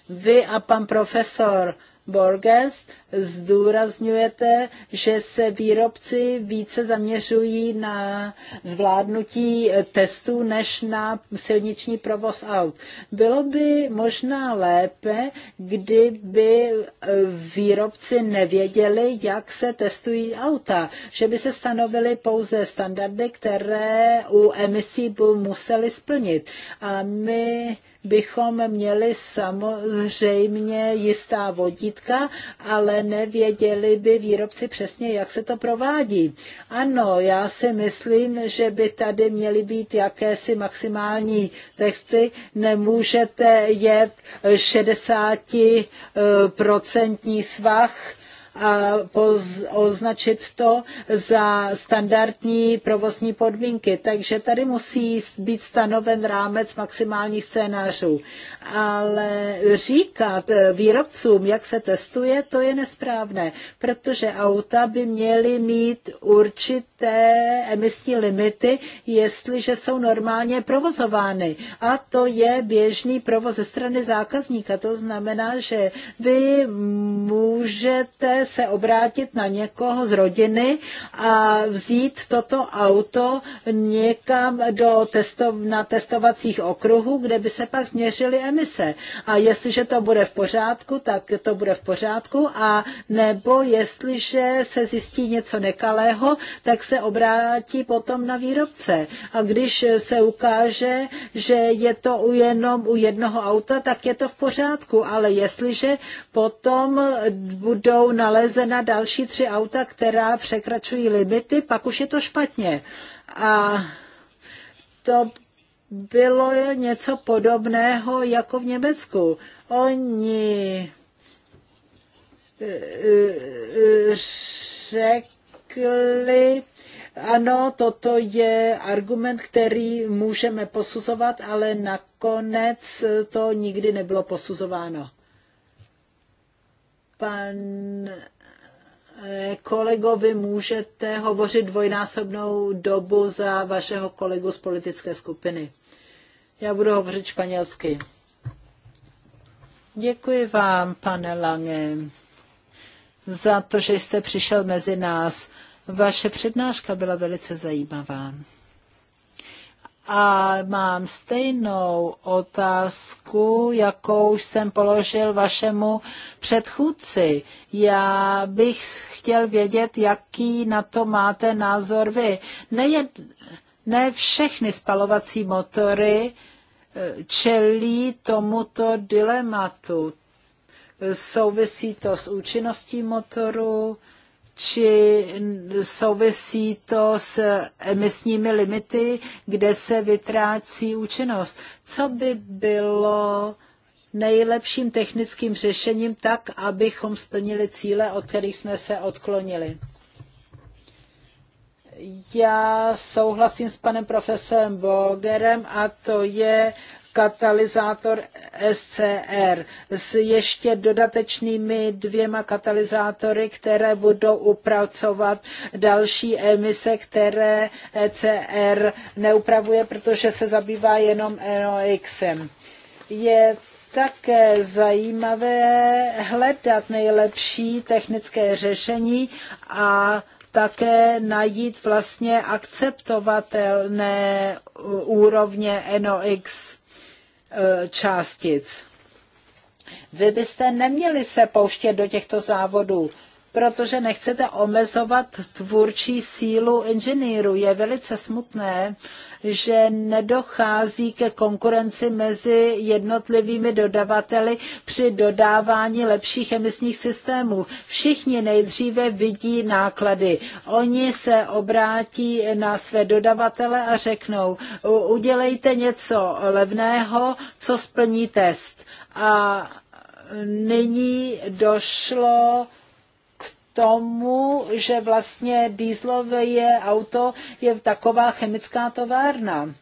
Vy a pan profesor, Borges, zdůrazňujete, že se výrobci více zaměřují na zvládnutí testů než na silniční provoz aut. Bylo by možná lépe, kdyby eh, výrobci nevěděli, jak se testují auta, že by se stanovily pouze standardy, které u emisí by museli splnit. A my bychom měli samozřejmě jistá vodítka, ale nevěděli by výrobci přesně, jak se to provádí. Ano, já si myslím, že by tady měly být jakési maximální texty. Nemůžete jet 60% svah poz, označit to za standardní provozní podmínky. Takže tady musí být stanoven rámec maximálních scénářů. Ale říkat e, výrobcům, jak se testuje, to je nesprávné, protože auta by měly mít určité emisní limity, jestliže jsou normálně provozovány. A to je běžný provoz ze strany zákazníka. To znamená, že vy můžete se obrátit na někoho z rodiny a vzít toto auto někam do testov, na testovacích okruhů, kde by se pak změřily emise. A jestliže to bude v pořádku, tak to bude v pořádku a nebo jestliže se zjistí něco nekalého, tak se obrátí potom na výrobce. A když se ukáže, že je to jenom u jednoho auta, tak je to v pořádku, ale jestliže potom budou na nalezena další tři auta, která překračují limity, pak už je to špatně. A to bylo něco podobného jako v Německu. Oni eh, eh, řekli, ano, toto je argument, který můžeme posuzovat, ale nakonec to nikdy nebylo posuzováno pan kolego, vy můžete hovořit dvojnásobnou dobu za vašeho kolegu z politické skupiny. Já budu hovořit španělsky. Děkuji vám, pane Lange, za to, že jste přišel mezi nás. Vaše přednáška byla velice zajímavá. A mám stejnou otázku, jakou jsem položil vašemu předchůdci. Já bych chtěl vědět, jaký na to máte názor vy. Nejed, ne všechny spalovací motory eh, čelí tomuto dilematu. Souvisí to s účinností motoru, či souvisí to s emisními limity, kde se vytrácí účinnost. Co by bylo nejlepším technickým řešením tak, abychom splnili cíle, od kterých jsme se odklonili? já souhlasím s panem profesorem Bogerem a to je katalyzátor SCR s ještě dodatečnými dvěma katalyzátory, které budou upracovat další emise, které ECR neupravuje, protože se zabývá jenom NOXem. Je také zajímavé hledat nejlepší technické řešení a také najít vlastně akceptovatelné úrovně NOx E, částic. Vy byste neměli se pouštět do těchto závodů, protože nechcete omezovat tvůrčí sílu inženýru. Je velice smutné, že nedochází ke konkurenci mezi jednotlivými dodavateli při dodávání lepších emisních systémů. Všichni nejdříve vidí náklady. Oni se obrátí na své dodavatele a řeknou, udělejte něco levného, co splní test. A nyní došlo tomu, že vlastně dýzlové auto je taková chemická továrna.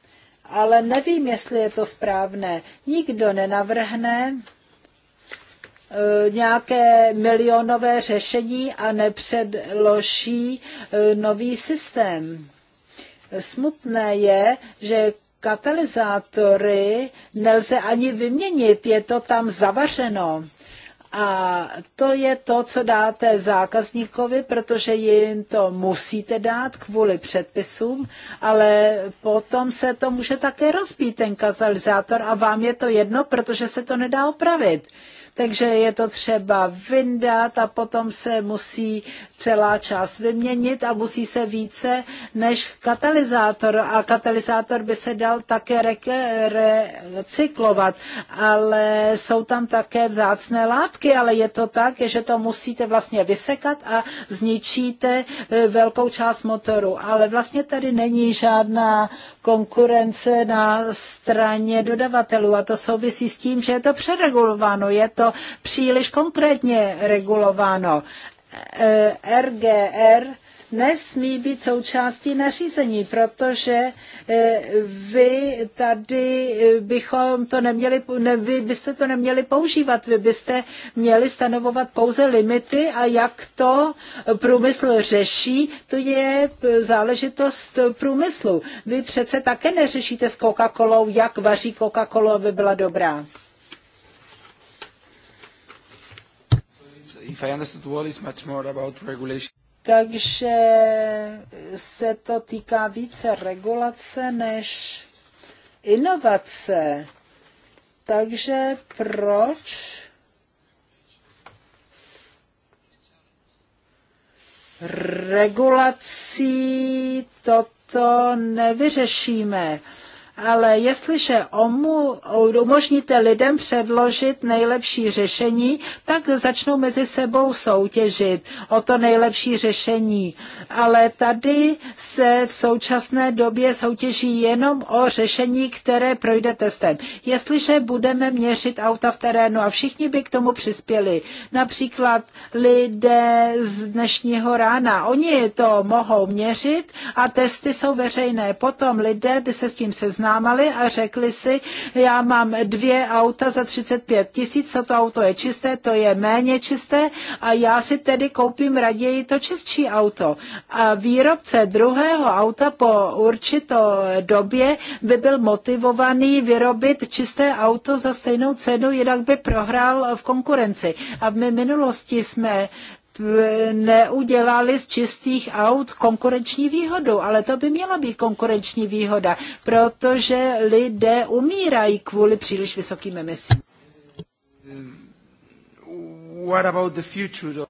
Ale nevím, jestli je to správné. Nikdo nenavrhne eh, nějaké milionové řešení a nepředloží eh, nový systém. Smutné je, že katalyzátory nelze ani vyměnit, je to tam zavařeno. A to je to, co dáte zákazníkovi, protože jim to musíte dát kvůli předpisům, ale potom se to může také rozbít, ten katalyzátor, a vám je to jedno, protože se to nedá opravit takže je to třeba vyndat a potom se musí celá část vyměnit a musí se více než katalyzátor. A katalyzátor by se dal také recyklovat, ale jsou tam také vzácné látky, ale je to tak, že to musíte vlastně vysekat a zničíte e, velkou část motoru. Ale vlastně tady není žádná konkurence na straně dodavatelů a to souvisí s tím, že je to přeregulováno, je to příliš konkrétně regulováno. RGR e, nesmí být součástí nařízení, protože e, vy tady bychom to neměli, ne, vy byste to neměli používat, vy byste měli stanovovat pouze limity a jak to průmysl řeší, to je záležitost průmyslu. Vy přece také neřešíte s Coca-Colou, jak vaří Coca-Cola, aby byla dobrá. if I understood well, it's much more about regulation. Takže se to týká více regulace než inovace. Takže proč regulací toto nevyřešíme? ale jestliže umožníte lidem předložit nejlepší řešení, tak začnou mezi sebou soutěžit o to nejlepší řešení. Ale tady se v současné době soutěží jenom o řešení, které projde testem. Jestliže budeme měřit auta v terénu a všichni by k tomu přispěli, například lidé z dnešního rána, oni to mohou měřit a testy jsou veřejné. Potom lidé by se s tím seznámili seznámali a řekli si, já mám dvě auta za 35 tisíc, to auto je čisté, to je méně čisté a já si tedy koupím raději to čistší auto. A výrobce druhého auta po určitou době by byl motivovaný vyrobit čisté auto za stejnou cenu, jinak by prohrál v konkurenci. A my minulosti jsme neudělali z čistých aut konkurenční výhodu, ale to by měla být konkurenční výhoda, protože lidé umírají kvůli příliš vysokým emisím. What about the future?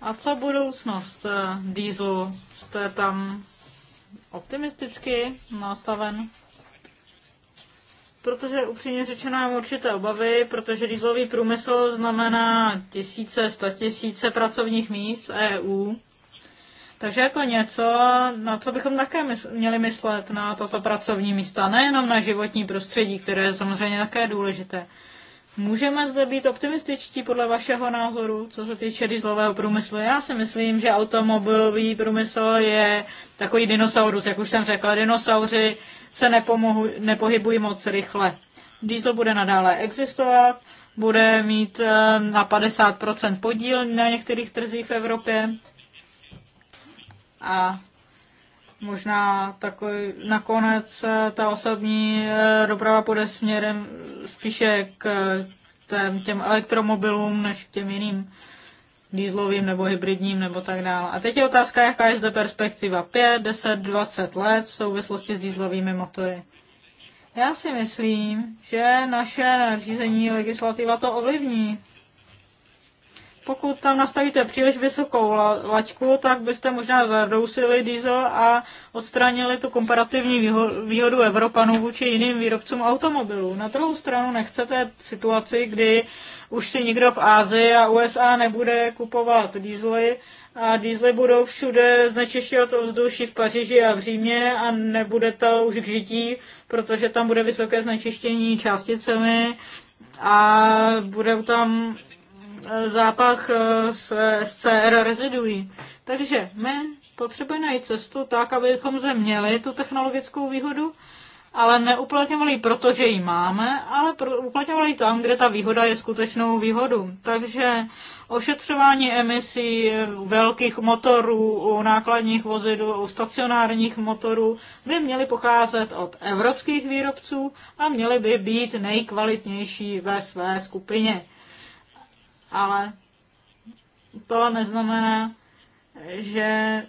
A co budoucnost eh, dieselu? Jste tam optimisticky nastaven? protože upřímně řečeno mám určité obavy, protože dýzlový průmysl znamená tisíce, statisíce pracovních míst v EU. Takže je to něco, na co bychom také mysl- měli myslet, na tato pracovní místa, nejenom na životní prostředí, které je samozřejmě také důležité. Můžeme zde být optimističtí podle vašeho názoru, co se týče dieselového průmyslu? Já si myslím, že automobilový průmysl je takový dinosaurus, jak už jsem řekla. Dinosauři se nepomohu, nepohybují moc rychle. Diesel bude nadále existovat, bude mít eh, na 50% podíl na některých trzích v Evropě. A možná takový, nakonec eh, ta osobní eh, doprava půjde směrem spíše k eh, těm, těm elektromobilům než k těm jiným dýzlovým nebo hybridním nebo tak dále. A teď je otázka, jaká je zde perspektiva 5, 10, 20 let v souvislosti s dýzlovými motory. Já si myslím, že naše řízení legislativa to ovlivní, pokud tam nastavíte příliš vysokou laťku, tak byste možná zadousili diesel a odstranili tu komparativní výhodu Evropanů vůči jiným výrobcům automobilů. Na druhou stranu nechcete situaci, kdy už si nikdo v Ázii a USA nebude kupovat diesely a diesely budou všude znečišťovat ovzduší v Paříži a v Římě a nebude to už k žití, protože tam bude vysoké znečištění částicemi a budou tam zápach eh, z, z CR Takže my potřebujeme najít cestu tak, abychom zde měli tu technologickou výhodu, ale neuplatňovali ji proto, že ji máme, ale uplatňovali tam, kde ta výhoda je skutečnou výhodu. Takže ošetřování emisí velkých motorů u nákladních vozidel, u stacionárních motorů by měly pocházet od evropských výrobců a měly by být nejkvalitnější ve své skupině ale to neznamená, že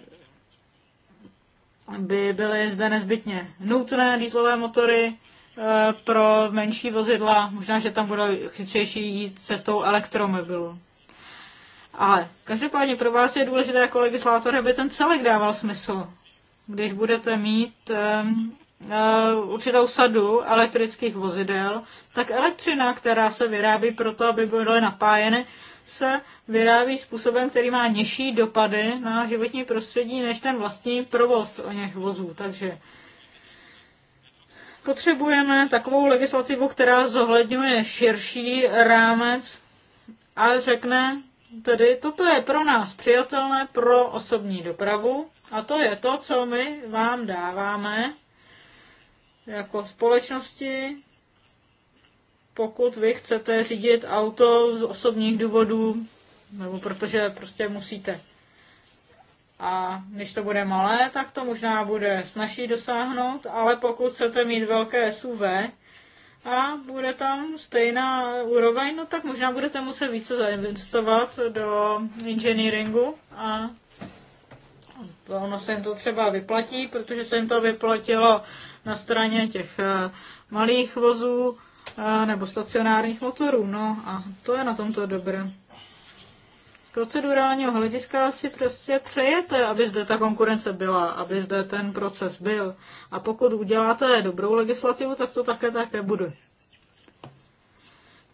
by byly zde nezbytně nutné dýzlové motory eh, pro menší vozidla. Možná, že tam bude chytřejší jít cestou elektromobilu. Ale každopádně pro vás je důležité jako legislátor, aby ten celek dával smysl. Když budete mít ehm, určitou sadu elektrických vozidel, tak elektřina, která se vyrábí proto, aby byly napájeny, se vyrábí způsobem, který má nižší dopady na životní prostředí než ten vlastní provoz o něch vozů. Takže potřebujeme takovou legislativu, která zohledňuje širší rámec a řekne, tedy toto je pro nás přijatelné pro osobní dopravu a to je to, co my vám dáváme jako společnosti, pokud vy chcete řídit auto z osobních důvodů, nebo protože prostě musíte. A když to bude malé, tak to možná bude snažší dosáhnout, ale pokud chcete mít velké SUV a bude tam stejná úroveň, no tak možná budete muset více zainvestovat do inženýringu a ono se jim to třeba vyplatí, protože se jim to vyplatilo na straně těch eh, malých vozů eh, nebo stacionárních motorů. No a to je na tomto dobré. Z procedurálního hlediska si prostě přejete, aby zde ta konkurence byla, aby zde ten proces byl. A pokud uděláte dobrou legislativu, tak to také také bude.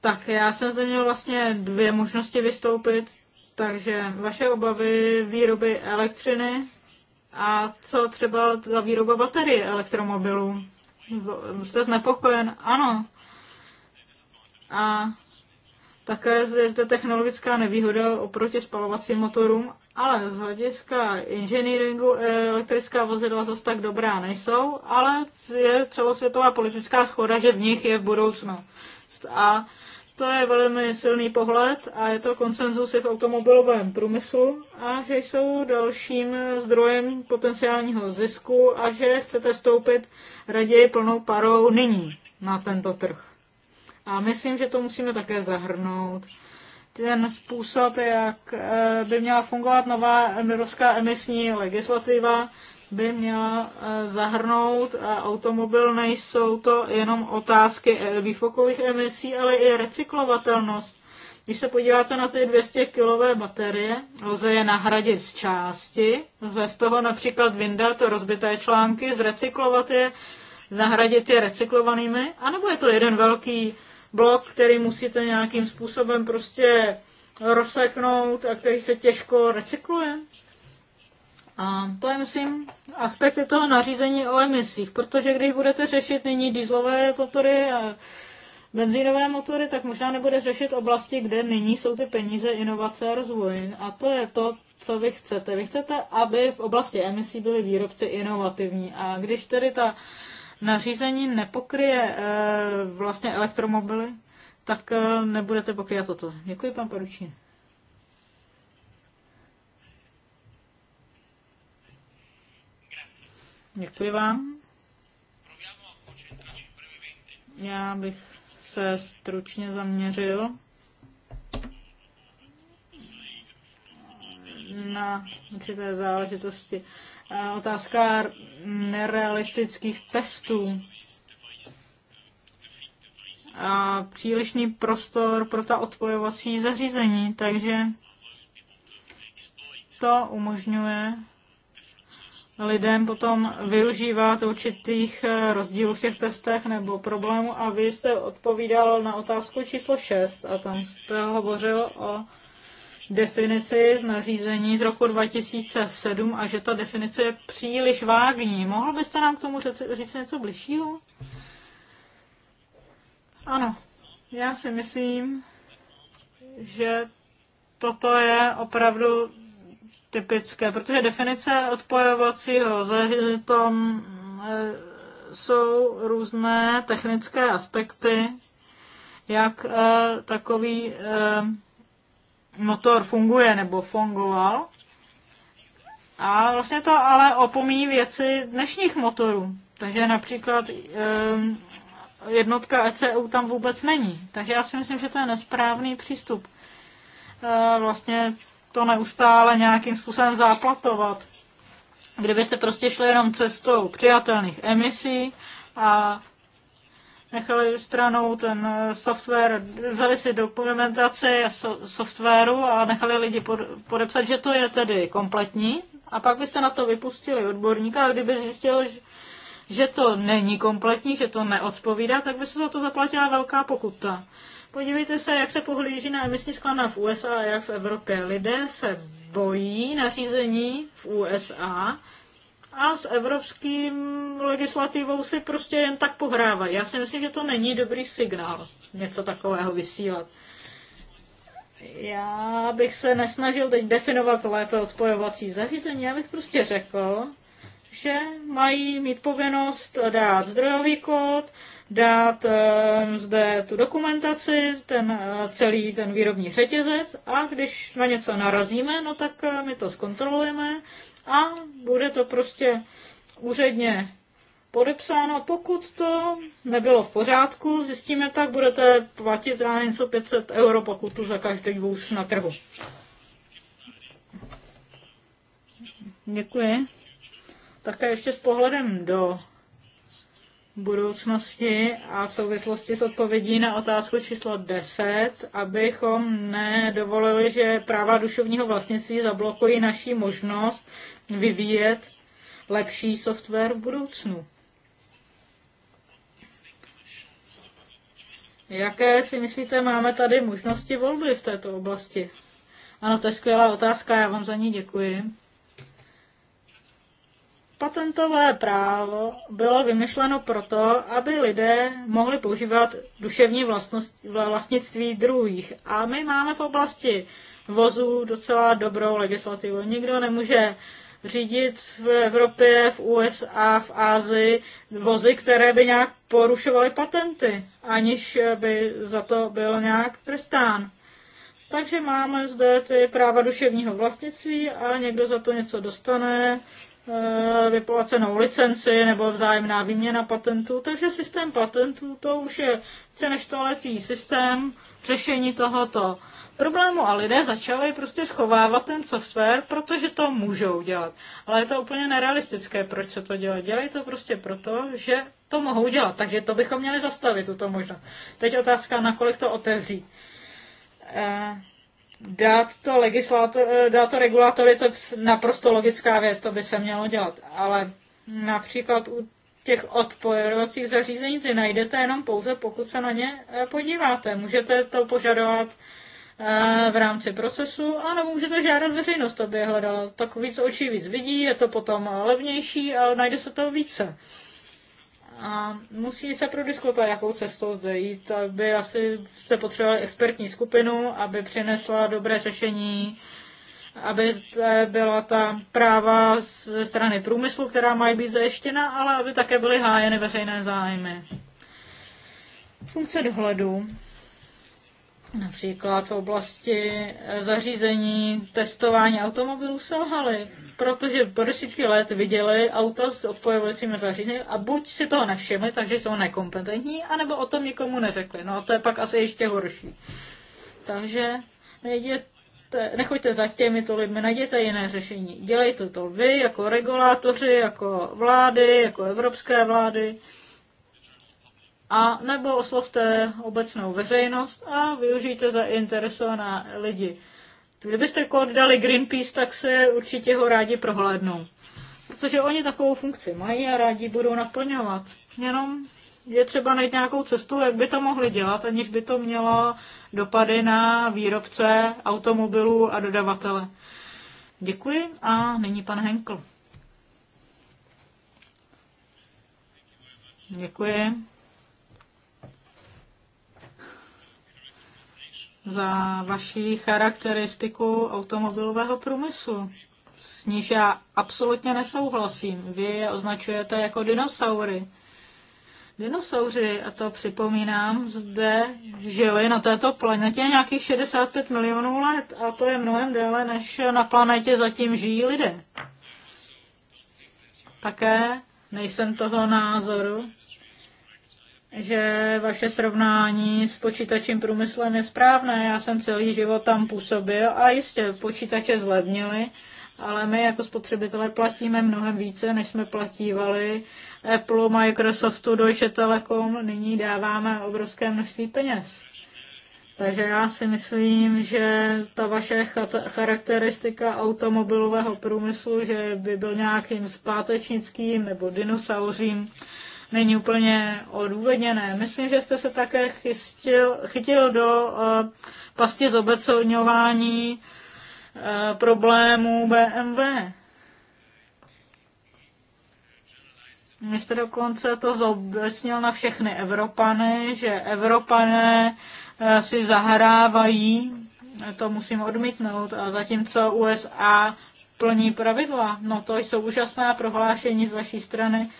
Tak já jsem zde měl vlastně dvě možnosti vystoupit, takže vaše obavy výroby elektřiny a co třeba za výroba baterie elektromobilů? Jste znepokojen? Ano. A také je zde technologická nevýhoda oproti spalovacím motorům, ale z hlediska inženýringu eh, elektrická vozidla zase tak dobrá nejsou, ale je celosvětová politická schoda, že v nich je v budoucnu. A to je velmi silný pohled a je to konsenzus v automobilovém průmyslu a že jsou dalším zdrojem potenciálního zisku a že chcete stoupit raději plnou parou nyní na tento trh. A myslím, že to musíme také zahrnout. Ten způsob, jak eh, by měla fungovat nová evropská emisní legislativa, by měla eh, zahrnout a automobil. Nejsou to jenom otázky eh, výfokových emisí, ale i recyklovatelnost. Když se podíváte na ty 200 kg baterie, lze je nahradit z části, lze z toho například vyndat rozbité články, zrecyklovat je, nahradit je recyklovanými, anebo je to jeden velký blok, který musíte nějakým způsobem prostě rozseknout a který se těžko recykluje. A to je, myslím, aspekty toho nařízení o emisích, protože když budete řešit nyní dieselové motory a benzínové motory, tak možná nebude řešit oblasti, kde nyní jsou ty peníze, inovace a rozvoj. A to je to, co vy chcete. Vy chcete, aby v oblasti emisí byli výrobci inovativní. A když tedy ta nařízení nepokryje e, vlastně elektromobily, tak e, nebudete pokrývat toto. Děkuji, pan Poručín. Děkuji vám. Já bych se stručně zaměřil na určité záležitosti. Otázka nerealistických testů a přílišný prostor pro ta odpojovací zařízení, takže to umožňuje lidem potom využívat určitých eh, rozdílů v těch testech nebo problémů. A vy jste odpovídal na otázku číslo 6 a tam jste hovořil o definici z nařízení z roku 2007 a že ta definice je příliš vágní. Mohl byste nám k tomu říct, říct něco bližšího? Ano, já si myslím, že toto je opravdu typické, protože definice odpojovacího tam e, jsou různé technické aspekty, jak e, takový e, motor funguje nebo fungoval. A vlastně to ale opomíjí věci dnešních motorů. Takže například jednotka ECU tam vůbec není. Takže já si myslím, že to je nesprávný přístup. Vlastně to neustále nějakým způsobem záplatovat. Kdybyste prostě šli jenom cestou přijatelných emisí a nechali stranou ten eh, software, vzali si dokumentaci softwaru a nechali lidi podepsat, že to je tedy kompletní. A pak byste na to vypustili odborníka a kdyby zjistil, že to není kompletní, že to neodpovídá, tak by se za to zaplatila velká pokuta. Podívejte se, jak se pohlíží na emisní sklana v USA a jak v Evropě. Lidé se bojí nařízení v USA a s evropským legislativou si prostě jen tak pohrávají. Já si myslím, že to není dobrý signál něco takového vysílat. Já bych se nesnažil teď definovat lépe odpojovací zařízení, já bych prostě řekl, že mají mít povinnost dát zdrojový kód, dát ehm, zde tu dokumentaci, ten eh, celý ten výrobní řetězec a když na něco narazíme, no tak eh, my to zkontrolujeme a bude to prostě úředně podepsáno. Pokud to nebylo v pořádku, zjistíme tak, budete platit za něco 500 euro pokutu za každý vůz na trhu. Děkuji. Také ještě s pohledem do budoucnosti a v souvislosti s odpovědí na otázku číslo 10, abychom nedovolili, že práva duševního vlastnictví zablokují naší možnost vyvíjet lepší software v budoucnu. Jaké si myslíte, máme tady možnosti volby v této oblasti? Ano, to je skvělá otázka, já vám za ní děkuji. Patentové právo bylo vymyšleno proto, aby lidé mohli používat duševní vlastnictví druhých. A my máme v oblasti vozů docela dobrou legislativu. Nikdo nemůže řídit v Evropě, v USA, v Ázii vozy, které by nějak porušovaly patenty, aniž by za to byl nějak trestán. Takže máme zde ty práva duševního vlastnictví a někdo za to něco dostane, Eh, vyplacenou licenci nebo vzájemná výměna patentů. Takže systém patentů to už je více než systém řešení tohoto problému a lidé začali prostě schovávat ten software, protože to můžou dělat. Ale je to úplně nerealistické, proč se to dělá. Dělají to prostě proto, že to mohou dělat, takže to bychom měli zastavit, tuto možnost. Teď otázka, nakolik to otevří. Eh, dát to, legislátor, eh, dát to regulátor je to naprosto logická věc, to by se mělo dělat. Ale například u těch odpojovacích zařízení ty najdete jenom pouze, pokud se na ně eh, podíváte. Můžete to požadovat eh, v rámci procesu, anebo můžete žádat veřejnost, aby je hledala. Tak víc očí víc vidí, je to potom levnější a najde se toho více a musí se prodiskutovat, jakou cestou zde jít. aby by asi se potřebovali expertní skupinu, aby přinesla dobré řešení, aby zde byla ta práva ze strany průmyslu, která mají být zajištěna, ale aby také byly hájeny veřejné zájmy. Funkce dohledu Například v oblasti eh, zařízení testování automobilů selhaly, protože po desítky let viděli auta s odpojovacími zařízením a buď si toho nevšimli, takže jsou nekompetentní, anebo o tom nikomu neřekli. No a to je pak asi ještě horší. Takže nejděte, nechoďte za to lidmi, najděte jiné řešení. Dělejte to vy jako regulátoři, jako vlády, jako evropské vlády a nebo oslovte obecnou veřejnost a využijte zainteresovaná lidi. Kdybyste kód dali Greenpeace, tak se určitě ho rádi prohlédnou. Protože oni takovou funkci mají a rádi budou naplňovat. Jenom je třeba najít nějakou cestu, jak by to mohli dělat, aniž by to mělo dopady na výrobce automobilů a dodavatele. Děkuji a nyní pan Henkl. Děkuji. za vaši charakteristiku automobilového průmyslu. S níž já absolutně nesouhlasím. Vy je označujete jako dinosaury. Dinosauři, a to připomínám, zde žili na této planetě nějakých 65 milionů let a to je mnohem déle, než na planetě zatím žijí lidé. Také nejsem toho názoru, že vaše srovnání s počítačím průmyslem je správné. Já jsem celý život tam působil a jistě počítače zlevnily, ale my jako spotřebitelé platíme mnohem více, než jsme platívali Apple, Microsoftu, Deutsche Telekom. Nyní dáváme obrovské množství peněz. Takže já si myslím, že ta vaše charakteristika automobilového průmyslu, že by byl nějakým zpátečnickým nebo dinosaurím, není úplně odůvodněné. Myslím, že jste se také chystil, chytil do uh, pasti zobecňování uh, eh, problémů BMW. Vy jste dokonce to zobecnil na všechny Evropany, že Evropané eh, si zahrávají, to musím odmítnout, a zatímco USA plní pravidla. No to jsou úžasná prohlášení z vaší strany,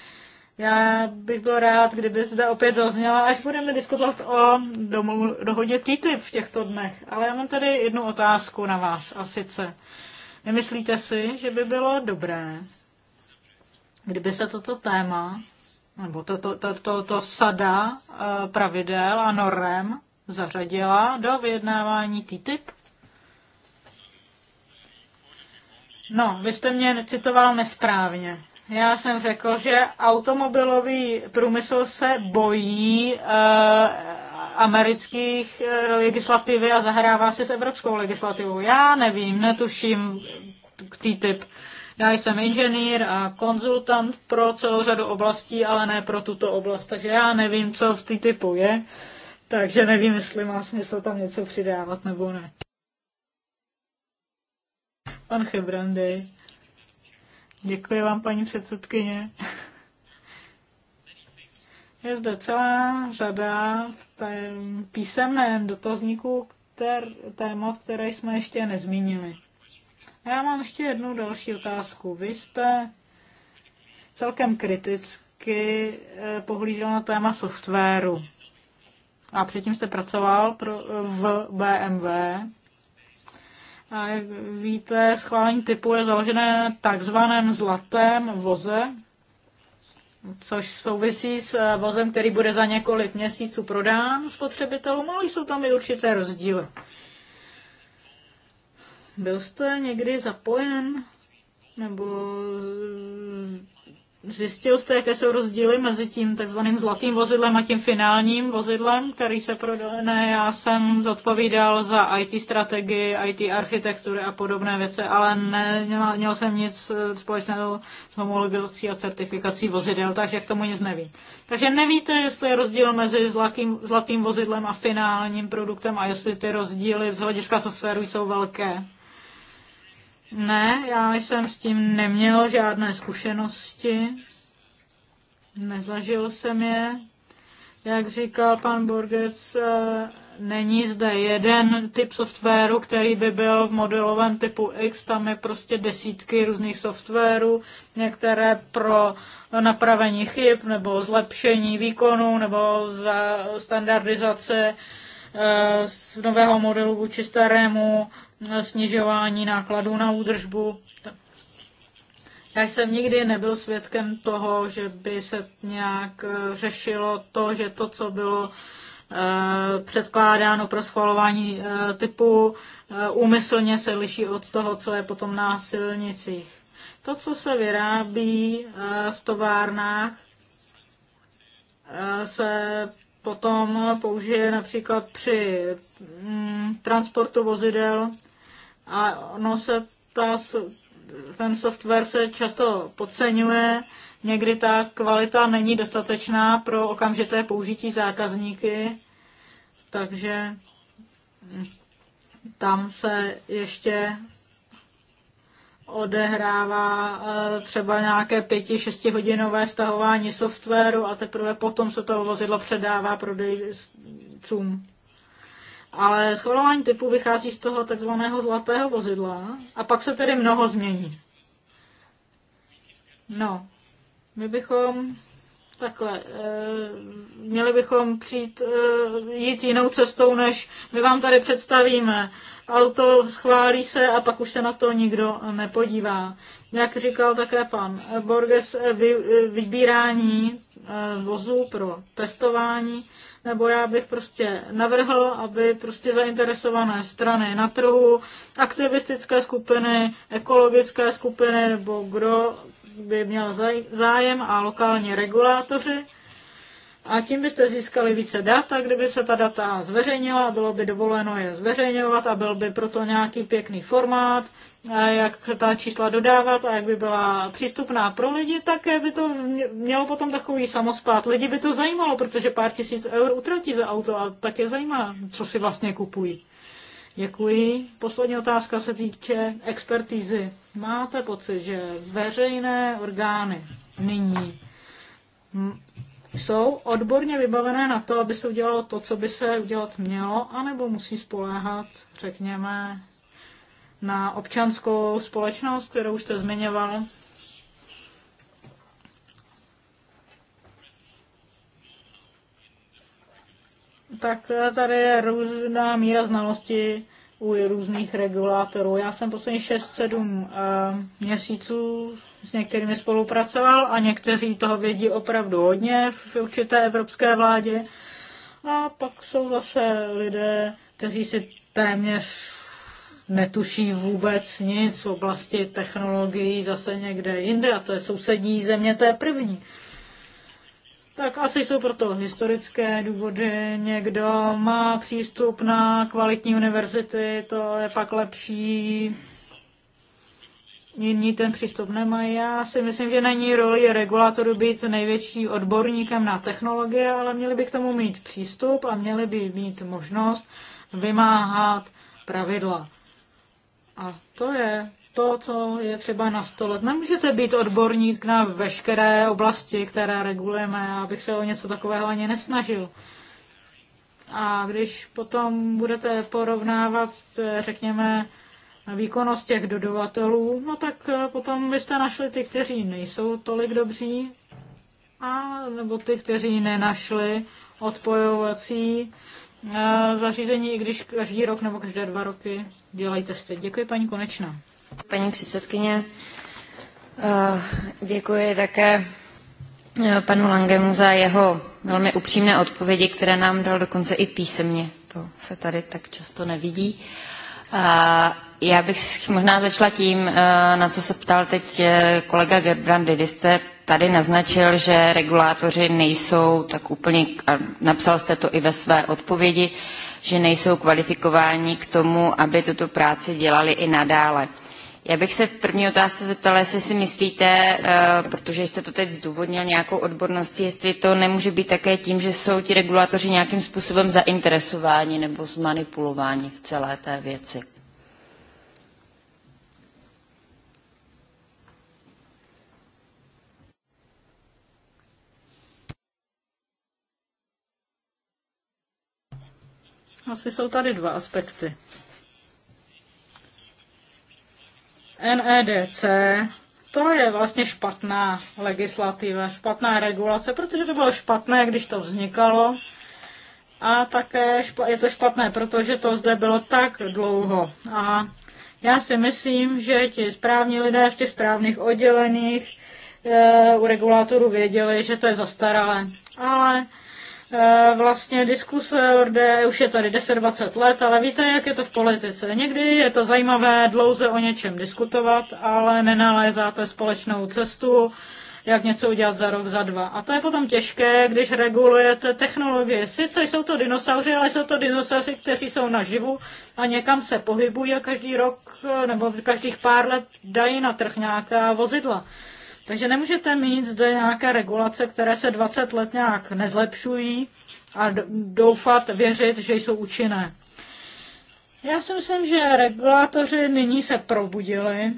já bych byl rád, kdyby zde opět zazněla, až budeme diskutovat o domu, dohodě TTIP v těchto dnech. Ale já mám tady jednu otázku na vás, a sice. Nemyslíte si, že by bylo dobré, kdyby se toto téma, nebo toto to, to, to sada eh, pravidel a norem zařadila do vyjednávání TTIP? No, vy jste mě citoval nesprávně. Já jsem řekl, že automobilový průmysl se bojí uh, amerických eh, legislativy a zahrává si s evropskou legislativou. Já nevím, netuším k typ. Já jsem inženýr a konzultant pro celou řadu oblastí, ale ne pro tuto oblast, takže já nevím, co v tý typu je, takže nevím, jestli má smysl tam něco přidávat nebo ne. Pan Hebrandy. Děkuji vám, paní předsedkyně. Je zde celá řada písemném dotazníků ter, témat, které jsme ještě nezmínili. A já mám ještě jednu další otázku. Vy jste celkem kriticky eh, pohlížel na téma softwaru. A předtím jste pracoval pro, v BMW a jak víte, schválení typu je založené na takzvaném zlatém voze, což souvisí s eh, vozem, který bude za několik měsíců prodán spotřebitelům, ale jsou tam i určité rozdíly. Byl jste někdy zapojen nebo Zjistil jste, jaké jsou rozdíly mezi tím takzvaným zlatým vozidlem a tím finálním vozidlem, který se prodal? Ne, já jsem zodpovídal za IT strategii, IT architektury a podobné věci, ale ne, měl, měl jsem nic eh, společného s homologací a certifikací vozidel, takže k tomu nic nevím. Takže nevíte, jestli je rozdíl mezi zlatým, zlatým vozidlem a finálním produktem a jestli ty rozdíly z hlediska softwaru jsou velké. Ne, já jsem s tím neměl žádné zkušenosti. Nezažil jsem je. Jak říkal pan Borges, eh, není zde jeden typ softwaru, který by byl v modelovém typu X, tam je prostě desítky různých softwarů, některé pro napravení chyb nebo zlepšení výkonu nebo za standardizace eh, nového modelu vůči starému, snižování nákladů na údržbu. Já jsem nikdy nebyl svědkem toho, že by se nějak eh, řešilo to, že to, co bylo eh, předkládáno pro schvalování eh, typu, úmyslně se liší od toho, co je potom na silnicích. To, co se vyrábí v továrnách, se potom použije například při mm, transportu vozidel a ono se ta, ten software se často podceňuje, někdy ta kvalita není dostatečná pro okamžité použití zákazníky, takže tam se ještě odehrává eh, třeba nějaké pěti, šestihodinové stahování softwaru a teprve potom se to vozidlo předává prodejcům. Ale schvalování typu vychází z toho takzvaného zlatého vozidla a pak se tedy mnoho změní. No, my bychom takhle, eh, měli bychom přijít, eh, jít jinou cestou, než my vám tady představíme. Auto schválí se a pak už se na to nikdo nepodívá. Jak říkal také pan Borges, eh, vybírání vozů pro testování, nebo já bych prostě navrhl, aby prostě zainteresované strany na trhu, aktivistické skupiny, ekologické skupiny, nebo kdo by měl zájem a lokální regulátoři. A tím byste získali více dat kdyby se ta data zveřejnila, bylo by dovoleno je zveřejňovat a byl by proto nějaký pěkný formát, jak ta čísla dodávat a jak by byla přístupná pro lidi, tak by to mělo potom takový samospát. Lidi by to zajímalo, protože pár tisíc eur utratí za auto a tak je zajímá, co si vlastně kupují. Děkuji. Poslední otázka se týče expertízy. Máte pocit, že veřejné orgány nyní jsou odborně vybavené na to, aby se udělalo to, co by se udělat mělo, anebo musí spoléhat, řekněme, na občanskou společnost, kterou jste zmiňoval, tak tady je různá míra znalosti u různých regulátorů. Já jsem poslední 6-7 eh, měsíců s některými spolupracoval a někteří toho vědí opravdu hodně v určité evropské vládě. A pak jsou zase lidé, kteří si téměř netuší vůbec nic v oblasti technologií zase někde jinde a to je sousední země je první. Tak asi jsou proto historické důvody. Někdo má přístup na kvalitní univerzity, to je pak lepší. Jiní ten přístup nemají. Já si myslím, že není roli regulatoru být největší odborníkem na technologie, ale měli by k tomu mít přístup a měli by mít možnost vymáhat pravidla. A to je to, co je třeba na stole. Nemůžete být odborník na veškeré oblasti, které regulujeme, abych se o něco takového ani nesnažil. A když potom budete porovnávat, řekněme, výkonnost těch dodavatelů, no tak eh, potom byste našli ty, kteří nejsou tolik dobří, a nebo ty, kteří nenašli odpojovací eh, zařízení, i když každý rok nebo každé dva roky dělají testy. Děkuji, paní Konečná. Paní předsedkyně, eh, děkuji také eh, panu Langemu za jeho velmi upřímné odpovědi, které nám dal dokonce i písemně. To se tady tak často nevidí. já bych možná začala tím, eh, na co se ptal teď kolega Gerbrandy. Vy jste tady naznačil, že regulátoři nejsou tak úplně, a napsal jste to i ve své odpovědi, že nejsou kvalifikováni k tomu, aby tuto práci dělali i nadále. Já bych se v první otázce zeptala, jestli si myslíte, eh, protože jste to teď zdůvodnil nějakou odborností, jestli to nemůže být také tím, že jsou ti regulatoři nějakým způsobem zainteresováni nebo zmanipulováni v celé té věci. Asi jsou tady dva aspekty. NEDC, to je vlastně špatná legislativa, špatná regulace, protože to bylo špatné, když to vznikalo. A také je to špatné, protože to zde bylo tak dlouho. A já si myslím, že ti správní lidé v těch správných odděleních e, u regulátorů věděli, že to je zastaralé. Ale Eh, vlastně diskuse orde, už je tady 10-20 let, ale víte, jak je to v politice. Někdy je to zajímavé dlouze o něčem diskutovat, ale nenalézáte společnou cestu, jak něco udělat za rok, za dva. A to je potom těžké, když regulujete technologie. Sice jsou to dinosauři, ale jsou to dinosauři, kteří jsou naživu a někam se pohybují a každý rok eh, nebo každých pár let dají na trh nějaká vozidla. Takže nemůžete mít zde nějaké regulace, které se 20 let nějak nezlepšují a doufat, věřit, že jsou účinné. Já si myslím, že regulátoři nyní se probudili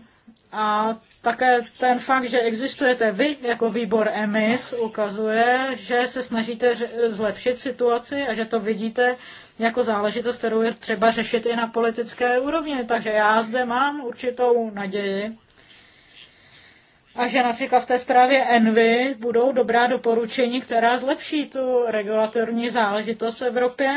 a také ten fakt, že existujete vy jako výbor EMIS, ukazuje, že se snažíte zlepšit situaci a že to vidíte jako záležitost, kterou je třeba řešit i na politické úrovni. Takže já zde mám určitou naději, a že například v té zprávě Envy budou dobrá doporučení, která zlepší tu regulatorní záležitost v Evropě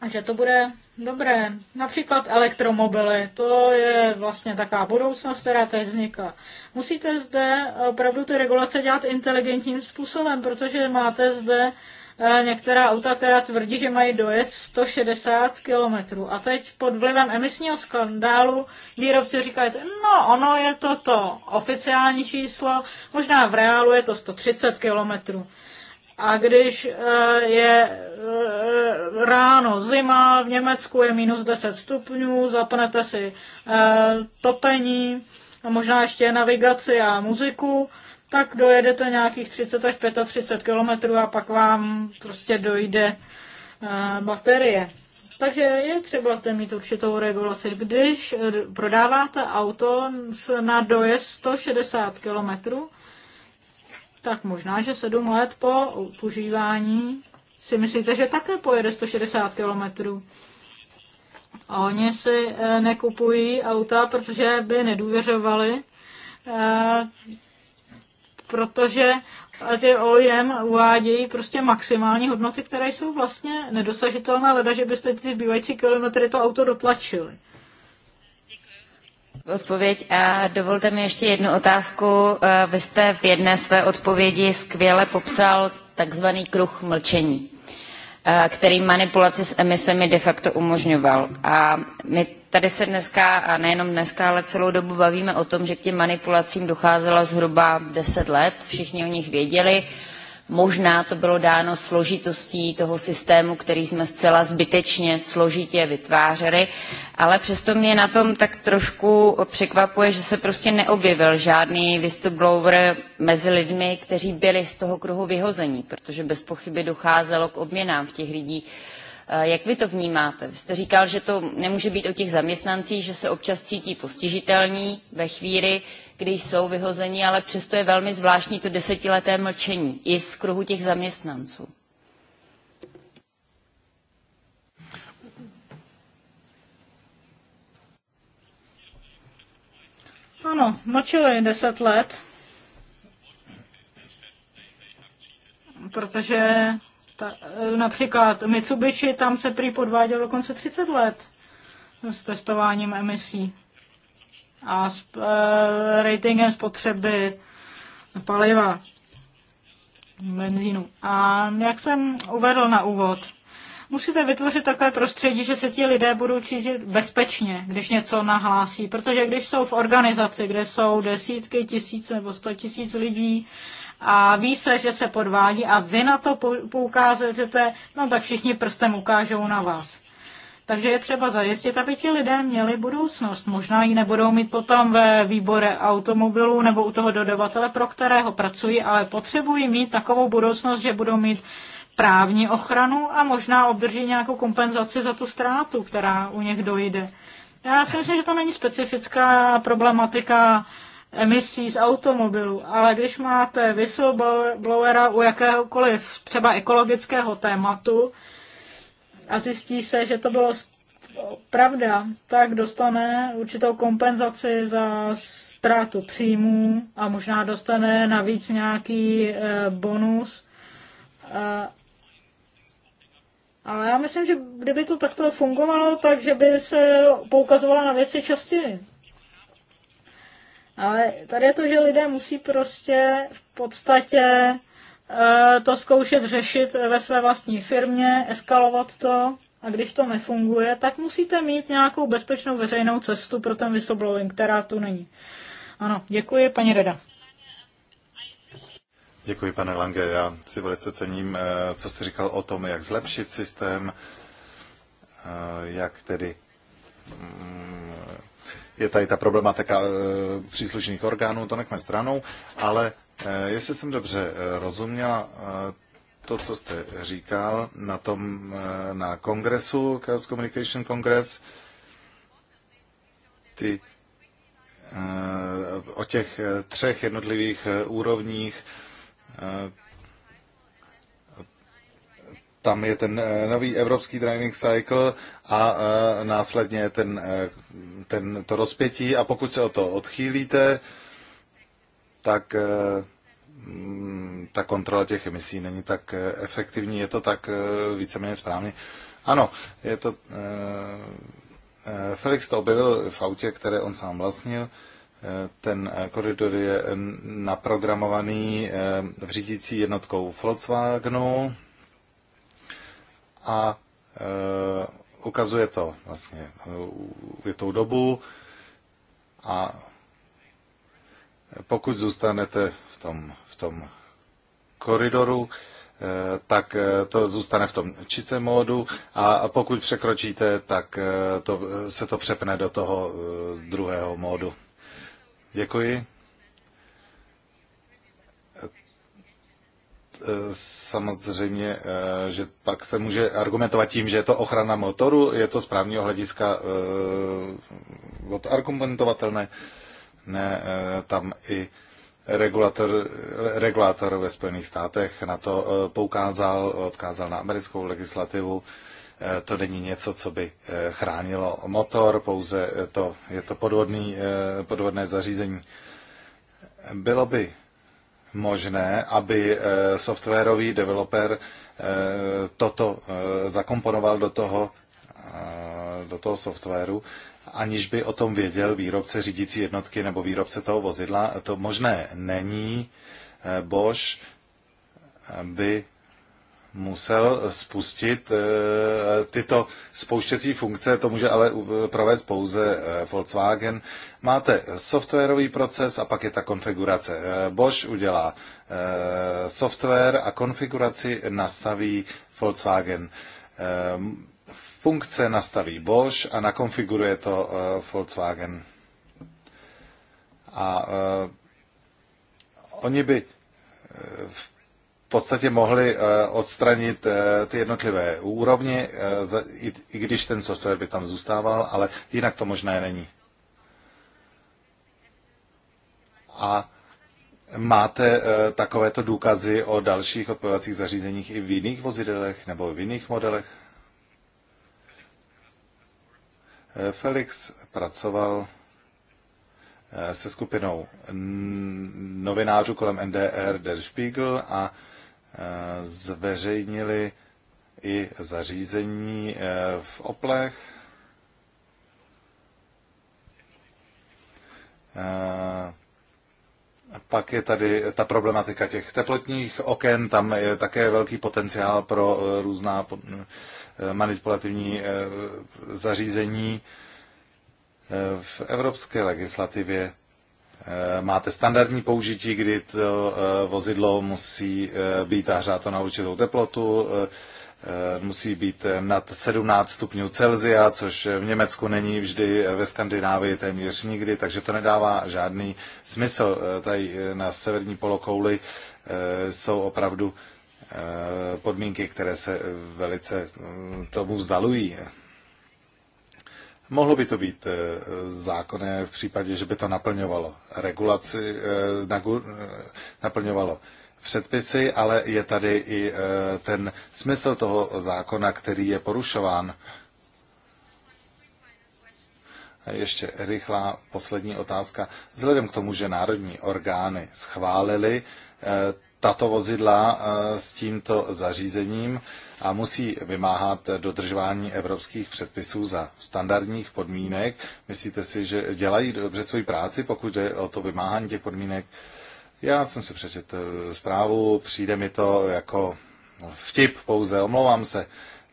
a že to bude dobré. Například elektromobily, to je vlastně taková budoucnost, která teď vzniká. Musíte zde opravdu ty regulace dělat inteligentním způsobem, protože máte zde eh, některá auta, která tvrdí, že mají dojezd 160 km. A teď pod vlivem emisního skandálu výrobci říkají, no ono je to to oficiální číslo, možná v reálu je to 130 km. A když eh, je eh, ráno zima, v Německu je minus 10 stupňů, zapnete si eh, topení a možná ještě navigaci a muziku, tak dojedete nějakých 30 až 35 kilometrů a pak vám prostě dojde baterie. Takže je třeba zde mít určitou regulaci. Když prodáváte auto na dojezd 160 kilometrů, tak možná, že sedm let po používání si myslíte, že také pojede 160 A Oni si eh, nekupují auta, protože by nedůvěřovali, eh, protože ty OEM uvádějí prostě maximální hodnoty, které jsou vlastně nedosažitelné, leda, že byste ty zbývající kilometry to auto dotlačili. Odpověď a dovolte mi ještě jednu otázku. Eh, vy jste v jedné své odpovědi skvěle popsal takzvaný kruh mlčení, eh, který manipulaci s emisemi de facto umožňoval. A my tady se dneska, a nejenom dneska, ale celou dobu bavíme o tom, že k těm manipulacím docházelo zhruba 10 let, všichni o nich věděli, Možná to bylo dáno složitostí toho systému, který jsme zcela zbytečně složitě vytvářeli, ale přesto mě na tom tak trošku překvapuje, že se prostě neobjevil žádný whistleblower mezi lidmi, kteří byli z toho kruhu vyhození, protože bez pochyby docházelo k obměnám v těch lidí, eh, jak vy to vnímáte? Vy jste říkal, že to nemůže být o těch zaměstnancích, že se občas cítí postižitelní ve chvíli, když jsou vyhozeni, ale přesto je velmi zvláštní to desetileté mlčení i z kruhu těch zaměstnanců. Ano, mlčeli deset let, protože ta, eh, například Mitsubishi, tam se prý podváděl dokonce 30 let s testováním emisí a s e, ratingem spotřeby paliva, benzínu. A jak jsem uvedl na úvod, musíte vytvořit takové prostředí, že se ti lidé budou cítit bezpečně, když něco nahlásí. Protože když jsou v organizaci, kde jsou desítky tisíc nebo sto tisíc lidí a ví se, že se podvádí a vy na to poukážete, no tak všichni prstem ukážou na vás. Takže je třeba zajistit, aby ti lidé měli budoucnost. Možná ji nebudou mít potom ve výbore automobilů nebo u toho dodavatele, pro kterého pracují, ale potřebují mít takovou budoucnost, že budou mít právní ochranu a možná obdrží nějakou kompenzaci za tu ztrátu, která u nich dojde. Já si myslím, že to není specifická problematika emisí z automobilu, ale když máte whistleblowera u jakéhokoliv třeba ekologického tématu, a zjistí se, že to bylo pravda, tak dostane určitou kompenzaci za ztrátu příjmů a možná dostane navíc nějaký eh, bonus. Ale já myslím, že kdyby to takto fungovalo, takže by se poukazovala na věci častěji. Ale tady je to, že lidé musí prostě v podstatě Eh, to zkoušet řešit ve své vlastní firmě, eskalovat to a když to nefunguje, tak musíte mít nějakou bezpečnou veřejnou cestu pro ten whistleblowing, která tu není. Ano, děkuji, paní Reda. Děkuji, pane Lange. Já si velice cením, eh, co jste říkal o tom, jak zlepšit systém, eh, jak tedy mm, je tady ta problematika příslušných orgánů, to nechme stranou, ale Eh, jestli jsem dobře eh, rozuměla eh, to, co jste říkal na tom na kongresu, Chaos Communication Congress, ty, o těch třech jednotlivých úrovních, tam je ten nový evropský driving cycle a následně ten, ten, to rozpětí a pokud se o to odchýlíte, tak eh, mm, ta kontrola těch emisí není tak eh, efektivní. Je to tak eh, víceméně správně. Ano, je to... Felix to objevil v autě, které on sám vlastnil. Ten koridor je naprogramovaný v řídící jednotkou Volkswagenu a ukazuje to vlastně je tou dobu a pokud zůstanete v tom, v tom koridoru, eh, tak eh, to zůstane v tom čistém módu a pokud překročíte, tak eh, to, se to přepne do toho druhého módu. Děkuji. Samozřejmě, že pak se může argumentovat tím, že je to ochrana motoru, je to správního hlediska odargumentovatelné. argumentovatelné ne, eh, tam i regulator, regulator ve Spojených státech na to eh, poukázal, odkázal na americkou legislativu. Eh, to není něco, co by chránilo motor, pouze to, je to podvodný, podvodné zařízení. Bylo by možné, aby softwarový developer toto zakomponoval do toho, do toho softwaru aniž by o tom věděl výrobce řídící jednotky nebo výrobce toho vozidla. To možné není. Eh, Bosch eh, by musel spustit eh, tyto spouštěcí funkce, to může ale provést pouze Volkswagen. Máte softwarový proces a pak je ta konfigurace. Bosch udělá software a konfiguraci nastaví Volkswagen funkce nastaví Bosch a nakonfiguruje to eh, Volkswagen. A eh, oni by eh, v podstatě mohli odstranit ty jednotlivé úrovně, i když ten software by tam zůstával, ale jinak to možné není. A máte takovéto důkazy o dalších odpojovacích zařízeních i v jiných vozidlech nebo v jiných modelech? Felix pracoval eh, se skupinou novinářů kolem NDR Der Spiegel a eh, zveřejnili i zařízení eh, v Oplech. Pak je tady ta problematika těch teplotních oken, tam je také velký potenciál pro různá Eh, manipulativní eh, zařízení. Eh, v evropské legislativě máte standardní použití, kdy to vozidlo musí být zahřáto na určitou teplotu, musí být nad 17 stupňů Celzia, což v Německu není vždy, ve Skandinávii téměř nikdy, takže to nedává žádný smysl. Tady na severní polokouli jsou opravdu Eh, podmínky, které se velice mm, tomu vzdalují. Mohlo by to být eh, zákonné v případě, že by to naplňovalo regulaci, eh, naplňovalo předpisy, ale je tady i ten smysl toho zákona, který je porušován. Ještě rychlá poslední otázka. Vzhledem k tomu, že národní orgány schválili? tato vozidla eh, s tímto zařízením a musí vymáhat dodržování evropských předpisů za standardních podmínek. Myslíte si, že dělají dobře svoji práci, pokud je o to vymáhání těch podmínek? Já jsem si přečetl eh, zprávu, přijde mi to jako vtip pouze, omlouvám se.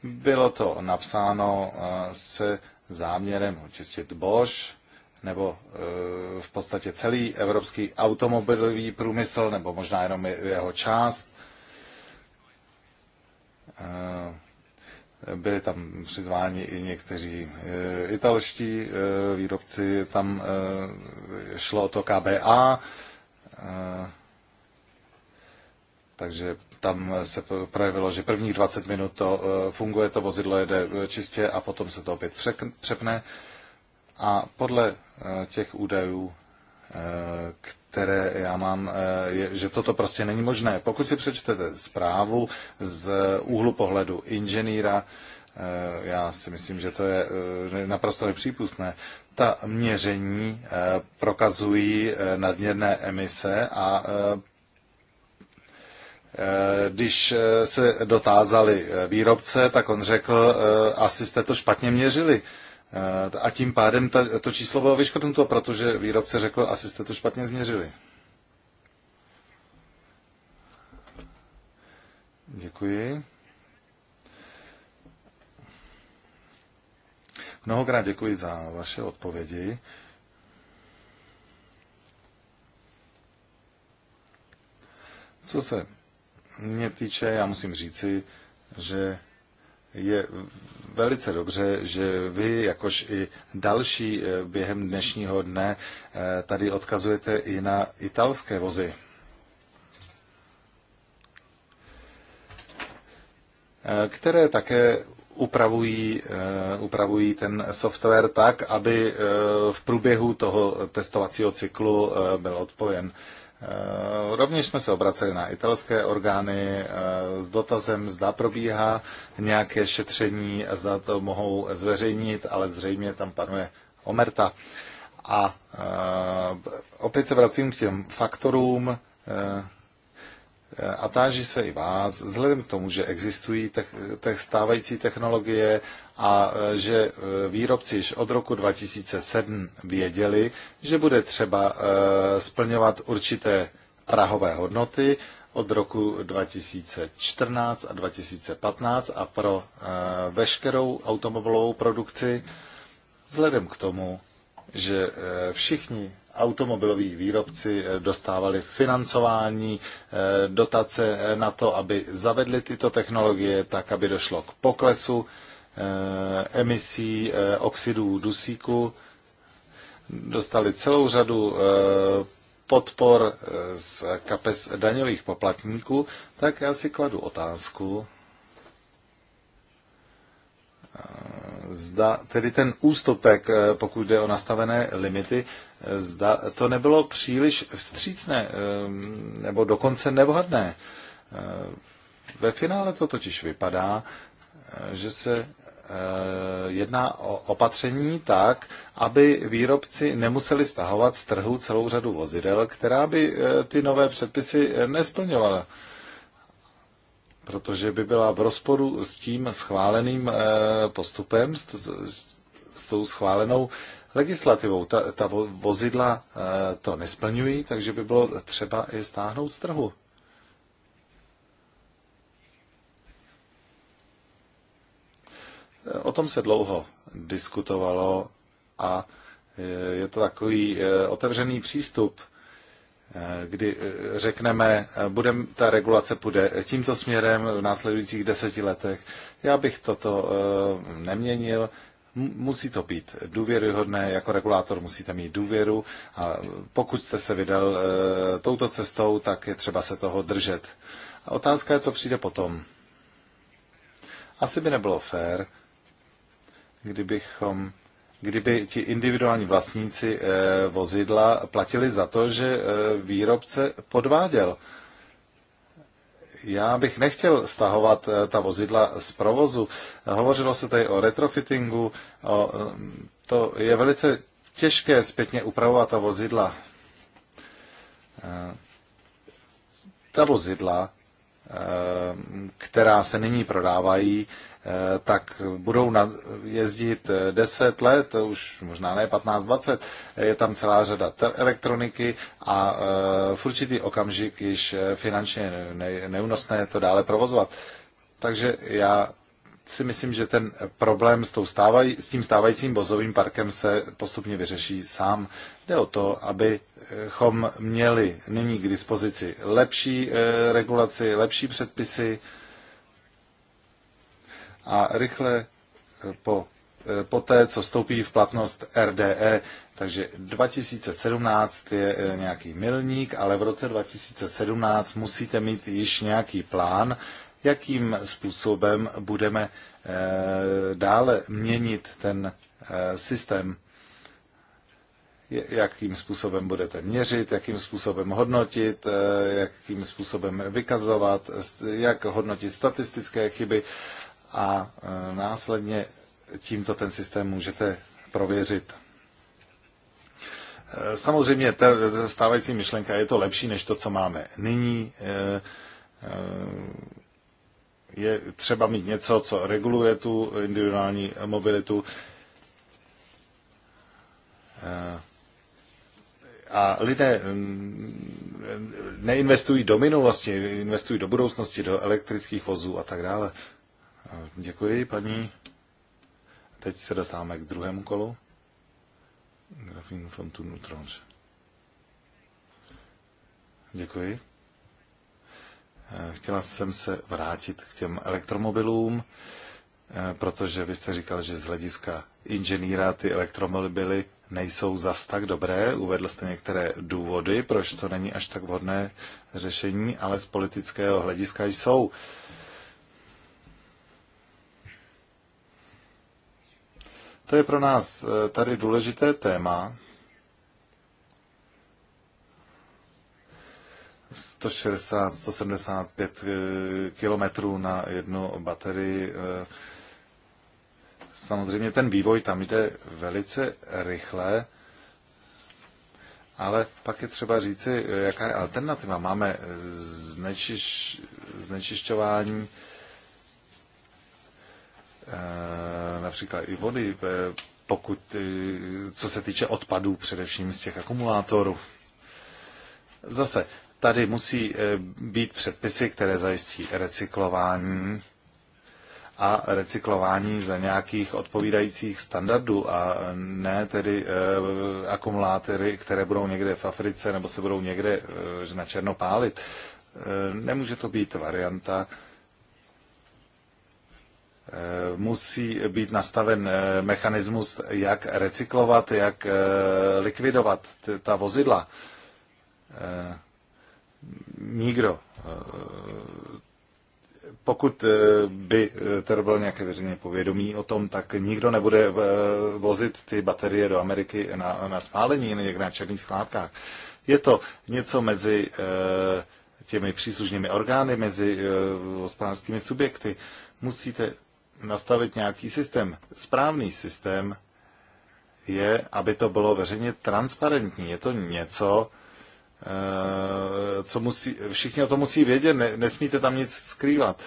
Bylo to napsáno eh, se záměrem očistit Bosch, nebo e, v podstatě celý evropský automobilový průmysl, nebo možná jenom jeho část. E, byli tam přizváni i někteří e, italští výrobci, tam šlo o to KBA, takže tam se projevilo, že prvních 20 minut to funguje, to vozidlo jede čistě a potom se to opět přepne. A podle Eh, těch údajů, eh, které já mám, eh, je, že toto prostě není možné. Pokud si přečtete zprávu z úhlu pohledu inženýra, já si myslím, že to je naprosto nepřípustné. Ta měření prokazují nadměrné emise a když se dotázali výrobce, tak on řekl, asi jste to špatně měřili. Eh, a tím pádem ta, to číslo bylo vyškodnuto, protože výrobce řekl, asi jste to špatně změřili. Děkuji. Mnohokrát děkuji za vaše odpovědi. Co se mě týče, já musím říci, že je velice dobře, že vy, jakož i další eh, během dnešního dne, eh, tady odkazujete i na italské vozy. Eh, které také upravují, upravují ten software tak, aby v průběhu toho testovacího cyklu byl odpojen. Eh, rovněž jsme se obraceli na italské orgány eh, s dotazem, zda probíhá nějaké šetření, zda to mohou zveřejnit, ale zřejmě tam panuje omerta. A eh, opět se vracím k těm faktorům a táží se i vás, vzhledem k tomu, že existují te- te- stávající technologie a e, že e, výrobci již od roku 2007 věděli, že bude třeba e, splňovat určité prahové hodnoty od roku 2014 a 2015 a pro veškerou automobilovou produkci, vzhledem k tomu, že všichni automobiloví výrobci dostávali financování, dotace na to, aby zavedli tyto technologie, tak aby došlo k poklesu Eh, emisí eh, oxidů dusíku. Dostali celou řadu eh, podpor z kapes daňových poplatníků, tak já si kladu otázku, zda tedy ten ústupek, pokud jde o nastavené limity, zda to nebylo příliš vstřícné nebo dokonce nevhodné. Ve finále to totiž vypadá, že se Eh, jedná o opatření tak, aby výrobci nemuseli stahovat z trhu celou řadu vozidel, která by eh, ty nové předpisy eh, nesplňovala protože by byla v rozporu s tím schváleným postupem, s, s tou schválenou legislativou. Ta, ta vozidla to nesplňují, takže by bylo třeba je stáhnout z trhu. O tom se dlouho diskutovalo a e, je to takový e, otevřený přístup, e, kdy řekneme, budem, ta regulace půjde tímto směrem v následujících deseti letech. Já bych toto neměnil. Musí to být důvěryhodné, jako regulátor musíte mít důvěru a pokud jste se vydal touto cestou, tak je třeba se toho držet. A otázka je, co přijde potom. Asi by nebylo fér, kdybychom kdyby ti individuální vlastníci eh, vozidla platili za to, že eh, výrobce podváděl. Já bych nechtěl stahovat eh, ta vozidla z provozu. Hovořilo se tady o retrofittingu. O, mm, to je velice těžké zpětně upravovat ta vozidla. Ta vozidla, která se nyní prodávají, Eh, tak budou jezdit 10 eh, let, už možná ne 15-20, eh, je tam celá řada elektroniky a v určitý okamžik již finančně neúnosné to dále provozovat. Takže já si myslím, že ten problém s, tou stávaj, s tím stávajícím vozovým parkem se postupně vyřeší sám. Jde o to, abychom měli nyní k dispozici lepší regulaci, lepší předpisy, a rychle eh, po, eh, po té, co vstoupí v platnost RDE, takže 2017 je eh, nějaký milník, ale v roce 2017 musíte mít již nějaký plán, jakým způsobem budeme dále měnit ten systém jakým způsobem budete měřit, jakým způsobem hodnotit, jakým způsobem vykazovat, jak hodnotit statistické chyby a e, následně tímto ten systém můžete prověřit. E, samozřejmě ta stávající myšlenka je to lepší než to, co máme nyní. E, je třeba mít něco, co reguluje tu individuální mobilitu. A lidé neinvestují do minulosti, investují do budoucnosti, do elektrických vozů a tak dále. Děkuji, paní. Teď se dostáváme k druhému kolu. Grafín Fontu Nutrons. Děkuji. Eh, chtěla jsem se vrátit k těm elektromobilům, eh, protože vy jste říkal, že z hlediska inženýra ty elektromobily nejsou zas tak dobré. Uvedl jste některé důvody, proč to není až tak vhodné řešení, ale z politického hlediska jsou. To je pro nás eh, tady důležité téma. 160, 175 eh, kilometrů na jednu baterii. Eh, samozřejmě ten vývoj tam jde velice rychle, ale pak je třeba říci, jaká je alternativa. Máme znečiš, znečišťování Eh, například i vody, eh, pokud, eh, co se týče odpadů, především z těch akumulátorů. Zase, tady musí být předpisy, které zajistí recyklování a recyklování za nějakých odpovídajících standardů a ne tedy akumulátory, které budou někde v Africe nebo se budou někde na černo pálit. nemůže to být varianta, musí být nastaven eh, mechanismus, jak recyklovat, jak eh, likvidovat ta vozidla. Eh, nikdo. Pokud by tady bylo nějaké veřejné povědomí o tom, tak nikdo nebude vozit ty baterie do Ameriky na, na spálení, někde na černých skládkách. Je to něco mezi těmi příslušnými orgány, mezi hospodářskými subjekty. Musíte nastavit nějaký systém. Správný systém je, aby to bylo veřejně transparentní. Je to něco, eh, co musí, všichni o to musí vědět, ne, nesmíte tam nic skrývat.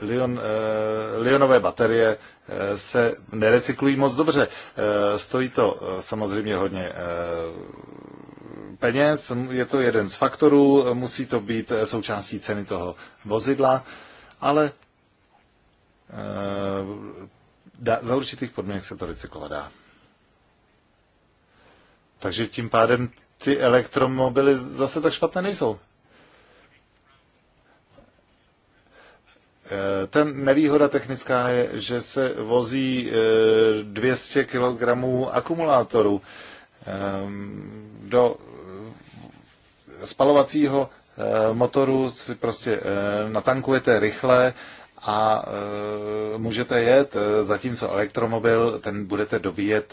Leon, uh, eh, Leonové baterie uh, se nerecyklují moc dobře. Uh, stojí to uh, samozřejmě hodně peněz, je to jeden z faktorů, musí to být součástí ceny toho vozidla, ale eh, za určitých podmínek se to recyklovat dá. Takže tím pádem ty elektromobily zase tak špatné nejsou. Eh, ten nevýhoda technická je, že se vozí 200 eh, kg akumulátoru do spalovacího eh, motoru si prostě eh, natankujete rychle a eh, můžete jet, zatímco elektromobil, ten budete dobíjet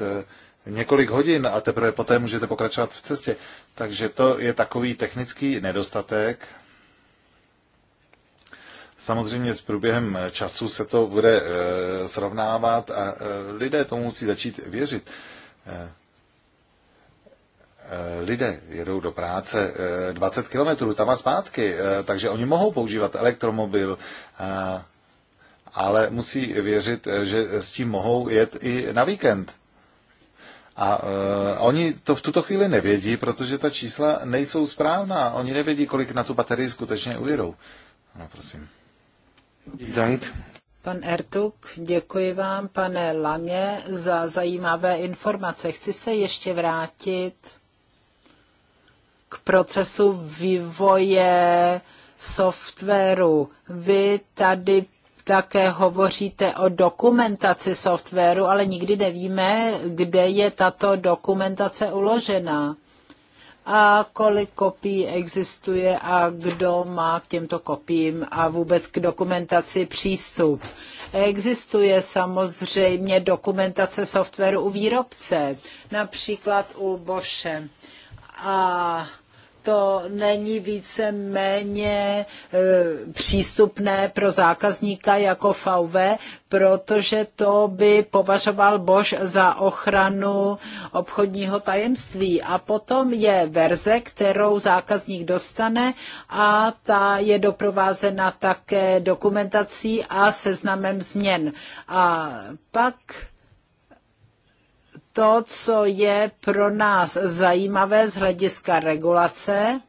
několik hodin a teprve poté můžete pokračovat v cestě. Takže to je takový technický nedostatek. Samozřejmě s průběhem času se to bude srovnávat a lidé tomu musí začít věřit. Eh, lidé jedou do práce 20 eh, kilometrů tam a zpátky, eh, takže oni mohou používat elektromobil, ale musí věřit, že s tím mohou jet i na víkend. A uh, oni to v tuto chvíli nevědí, protože ta čísla nejsou správná. Oni nevědí, kolik na tu baterii skutečně ujedou. No, prosím. Dank. Pan Ertuk, děkuji vám, pane Laně, za zajímavé informace. Chci se ještě vrátit k procesu vývoje softwaru. Vy tady také hovoříte o dokumentaci softwaru, ale nikdy nevíme, kde je tato dokumentace uložena a kolik kopií existuje a kdo má k těmto kopiím a vůbec k dokumentaci přístup. Existuje samozřejmě dokumentace softwaru u výrobce, například u Bosche. A to není více méně e, přístupné pro zákazníka jako VV, protože to by považoval Bož za ochranu obchodního tajemství. A potom je verze, kterou zákazník dostane a ta je doprovázena také dokumentací a seznamem změn. A pak to, co je pro nás zajímavé z hlediska regulace,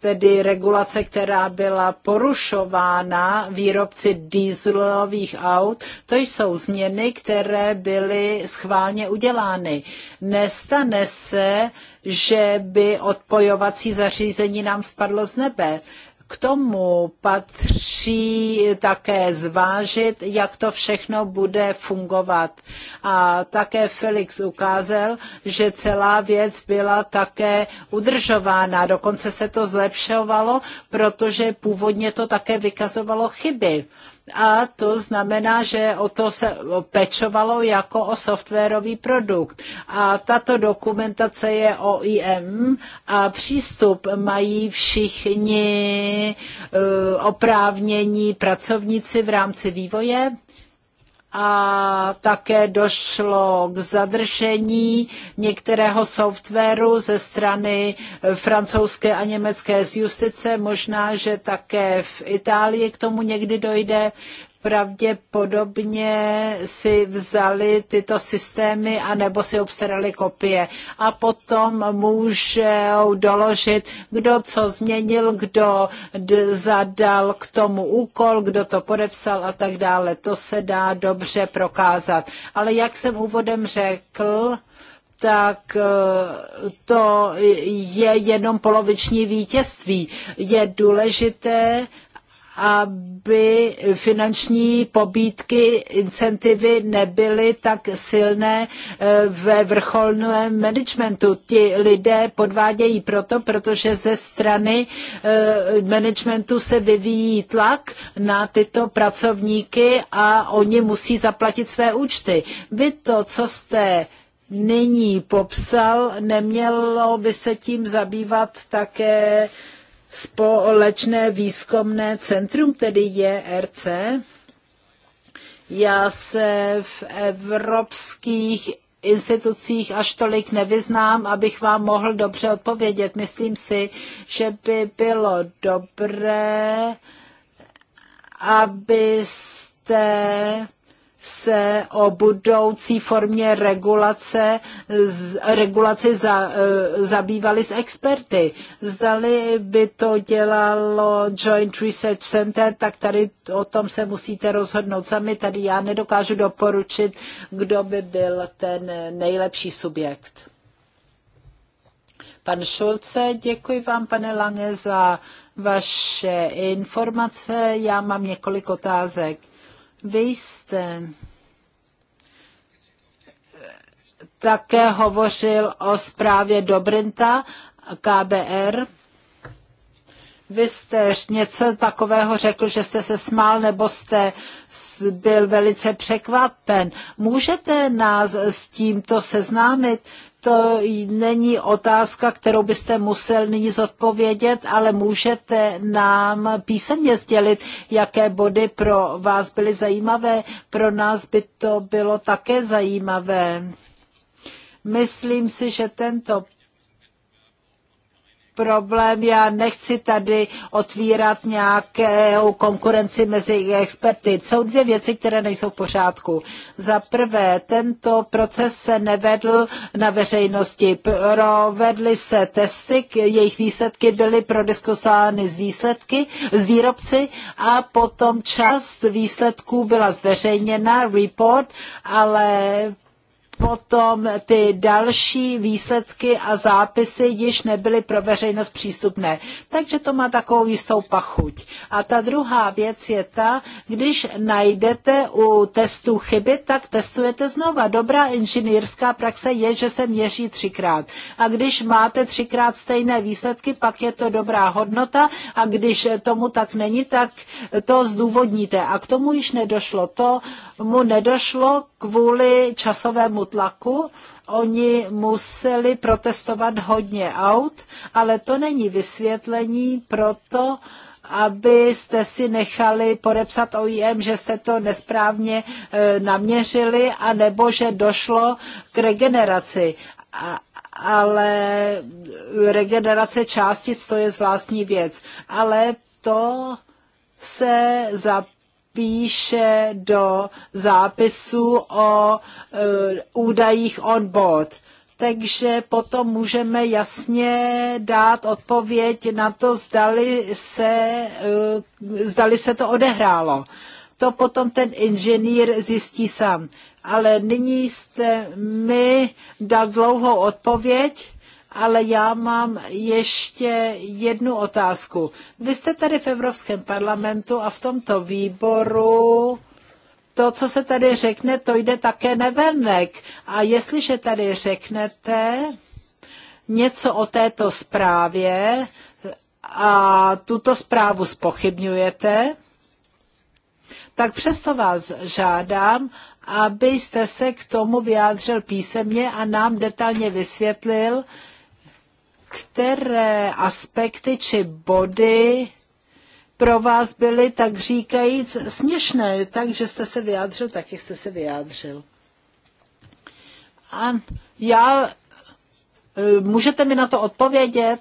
tedy regulace, která byla porušována výrobci dieselových aut, to jsou změny, které byly schválně udělány. Nestane se, že by odpojovací zařízení nám spadlo z nebe. K tomu patří také zvážit, jak to všechno bude fungovat. A také Felix ukázal, že celá věc byla také udržována. Dokonce se to zlepšovalo, protože původně to také vykazovalo chyby a to znamená, že o to se pečovalo jako o softwarový produkt. A tato dokumentace je OIM a přístup mají všichni eh, oprávnění pracovníci v rámci vývoje a také došlo k zadržení některého softwaru ze strany francouzské a německé z justice. Možná, že také v Itálii k tomu někdy dojde pravděpodobně si vzali tyto systémy a nebo si obstarali kopie. A potom můžou doložit, kdo co změnil, kdo zadal k tomu úkol, kdo to podepsal a tak dále. To se dá dobře prokázat. Ale jak jsem úvodem řekl, tak e, to je jenom poloviční vítězství. Je důležité, aby finanční pobídky, incentivy nebyly tak silné eh, ve vrcholném managementu. Ti lidé podvádějí proto, protože ze strany eh, managementu se vyvíjí tlak na tyto pracovníky a oni musí zaplatit své účty. Vy to, co jste nyní popsal, nemělo by se tím zabývat také společné výzkumné centrum, tedy JRC. Já se v evropských institucích až tolik nevyznám, abych vám mohl dobře odpovědět. Myslím si, že by bylo dobré, abyste se o budoucí formě regulace, z, regulace za, eh, zabývali s experty. Zdali by to dělalo Joint Research Center, tak tady o tom se musíte rozhodnout sami. Tady já nedokážu doporučit, kdo by byl ten nejlepší subjekt. Pan Šulce, děkuji vám, pane Lange, za vaše informace. Já mám několik otázek vy jste eh, také hovořil o zprávě Dobrinta KBR. Vy jste něco takového řekl, že jste se smál nebo jste byl velice překvapen. Můžete nás s tímto seznámit? to není otázka, kterou byste musel nyní zodpovědět, ale můžete nám písemně sdělit, jaké body pro vás byly zajímavé. Pro nás by to bylo také zajímavé. Myslím si, že tento problém. Já nechci tady otvírat nějakou konkurenci mezi experty. Jsou dvě věci, které nejsou v pořádku. Za prvé, tento proces se nevedl na veřejnosti. Provedly se testy, jejich výsledky byly prodiskusovány z výsledky, z výrobci a potom část výsledků byla zveřejněna, report, ale potom ty další výsledky a zápisy již nebyly pro veřejnost přístupné. Takže to má takovou jistou pachuť. A ta druhá věc je ta, když najdete u testu chyby, tak testujete znova. Dobrá inženýrská praxe je, že se měří třikrát. A když máte třikrát stejné výsledky, pak je to dobrá hodnota a když tomu tak není, tak to zdůvodníte. A k tomu již nedošlo. To mu nedošlo, kvůli časovému tlaku oni museli protestovat hodně aut, ale to není vysvětlení pro to, abyste si nechali podepsat OIM, že jste to nesprávně e, naměřili, anebo že došlo k regeneraci. A, ale regenerace částic to je zvláštní věc. Ale to se za píše do zápisu o eh, údajích on board takže potom můžeme jasně dát odpověď na to, zdali se, eh, zdali se to odehrálo. To potom ten inženýr zjistí sám. Ale nyní jste mi dal dlouhou odpověď ale já mám ještě jednu otázku. Vy jste tady v Evropském parlamentu a v tomto výboru to, co se tady řekne, to jde také nevenek. A jestliže tady řeknete něco o této zprávě a tuto zprávu spochybňujete, tak přesto vás žádám, abyste se k tomu vyjádřil písemně a nám detailně vysvětlil, které aspekty či body pro vás byly, tak říkajíc, směšné, takže jste se vyjádřil tak, jak jste se vyjádřil. A já, e, můžete mi na to odpovědět?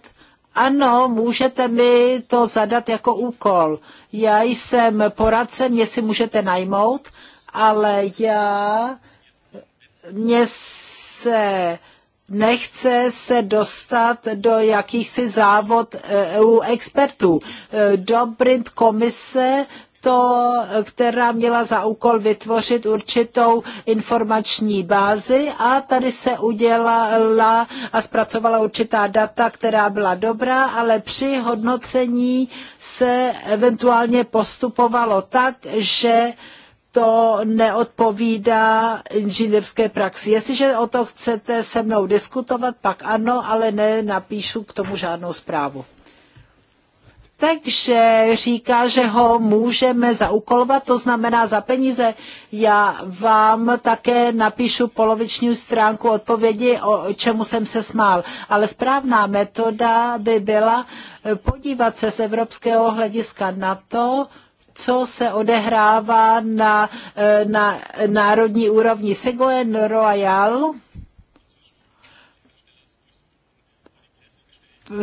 Ano, můžete mi to zadat jako úkol. Já jsem poradce, mě si můžete najmout, ale já, mě se nechce se dostat do jakýchsi závod eh, EU expertů. Eh, do Dobrint komise to, která měla za úkol vytvořit určitou informační bázi a tady se udělala a zpracovala určitá data, která byla dobrá, ale při hodnocení se eventuálně postupovalo tak, že to neodpovídá inženýrské praxi. Jestliže o to chcete se mnou diskutovat, pak ano, ale ne napíšu k tomu žádnou zprávu. Takže říká, že ho můžeme zaukolovat, to znamená za peníze. Já vám také napíšu poloviční stránku odpovědi, o čemu jsem se smál. Ale správná metoda by byla eh, podívat se z evropského hlediska na to, co se odehrává na, eh, na národní úrovni. Segoen Royal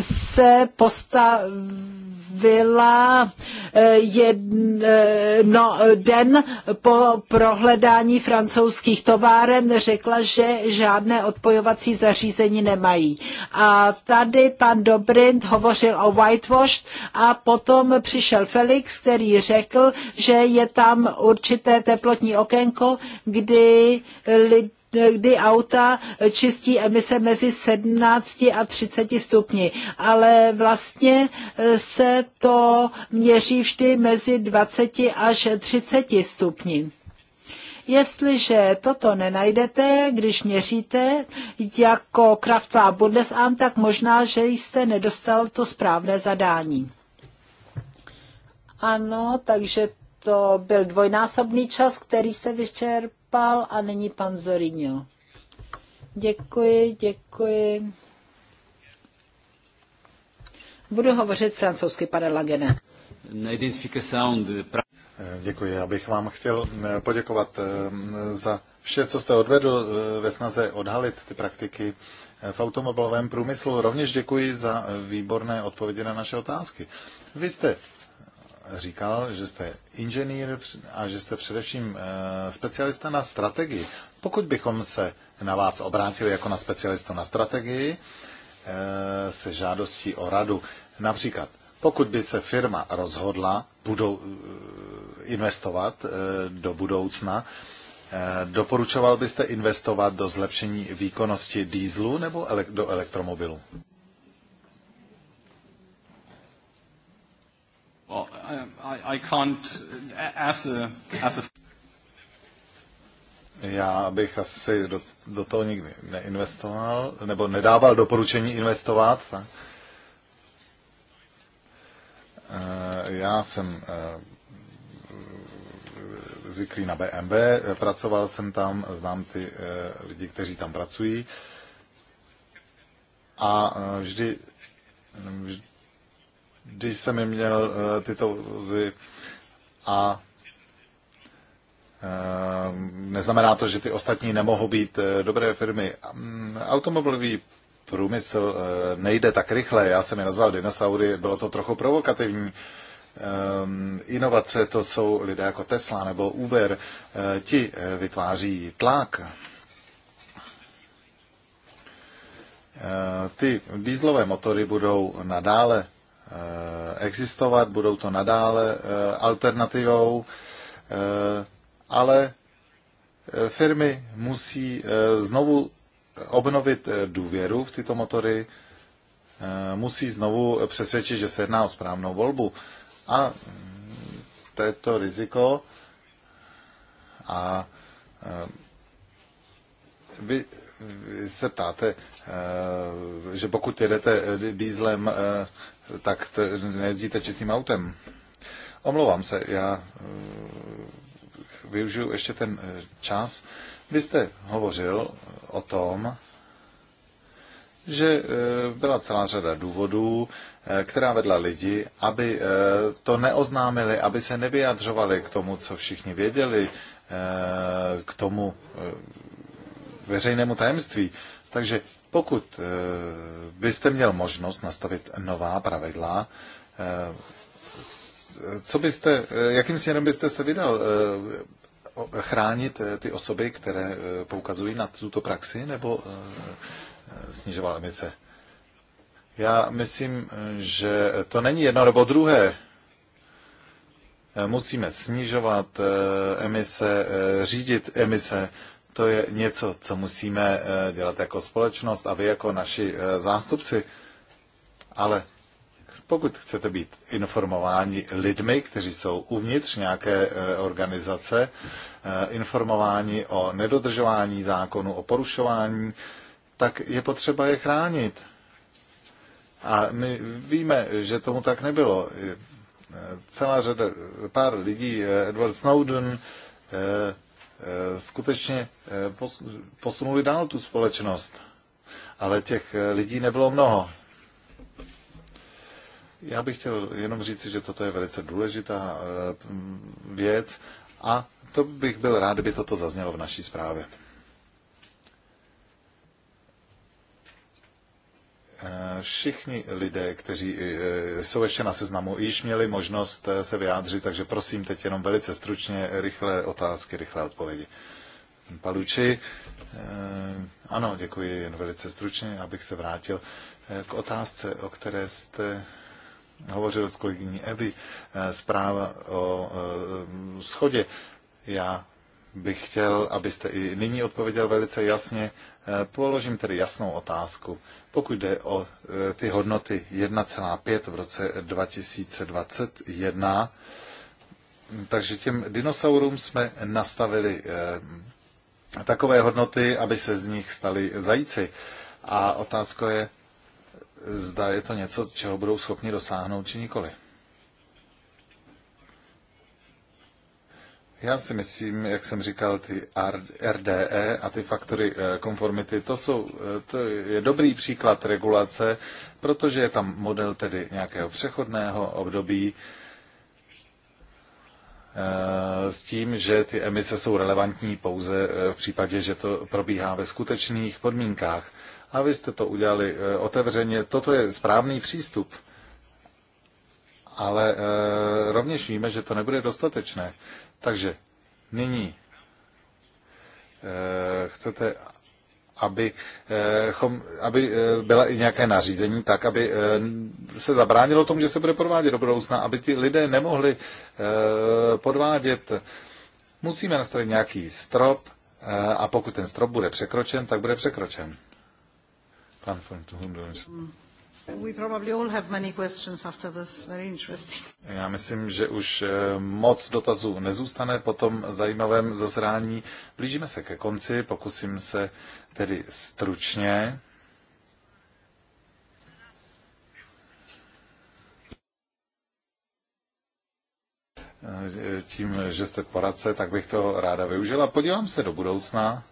se postavil objevila eh, jedno, eh, den po prohledání francouzských továren, řekla, že žádné odpojovací zařízení nemají. A tady pan Dobrindt hovořil o whitewash a potom přišel Felix, který řekl, že je tam určité teplotní okénko, kdy lidé kdy auta čistí emise mezi 17 a 30 stupni, ale vlastně eh, se to měří vždy mezi 20 až 30 stupni. Jestliže toto nenajdete, když měříte jako Kraftová Bundesamt, tak možná, že jste nedostal to správné zadání. Ano, takže to byl dvojnásobný čas, který jste vyčerpal Kapal a nyní pan Zorino. Děkuji, děkuji. Budu hovořit francouzsky, pane Lagene. Na eh, já bych Děkuji, abych vám chtěl eh, poděkovat eh, za vše, co jste odvedl ve snaze odhalit ty praktiky v automobilovém průmyslu. Rovněž děkuji za výborné odpovědi na naše otázky. Vy jste říkal, že jste inženýr a že jste především eh, specialista na strategii. Pokud bychom se na vás obrátili jako na specialistu na strategii eh, se žádostí o radu, například pokud by se firma rozhodla budou eh, investovat do budoucna, doporučoval byste investovat do zlepšení výkonnosti dýzlu nebo do elektromobilu? Well, I, I can't, as a, as a... Já bych asi do, do toho nikdy neinvestoval, nebo nedával doporučení investovat. Tak. Eh, já jsem eh, zvyklý na BMB, pracoval jsem tam, znám ty eh, lidi, kteří tam pracují. A vždy, vždy když jsem je měl eh, tyto vozy a eh, neznamená to, že ty ostatní nemohou být eh, dobré firmy. Mm, automobilový průmysl nejde tak rychle. Já jsem je nazval dinosaury, bylo to trochu provokativní. Inovace to jsou lidé jako Tesla nebo Uber. Ti vytváří tlak. Ty dýzlové motory budou nadále Eh, existovat, budou to nadále eh, alternativou, eh, ale firmy musí znovu obnovit důvěru v tyto motory, musí znovu přesvědčit, že se jedná o správnou volbu. A mm, to je to riziko. A vy se ptáte, že pokud jedete dýzlem tak nejezdíte čistým autem. Omlouvám se, já eh, využiju ještě ten eh, čas. Vy jste hovořil eh, o tom, že byla celá řada důvodů, která vedla lidi, aby to neoznámili, aby se nevyjadřovali k tomu, co všichni věděli, k tomu veřejnému tajemství. Takže pokud eh, byste měl možnost nastavit nová pravidla, eh, co byste, eh, jakým směrem byste se vydal? Chránit ty osoby, které poukazují na tuto praxi, nebo snižoval emise? Já myslím, že to není jedno nebo druhé. Musíme snižovat emise, řídit emise to je něco, co musíme eh, dělat jako společnost a vy jako naši eh, zástupci. Ale pokud chcete být informováni lidmi, kteří jsou uvnitř nějaké eh, organizace, informováni o nedodržování zákonu, o porušování, tak je potřeba je chránit. A my víme, že tomu tak nebylo. Celá řada, pár lidí, Edward Snowden, Eh, skutečně eh, posunuli dál tu společnost. Ale těch eh, lidí nebylo mnoho. Já bych chtěl jenom říci, že toto je velice důležitá věc a to bych byl rád, kdyby toto zaznělo v naší zprávě. Eh, všichni lidé, kteří eh, jsou ještě na seznamu, již měli možnost eh, se vyjádřit, takže prosím teď jenom velice stručně rychlé otázky, rychlé odpovědi. Paluči, ano, děkuji jen velice stručně, abych se vrátil k otázce, o které jste hovořil s kolegyní Evy, zpráva o schodě. Já bych chtěl, abyste i nyní odpověděl velice jasně Eh, položím tedy jasnou otázku. Pokud jde o eh, ty hodnoty 1,5 v roce 2021, takže těm dinosaurům jsme nastavili eh, takové hodnoty, aby se z nich stali zajíci. A otázka je, zda je to něco, čeho budou schopni dosáhnout či nikoli. Já si myslím, jak jsem říkal, ty RDE a ty faktory eh, konformity, to, jsou, eh, to je dobrý příklad regulace, protože je tam model tedy nějakého přechodného období eh, s tím, že ty emise jsou relevantní pouze v případě, že to probíhá ve skutečných podmínkách. A vy jste to udělali otevřeně. Toto je správný přístup. Ale rovněž víme, že to nebude dostatečné takže nyní eh, chcete, aby, eh, aby eh, byla i nějaké nařízení, tak aby se zabránilo tomu, že se bude podvádět do budoucna, aby ti lidé nemohli podvádět. Musíme nastavit nějaký strop a pokud ten strop bude překročen, tak bude překročen. Pan von já myslím, že už eh, moc dotazů nezůstane po tom zajímavém zasrání. Blížíme se ke konci, pokusím se tedy stručně. Eh, tím, že jste poradce, tak bych to ráda využila. Podívám se do budoucna.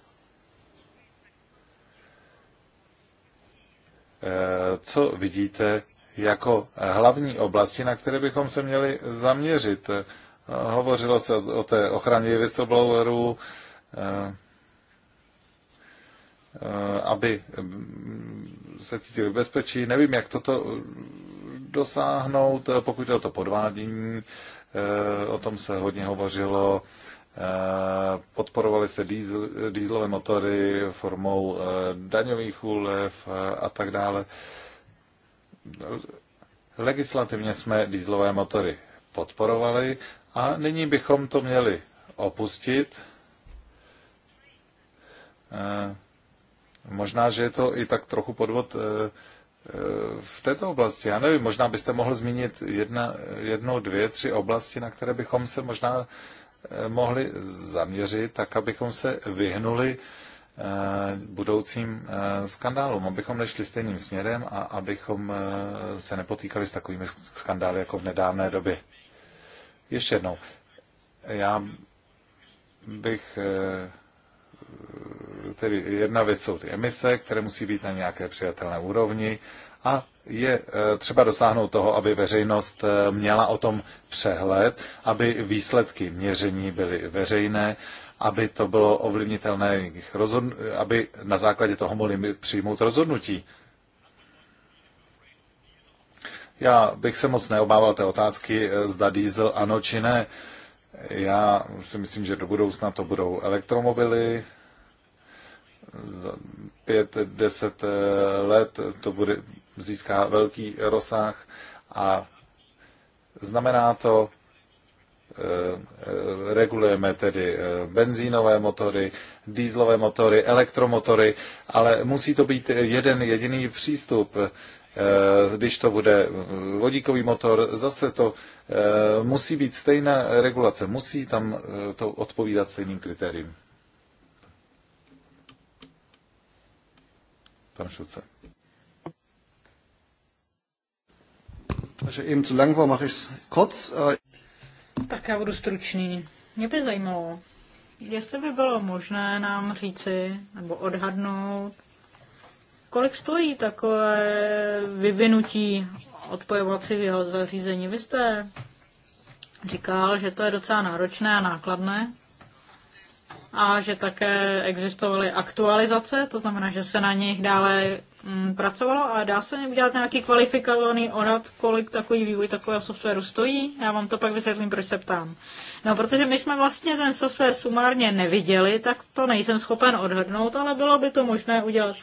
Eh, co vidíte jako hlavní oblasti, na které bychom se měli zaměřit. Eh, hovořilo se o té ochraně whistleblowerů, eh, aby mm, se cítili bezpečí. Nevím, jak toto dosáhnout, pokud je o to podvádění, o tom se hodně hovořilo, Eh, podporovaly se diesel, motory formou eh, daňových úlev eh, a tak dále. Legislativně jsme dízlové motory podporovali a nyní bychom to měli opustit. Možná, že je to i tak trochu podvod v této oblasti. Já nevím, možná byste mohl zmínit jedna, jednou, dvě, tři oblasti, na které bychom se možná mohli zaměřit, tak abychom se vyhnuli eh, budoucím eh, skandálům, abychom nešli stejným směrem a abychom eh, se nepotýkali s takovými skandály jako v nedávné době. Ještě jednou, já bych tedy jedna věc jsou ty emise, které musí být na nějaké přijatelné úrovni a je eh, třeba dosáhnout toho, aby veřejnost eh, měla o tom přehled, aby výsledky měření byly veřejné, aby to bylo ovlivnitelné, aby na základě toho mohli přijmout rozhodnutí. Já bych se moc neobával té otázky, eh, zda diesel ano či ne. Já si myslím, že do budoucna to budou elektromobily, za pět, deset eh, let to bude, získá velký rozsah a znamená to, eh, regulujeme tedy eh, benzínové motory, dýzlové motory, elektromotory, ale musí to být jeden jediný přístup. Když to bude vodíkový motor, zase to musí být stejná regulace, musí tam to odpovídat stejným kritériím. Pan Šuce. Takže jim zu lang war, kurz. Tak já budu stručný. Mě by zajímalo, jestli by bylo možné nám říci nebo odhadnout, kolik stojí takové vyvinutí odpojovacího zařízení. Vy jste říkal, že to je docela náročné a nákladné a že také existovaly aktualizace, to znamená, že se na nich dále mm, pracovalo a dá se udělat nějaký kvalifikovaný odhad, kolik takový vývoj takového softwaru stojí? Já vám to pak vysvětlím, proč se ptám. No, protože my jsme vlastně ten software sumárně neviděli, tak to nejsem schopen odhadnout, ale bylo by to možné udělat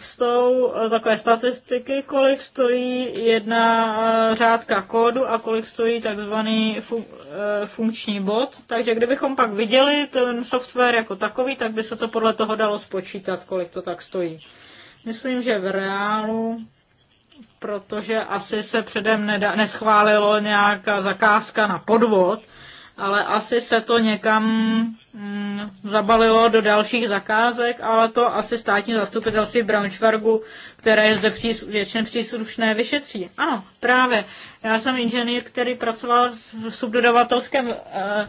jsou eh, takové statistiky, kolik stojí jedna eh, řádka kódu a kolik stojí takzvaný eh, funkční bod. Takže kdybychom pak viděli ten software jako takový, tak by se to podle toho dalo spočítat, kolik to tak stojí. Myslím, že v reálu, protože asi se předem nedá, neschválilo nějaká zakázka na podvod, ale asi se to někam mm, zabalilo do dalších zakázek, ale to asi státní zastupitelství Braunschweigu, které je zde přís, většině příslušné, vyšetří. Ano, právě. Já jsem inženýr, který pracoval v subdodavatelském eh,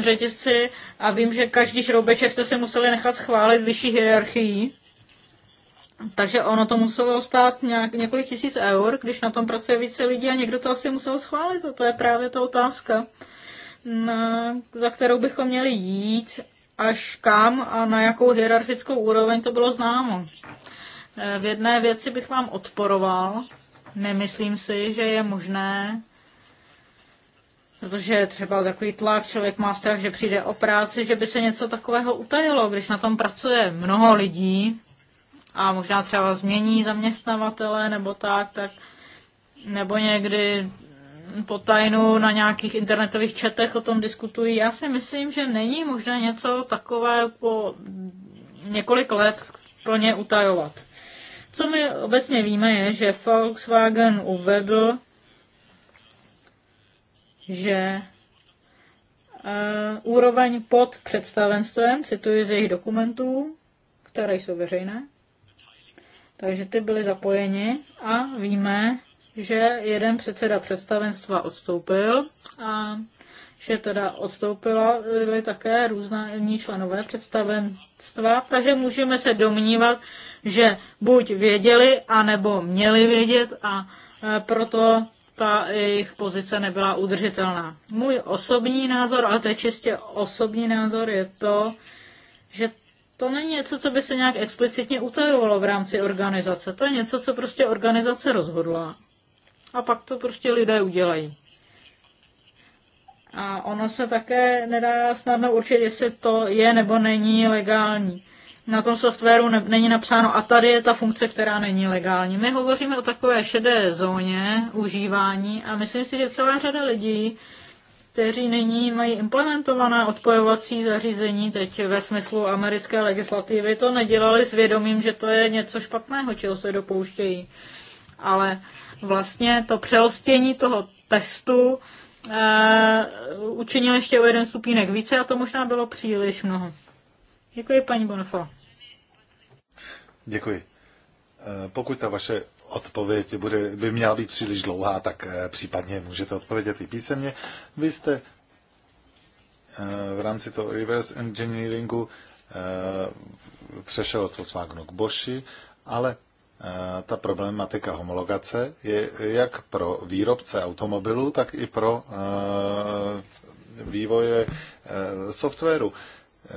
řetězci a vím, že každý šroubeček jste si museli nechat schválit vyšší hierarchii. Takže ono to muselo stát nějak, několik tisíc eur, když na tom pracuje více lidí a někdo to asi musel schválit a to je právě ta otázka na, za kterou bychom měli jít, až kam a na jakou hierarchickou úroveň to bylo známo. Eh, v jedné věci bych vám odporoval. Nemyslím si, že je možné Protože třeba takový tlak, člověk má strach, že přijde o práci, že by se něco takového utajilo, když na tom pracuje mnoho lidí a možná třeba změní zaměstnavatele nebo tak, tak nebo někdy potajnu na nějakých internetových četech o tom diskutují. Já si myslím, že není možné něco takové po několik let plně utajovat. Co my obecně víme je, že Volkswagen uvedl, že Uh, úroveň pod představenstvem, cituji z jejich dokumentů, které jsou veřejné. Takže ty byly zapojeni a víme, že jeden předseda představenstva odstoupil a že teda odstoupila byly také různá jiní členové představenstva, takže můžeme se domnívat, že buď věděli, anebo měli vědět a e, proto ta jejich pozice nebyla udržitelná. Můj osobní názor, ale to je čistě osobní názor, je to, že to není něco, co by se nějak explicitně utajovalo v rámci organizace. To je něco, co prostě organizace rozhodla a pak to prostě lidé udělají. A ono se také nedá snadno určit, jestli to je nebo není legální. Na tom softwaru ne- není napsáno, a tady je ta funkce, která není legální. My hovoříme o takové šedé zóně užívání a myslím si, že celá řada lidí, kteří nyní mají implementovaná odpojovací zařízení, teď ve smyslu americké legislativy, to nedělali s vědomím, že to je něco špatného, čeho se dopouštějí. Ale vlastně to přehostění toho testu e, učinil ještě o jeden stupínek více a to možná bylo příliš mnoho. Děkuji, paní Bonfa. Děkuji. Eh, pokud ta vaše odpověď bude, by měla být příliš dlouhá, tak eh, případně můžete odpovědět i písemně. Vy jste v rámci toho reverse engineeringu přešel od Volkswagenu k Boši, ale Eh, ta problematika homologace je jak pro výrobce automobilů, tak i pro eh, vývoje eh, softwaru.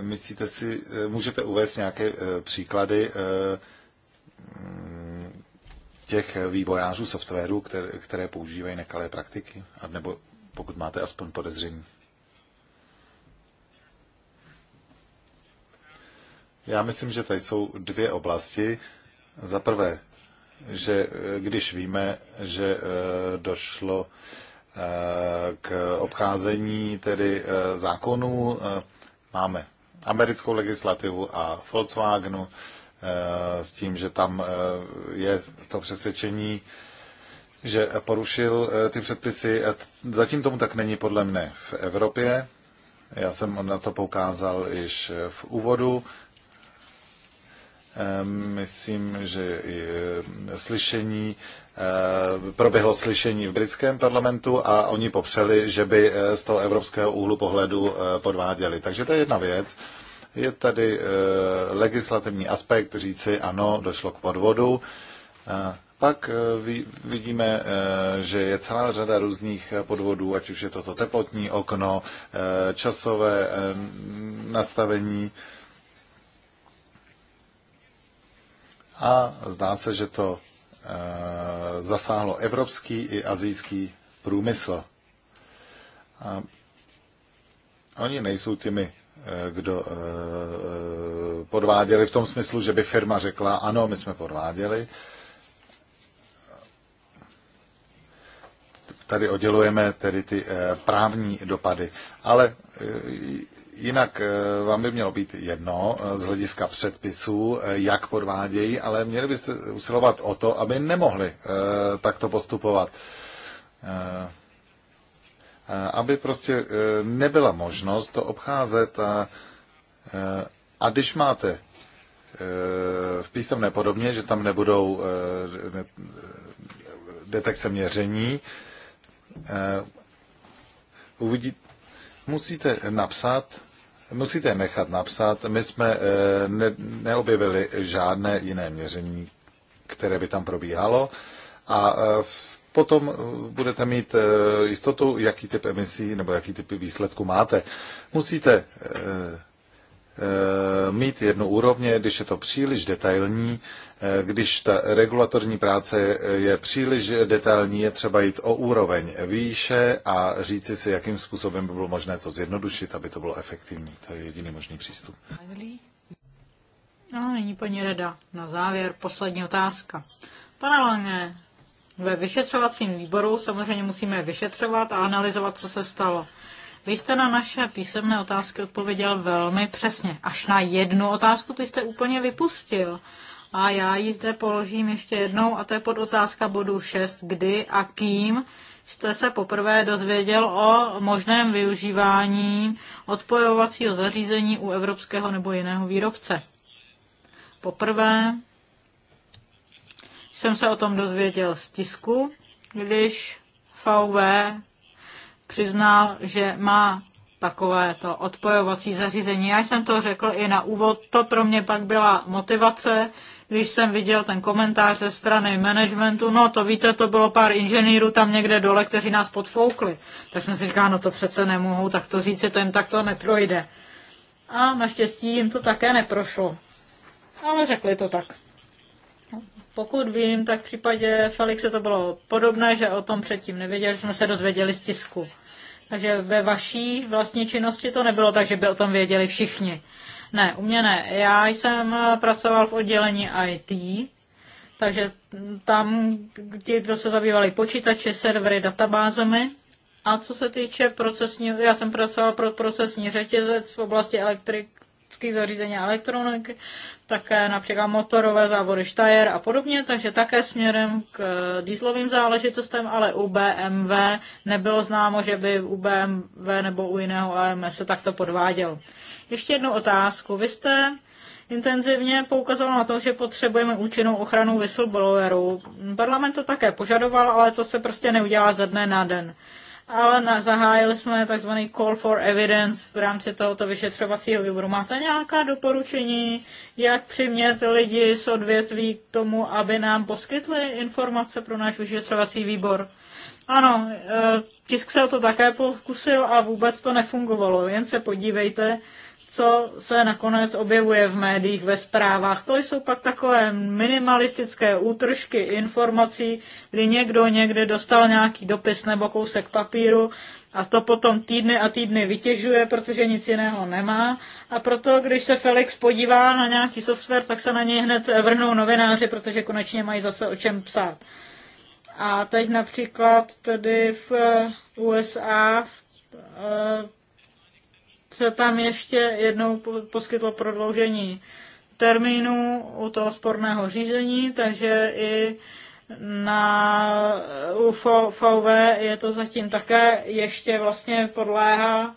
Myslíte si, můžete uvést nějaké příklady mm, těch vývojářů softwaru, které, používají nekalé praktiky? A nebo pokud máte aspoň podezření? Já myslím, že tady jsou dvě oblasti, za prvé, že eh, když víme, že eh, došlo eh, k obcházení tedy zákonů, máme americkou legislativu a Volkswagenu s tím, že tam je to přesvědčení, že porušil ty předpisy. Zatím tomu tak není podle mne v Evropě. Já jsem na to poukázal již v úvodu. Ehm, myslím, že eh, slyšení eh, proběhlo slyšení v britském parlamentu a oni popřeli, že by eh, z toho evropského úhlu pohledu podváděli. Takže to je jedna věc. Je tady legislativní aspekt říci ano, došlo k podvodu. Pak vidíme, že je celá řada různých podvodů, ať už je toto teplotní okno, časové nastavení a zdá se, že to eh, zasáhlo evropský i azijský průmysl. A oni nejsou těmi, eh, kdo eh, podváděli v tom smyslu, že by firma řekla, ano, my jsme podváděli. Tady oddělujeme tedy ty právní dopady. Ale Jinak eh, vám by mělo být jedno eh, z hlediska předpisů, eh, jak podvádějí, ale měli byste usilovat o to, aby nemohli takto postupovat. Aby prostě nebyla možnost to obcházet a, a když máte v písemné podobně, že tam nebudou detekce měření, uvidíte, musíte napsat, Musíte nechat napsat. My jsme eh, ne, neobjevili žádné jiné měření, které by tam probíhalo. A eh, potom eh, budete mít jistotu, jaký typ emisí nebo jaký typ výsledku máte. Musíte Eh, mít jednu úrovně, když je to příliš detailní, eh, když ta regulatorní práce je příliš detailní, je třeba jít o úroveň výše a říci si, jakým způsobem by bylo možné to zjednodušit, aby to bylo efektivní. To je jediný možný přístup. No, nyní paní Reda. Na závěr poslední otázka. Pane Lange, ve vyšetřovacím výboru samozřejmě musíme vyšetřovat a analyzovat, co se stalo. Vy jste na naše písemné otázky odpověděl velmi přesně. Až na jednu otázku ty jste úplně vypustil. A já ji zde položím ještě jednou a to je pod otázka bodu 6. Kdy a kým jste se poprvé dozvěděl o možném využívání odpojovacího zařízení u evropského nebo jiného výrobce? Poprvé jsem se o tom dozvěděl z tisku, když VW přiznal, že má takové to odpojovací zařízení. Já jsem to řekl i na úvod, to pro mě pak byla motivace, když jsem viděl ten komentář ze strany managementu, no to víte, to bylo pár inženýrů tam někde dole, kteří nás podfoukli. Tak jsem si říkal, no to přece nemohou tak to říct, to jim to neprojde. A naštěstí jim to také neprošlo. Ale řekli to tak. Pokud vím, tak v případě Felixe to bylo podobné, že o tom předtím nevěděli, jsme se dozvěděli z tisku. Takže ve vaší vlastní činnosti to nebylo tak, že by o tom věděli všichni. Ne, u mě ne. Já jsem eh, pracoval v oddělení IT, takže tam ti, kdo se zabývali počítači, servery, databázemi. A co se týče procesní, já jsem pracoval pro procesní řetězec v oblasti elektrik, ty zařízení elektroniky, také například motorové závody Steyr a podobně, takže také směrem k dýzlovým záležitostem, ale u BMW nebylo známo, že by u BMW nebo u jiného AMS se takto podváděl. Ještě jednu otázku. Vy jste intenzivně poukazoval na to, že potřebujeme účinnou ochranu whistleblowerů. Parlament to také požadoval, ale to se prostě neudělá ze dne na den ale na, zahájili jsme tzv. call for evidence v rámci tohoto vyšetřovacího výboru. Máte nějaká doporučení, jak přimět lidi z odvětví k tomu, aby nám poskytli informace pro náš vyšetřovací výbor? Ano, eh, tisk se o to také pokusil a vůbec to nefungovalo. Jen se podívejte co se nakonec objevuje v médiích, ve zprávách. To jsou pak takové minimalistické útržky informací, kdy někdo někde dostal nějaký dopis nebo kousek papíru a to potom týdny a týdny vytěžuje, protože nic jiného nemá. A proto, když se Felix podívá na nějaký software, tak se na něj hned vrhnou novináři, protože konečně mají zase o čem psát. A teď například tedy v eh, USA v eh, se tam ještě jednou poskytlo prodloužení termínu u toho sporného řízení, takže i na UFOV je to zatím také ještě vlastně podléhá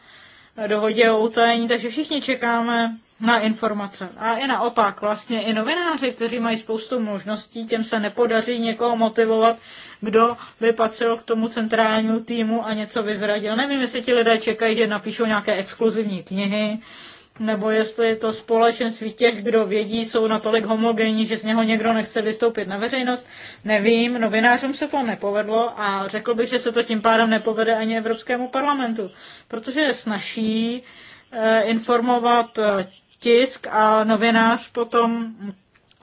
dohodě o utajení, takže všichni čekáme na informace. A i naopak, vlastně i novináři, kteří mají spoustu možností, těm se nepodaří někoho motivovat, kdo by patřil k tomu centrálnímu týmu a něco vyzradil. Nevím, jestli ti lidé čekají, že napíšou nějaké exkluzivní knihy, nebo jestli to společenství těch, kdo vědí, jsou natolik homogenní, že z něho někdo nechce vystoupit na veřejnost, nevím, novinářům se to nepovedlo a řekl bych, že se to tím pádem nepovede ani Evropskému parlamentu, protože je snaží eh, informovat eh, tisk a novinář potom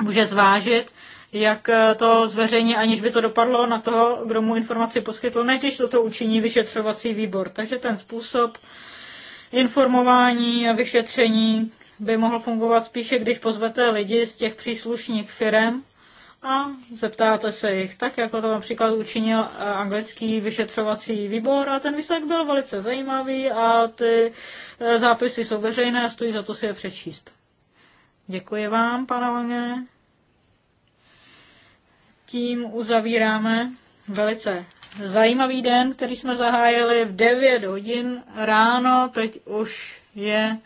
může zvážit, jak eh, to zveřejní, aniž by to dopadlo na toho, kdo mu informaci poskytl, než když toto učiní vyšetřovací výbor. Takže ten způsob informování a vyšetření by mohl fungovat spíše, když pozvete lidi z těch příslušních firm, a zeptáte se jich, tak jako to například učinil eh, anglický vyšetřovací výbor a ten výsledek byl velice zajímavý a ty eh, zápisy jsou veřejné a stojí za to si je přečíst. Děkuji vám, pane Lange. Tím uzavíráme velice zajímavý den, který jsme zahájili v 9 hodin ráno, teď už je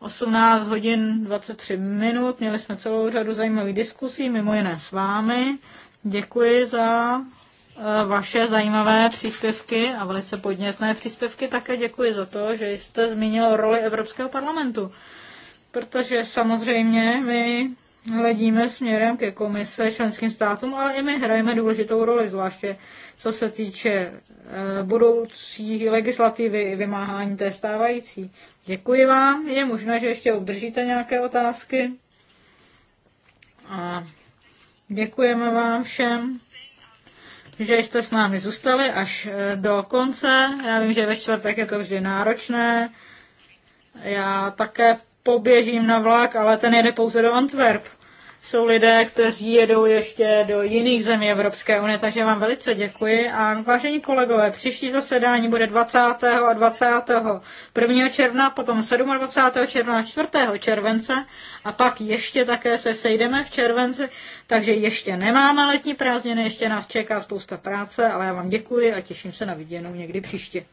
18 hodin 23 minut. Měli jsme celou řadu zajímavých diskusí, mimo jiné s vámi. Děkuji za eh, vaše zajímavé příspěvky a velice podnětné příspěvky. Také děkuji za to, že jste zmínil roli Evropského parlamentu, protože samozřejmě my hledíme směrem ke komise členským státům, ale i my hrajeme důležitou roli, zvláště co se týče eh, budoucí legislativy i vymáhání té stávající. Děkuji vám, je možné, že ještě obdržíte nějaké otázky. A děkujeme vám všem, že jste s námi zůstali až eh, do konce. Já vím, že ve čtvrtek je to vždy náročné. Já také poběžím na vlak, ale ten jede pouze do Antwerp jsou lidé, kteří jedou ještě do jiných zemí Evropské unie, takže vám velice děkuji. A vážení kolegové, příští zasedání bude 20. a 1. června, potom 27. června a 4. července a pak ještě také se sejdeme v červenci, takže ještě nemáme letní prázdniny, ještě nás čeká spousta práce, ale já vám děkuji a těším se na viděnou někdy příště.